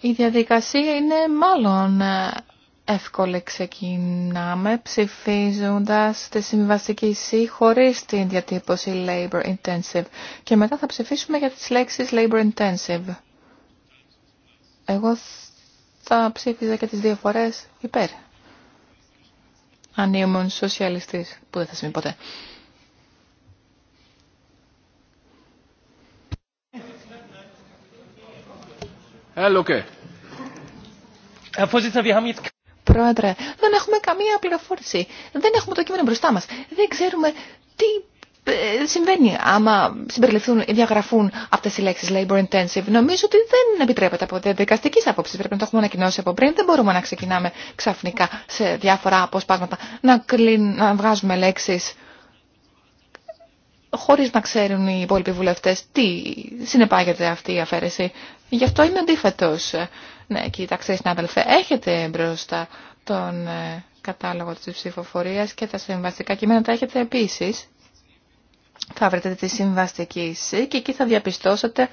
Η διαδικασία είναι μάλλον ε, εύκολη. Ξεκινάμε ψηφίζοντα τη συμβαστική C χωρί την διατύπωση labor intensive και μετά θα ψηφίσουμε για τις λέξει labor intensive. Εγώ θα ψήφιζα και τι δύο φορέ υπέρ. Αν ήμουν σοσιαλιστή που δεν θα σημαίνει ποτέ. Πρόεδρε, δεν έχουμε καμία πληροφόρηση. Δεν έχουμε το κείμενο μπροστά μας. Δεν ξέρουμε τι ε, συμβαίνει άμα συμπεριληφθούν ή διαγραφούν αυτέ οι λέξεις labor intensive. Νομίζω ότι δεν επιτρέπεται από δικαστικής άποψη. Πρέπει να το έχουμε ανακοινώσει από πριν. Δεν μπορούμε να ξεκινάμε ξαφνικά σε διάφορα αποσπάσματα να, να βγάζουμε λέξει χωρίς να ξέρουν οι υπόλοιποι βουλευτές τι συνεπάγεται αυτή η αφαίρεση. Γι' αυτό είμαι αντίθετος. Ναι, κοιτάξτε συνάδελφε, έχετε μπροστά τον ε, κατάλογο της ψηφοφορία και τα συμβαστικά κείμενα τα έχετε επίσης. Θα βρείτε τη συμβαστική και εκεί θα διαπιστώσετε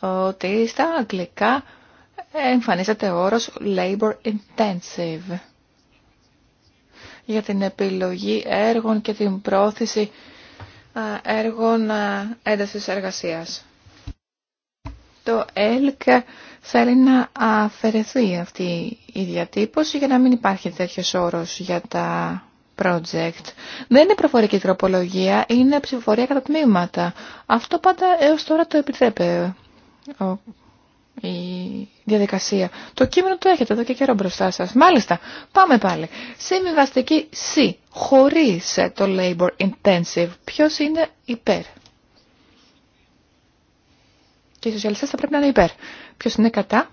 ότι στα αγγλικά εμφανίζεται ο όρος labor intensive για την επιλογή έργων και την πρόθεση έργων ε, έντασης εργασίας. Το ΕΛΚ θέλει να αφαιρεθεί αυτή η διατύπωση για να μην υπάρχει τέτοιος όρος για τα project. Δεν είναι προφορική τροπολογία, είναι ψηφοφορία κατά τμήματα. Αυτό πάντα έως τώρα το επιτρέπεται η διαδικασία. Το κείμενο το έχετε εδώ και καιρό μπροστά σας. Μάλιστα, πάμε πάλι. Συμβιβαστική C, χωρίς το labor intensive. Ποιος είναι υπέρ. Και οι σοσιαλιστές θα πρέπει να είναι υπέρ. Ποιος είναι κατά.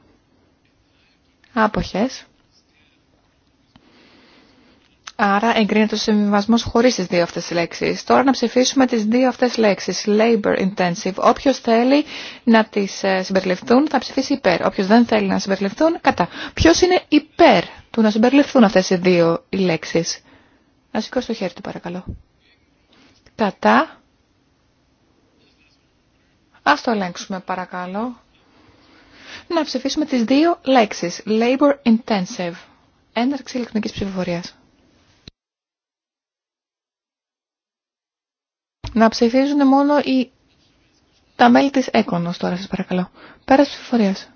Άποχες. Άρα εγκρίνεται ο συμβιβασμό χωρί τι δύο αυτέ λέξει. Τώρα να ψηφίσουμε τι δύο αυτέ λέξει. Labor intensive. Όποιο θέλει να τι ε, συμπεριληφθούν θα ψηφίσει υπέρ. Όποιο δεν θέλει να συμπεριληφθούν, κατά. Ποιο είναι υπέρ του να συμπεριληφθούν αυτέ οι δύο οι λέξει. Να σηκώσει το χέρι του παρακαλώ. Κατά. Α το ελέγξουμε παρακαλώ. Να ψηφίσουμε τι δύο λέξει Labor intensive. Έναρξη ηλεκτρονική ψηφοφορία. να ψηφίζουν μόνο οι... τα μέλη της έκονος τώρα, σας παρακαλώ. Πέρα της ψηφοφορίας.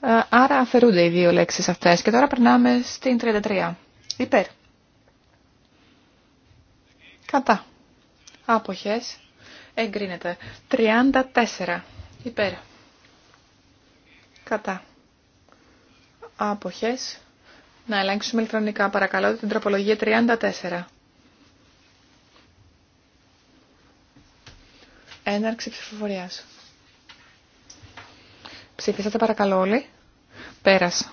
Ε, άρα αφαιρούνται οι δύο λέξεις αυτές και τώρα περνάμε στην 33. Υπέρ. Κατά. Άποχες. Εγκρίνεται. 34. Υπέρ. Κατά. Άποχες. Να ελέγξουμε ηλεκτρονικά παρακαλώ την τροπολογία 34. Έναρξη ψηφοφορία. Ψηφίσατε παρακαλώ όλοι. Πέρασα.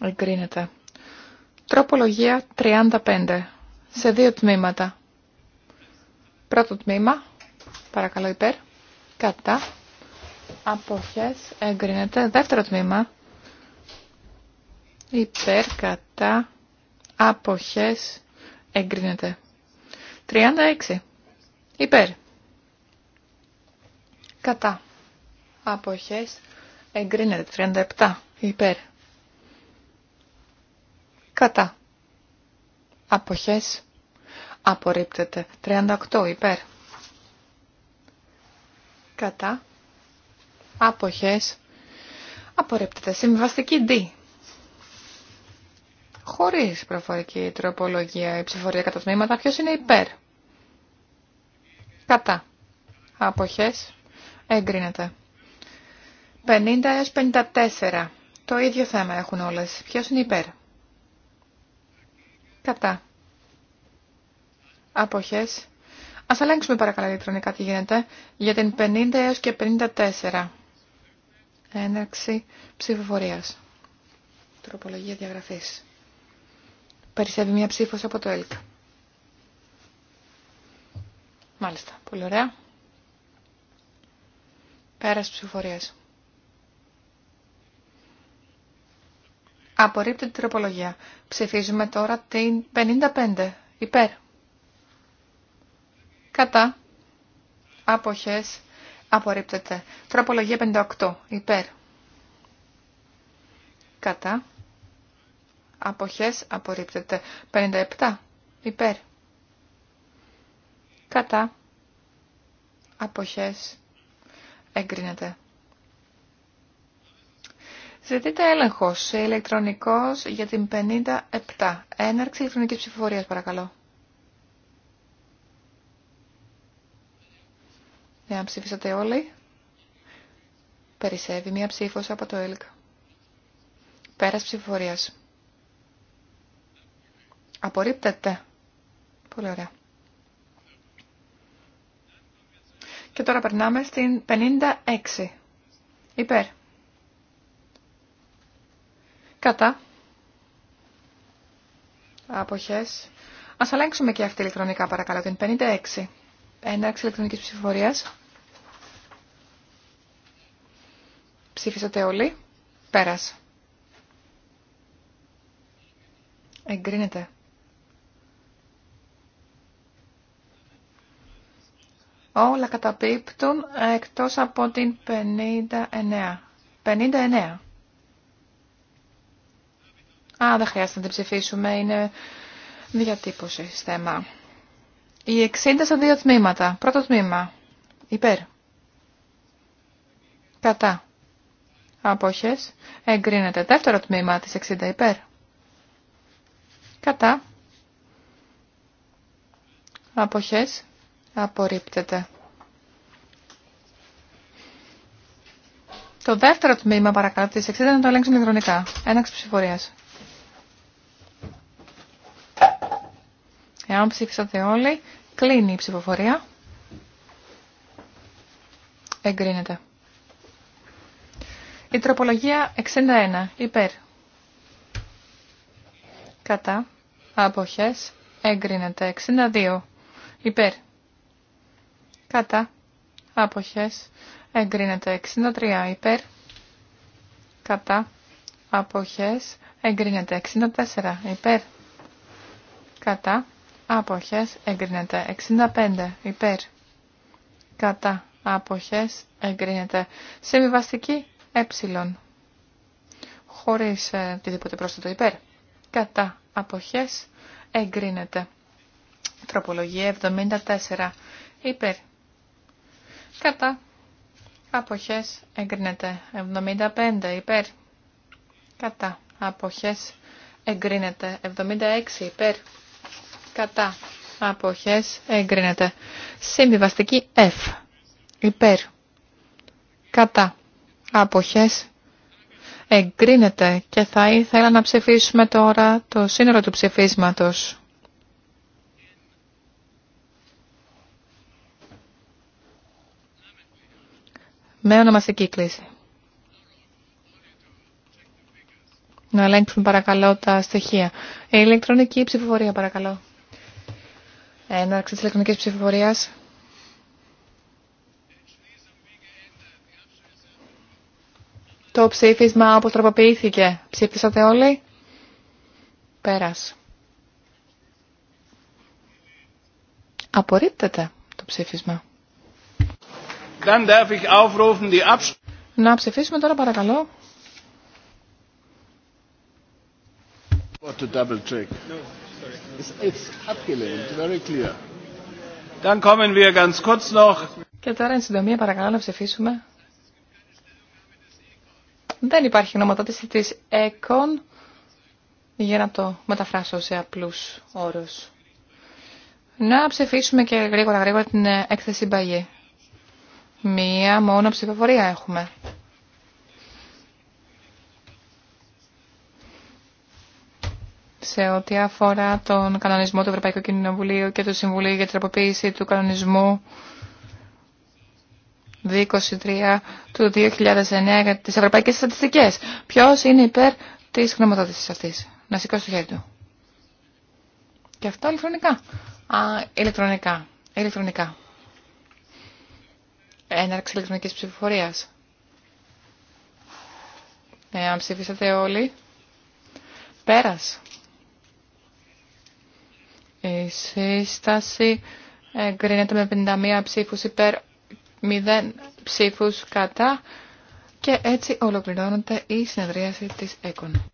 Εγκρίνεται. Τροπολογία 35. Σε δύο τμήματα. Πρώτο τμήμα. Παρακαλώ υπέρ. Κατά. Αποχές. Εγκρίνεται. Δεύτερο τμήμα. Υπέρ. Κατά. Αποχές. Εγκρίνεται. 36. Υπέρ. Κατά. Αποχές. Εγκρίνεται. 37. Υπέρ. Κατά. Αποχές. Απορρίπτεται. 38. Υπέρ. Κατά. Αποχές. Απορρίπτεται. Συμβαστική D. Χωρίς προφορική τροπολογία η ψηφορία κατά τμήματα. Ποιος είναι υπέρ. Κατά. Αποχές. Εγκρίνεται. 50 έως 54. Το ίδιο θέμα έχουν όλες. Ποιος είναι υπέρ. Κατά. Αποχές. Ας αλλάξουμε παρακαλώ ηλεκτρονικά τι γίνεται για την 50 έως και 54. Έναρξη ψηφοφορίας. Τροπολογία διαγραφής. Περισσεύει μια ψήφος από το ΕΛΚ. Μάλιστα. Πολύ ωραία. Πέρας ψηφοφορία. Απορρίπτεται την τροπολογία. Ψηφίζουμε τώρα την 55. Υπέρ. Κατά. Αποχές. Απορρίπτεται. Τροπολογία 58. Υπέρ. Κατά. Αποχές. Απορρίπτεται. 57. Υπέρ κατά αποχές εγκρίνεται. Ζητείτε έλεγχος ηλεκτρονικός για την 57. Έναρξη ηλεκτρονικής ψηφοφορίας παρακαλώ. Εάν ψήφισατε όλοι, περισσεύει μία ψήφος από το ΕΛΚ. Πέρας ψηφοφορίας. Απορρίπτεται. Πολύ ωραία. Και τώρα περνάμε στην 56. Υπέρ. Κατά. Αποχές. Ας αλλάξουμε και αυτή ηλεκτρονικά παρακαλώ την 56. Έναρξη ηλεκτρονικής ψηφοφορίας. Ψήφισατε όλοι. Πέρας. Εγκρίνεται. όλα καταπίπτουν εκτός από την 59. 59. Α, δεν χρειάζεται να την ψηφίσουμε, είναι διατύπωση θέμα. Οι 60 σε δύο τμήματα. Πρώτο τμήμα. Υπέρ. Κατά. Απόχες. Εγκρίνεται. Δεύτερο τμήμα της 60 υπέρ. Κατά. Απόχες. Απορρίπτεται. Το δεύτερο τμήμα, παρακάτω της 60 να το ελέγξουμε ηλεκτρονικά. Έναξη ψηφορίας. Εάν ψήφισατε όλοι, κλείνει η ψηφοφορία. Εγκρίνεται. Η τροπολογία 61. Υπέρ. Κατά. Αποχές. Εγκρίνεται. 62. Υπέρ. Κατά. Αποχές. Εγκρίνεται 63 υπέρ. Κατά. Αποχές. Εγκρίνεται 64 υπέρ. Κατά. Αποχές. Εγκρίνεται 65 υπέρ. Κατά. Αποχές. Εγκρίνεται συμβιβαστική ε. Χωρίς ε, τίποτε πρόσθετο υπέρ. Κατά. Αποχές. Εγκρίνεται. Τροπολογία 74 υπέρ κατά αποχές εγκρίνεται 75 υπέρ κατά αποχές εγκρίνεται 76 υπέρ κατά αποχές εγκρίνεται συμβιβαστική F υπέρ κατά αποχές εγκρίνεται και θα ήθελα να ψηφίσουμε τώρα το σύνολο του ψηφίσματος με ονομαστική κλίση. Να ελέγξουμε, παρακαλώ τα στοιχεία. Η ηλεκτρονική ψηφοφορία παρακαλώ. Έναρξη της ηλεκτρονικής ψηφοφορίας. Το ψήφισμα όπως τροποποιήθηκε. Ψήφισατε όλοι. Πέρας. Απορρίπτεται το ψήφισμα να ψηφίσουμε τώρα παρακαλώ. Και τώρα εν συντομία παρακαλώ να ψηφίσουμε. Δεν υπάρχει νομοτάτηση της ΕΚΟΝ για να το μεταφράσω σε απλούς όρους. Να ψηφίσουμε και γρήγορα γρήγορα την ε, έκθεση Μπαγιέ. Μία μόνο ψηφοφορία έχουμε. σε ό,τι αφορά τον κανονισμό του Ευρωπαϊκού Κοινοβουλίου και του Συμβουλίου για την τροποποίηση του κανονισμού 23 του 2009 για τις ευρωπαϊκές στατιστικές. Ποιος είναι υπέρ της γνωμοδότησης αυτής. Να σηκώσει το χέρι του. Και αυτό ηλεκτρονικά. Α, ηλεκτρονικά. Ηλεκτρονικά έναρξη ηλεκτρονικής ψηφοφορία. Εάν ψηφίσατε όλοι, πέρα. Η σύσταση εγκρίνεται με 51 ψήφου υπέρ 0 ψήφου κατά και έτσι ολοκληρώνεται η συνεδρίαση της ΕΚΟΝ.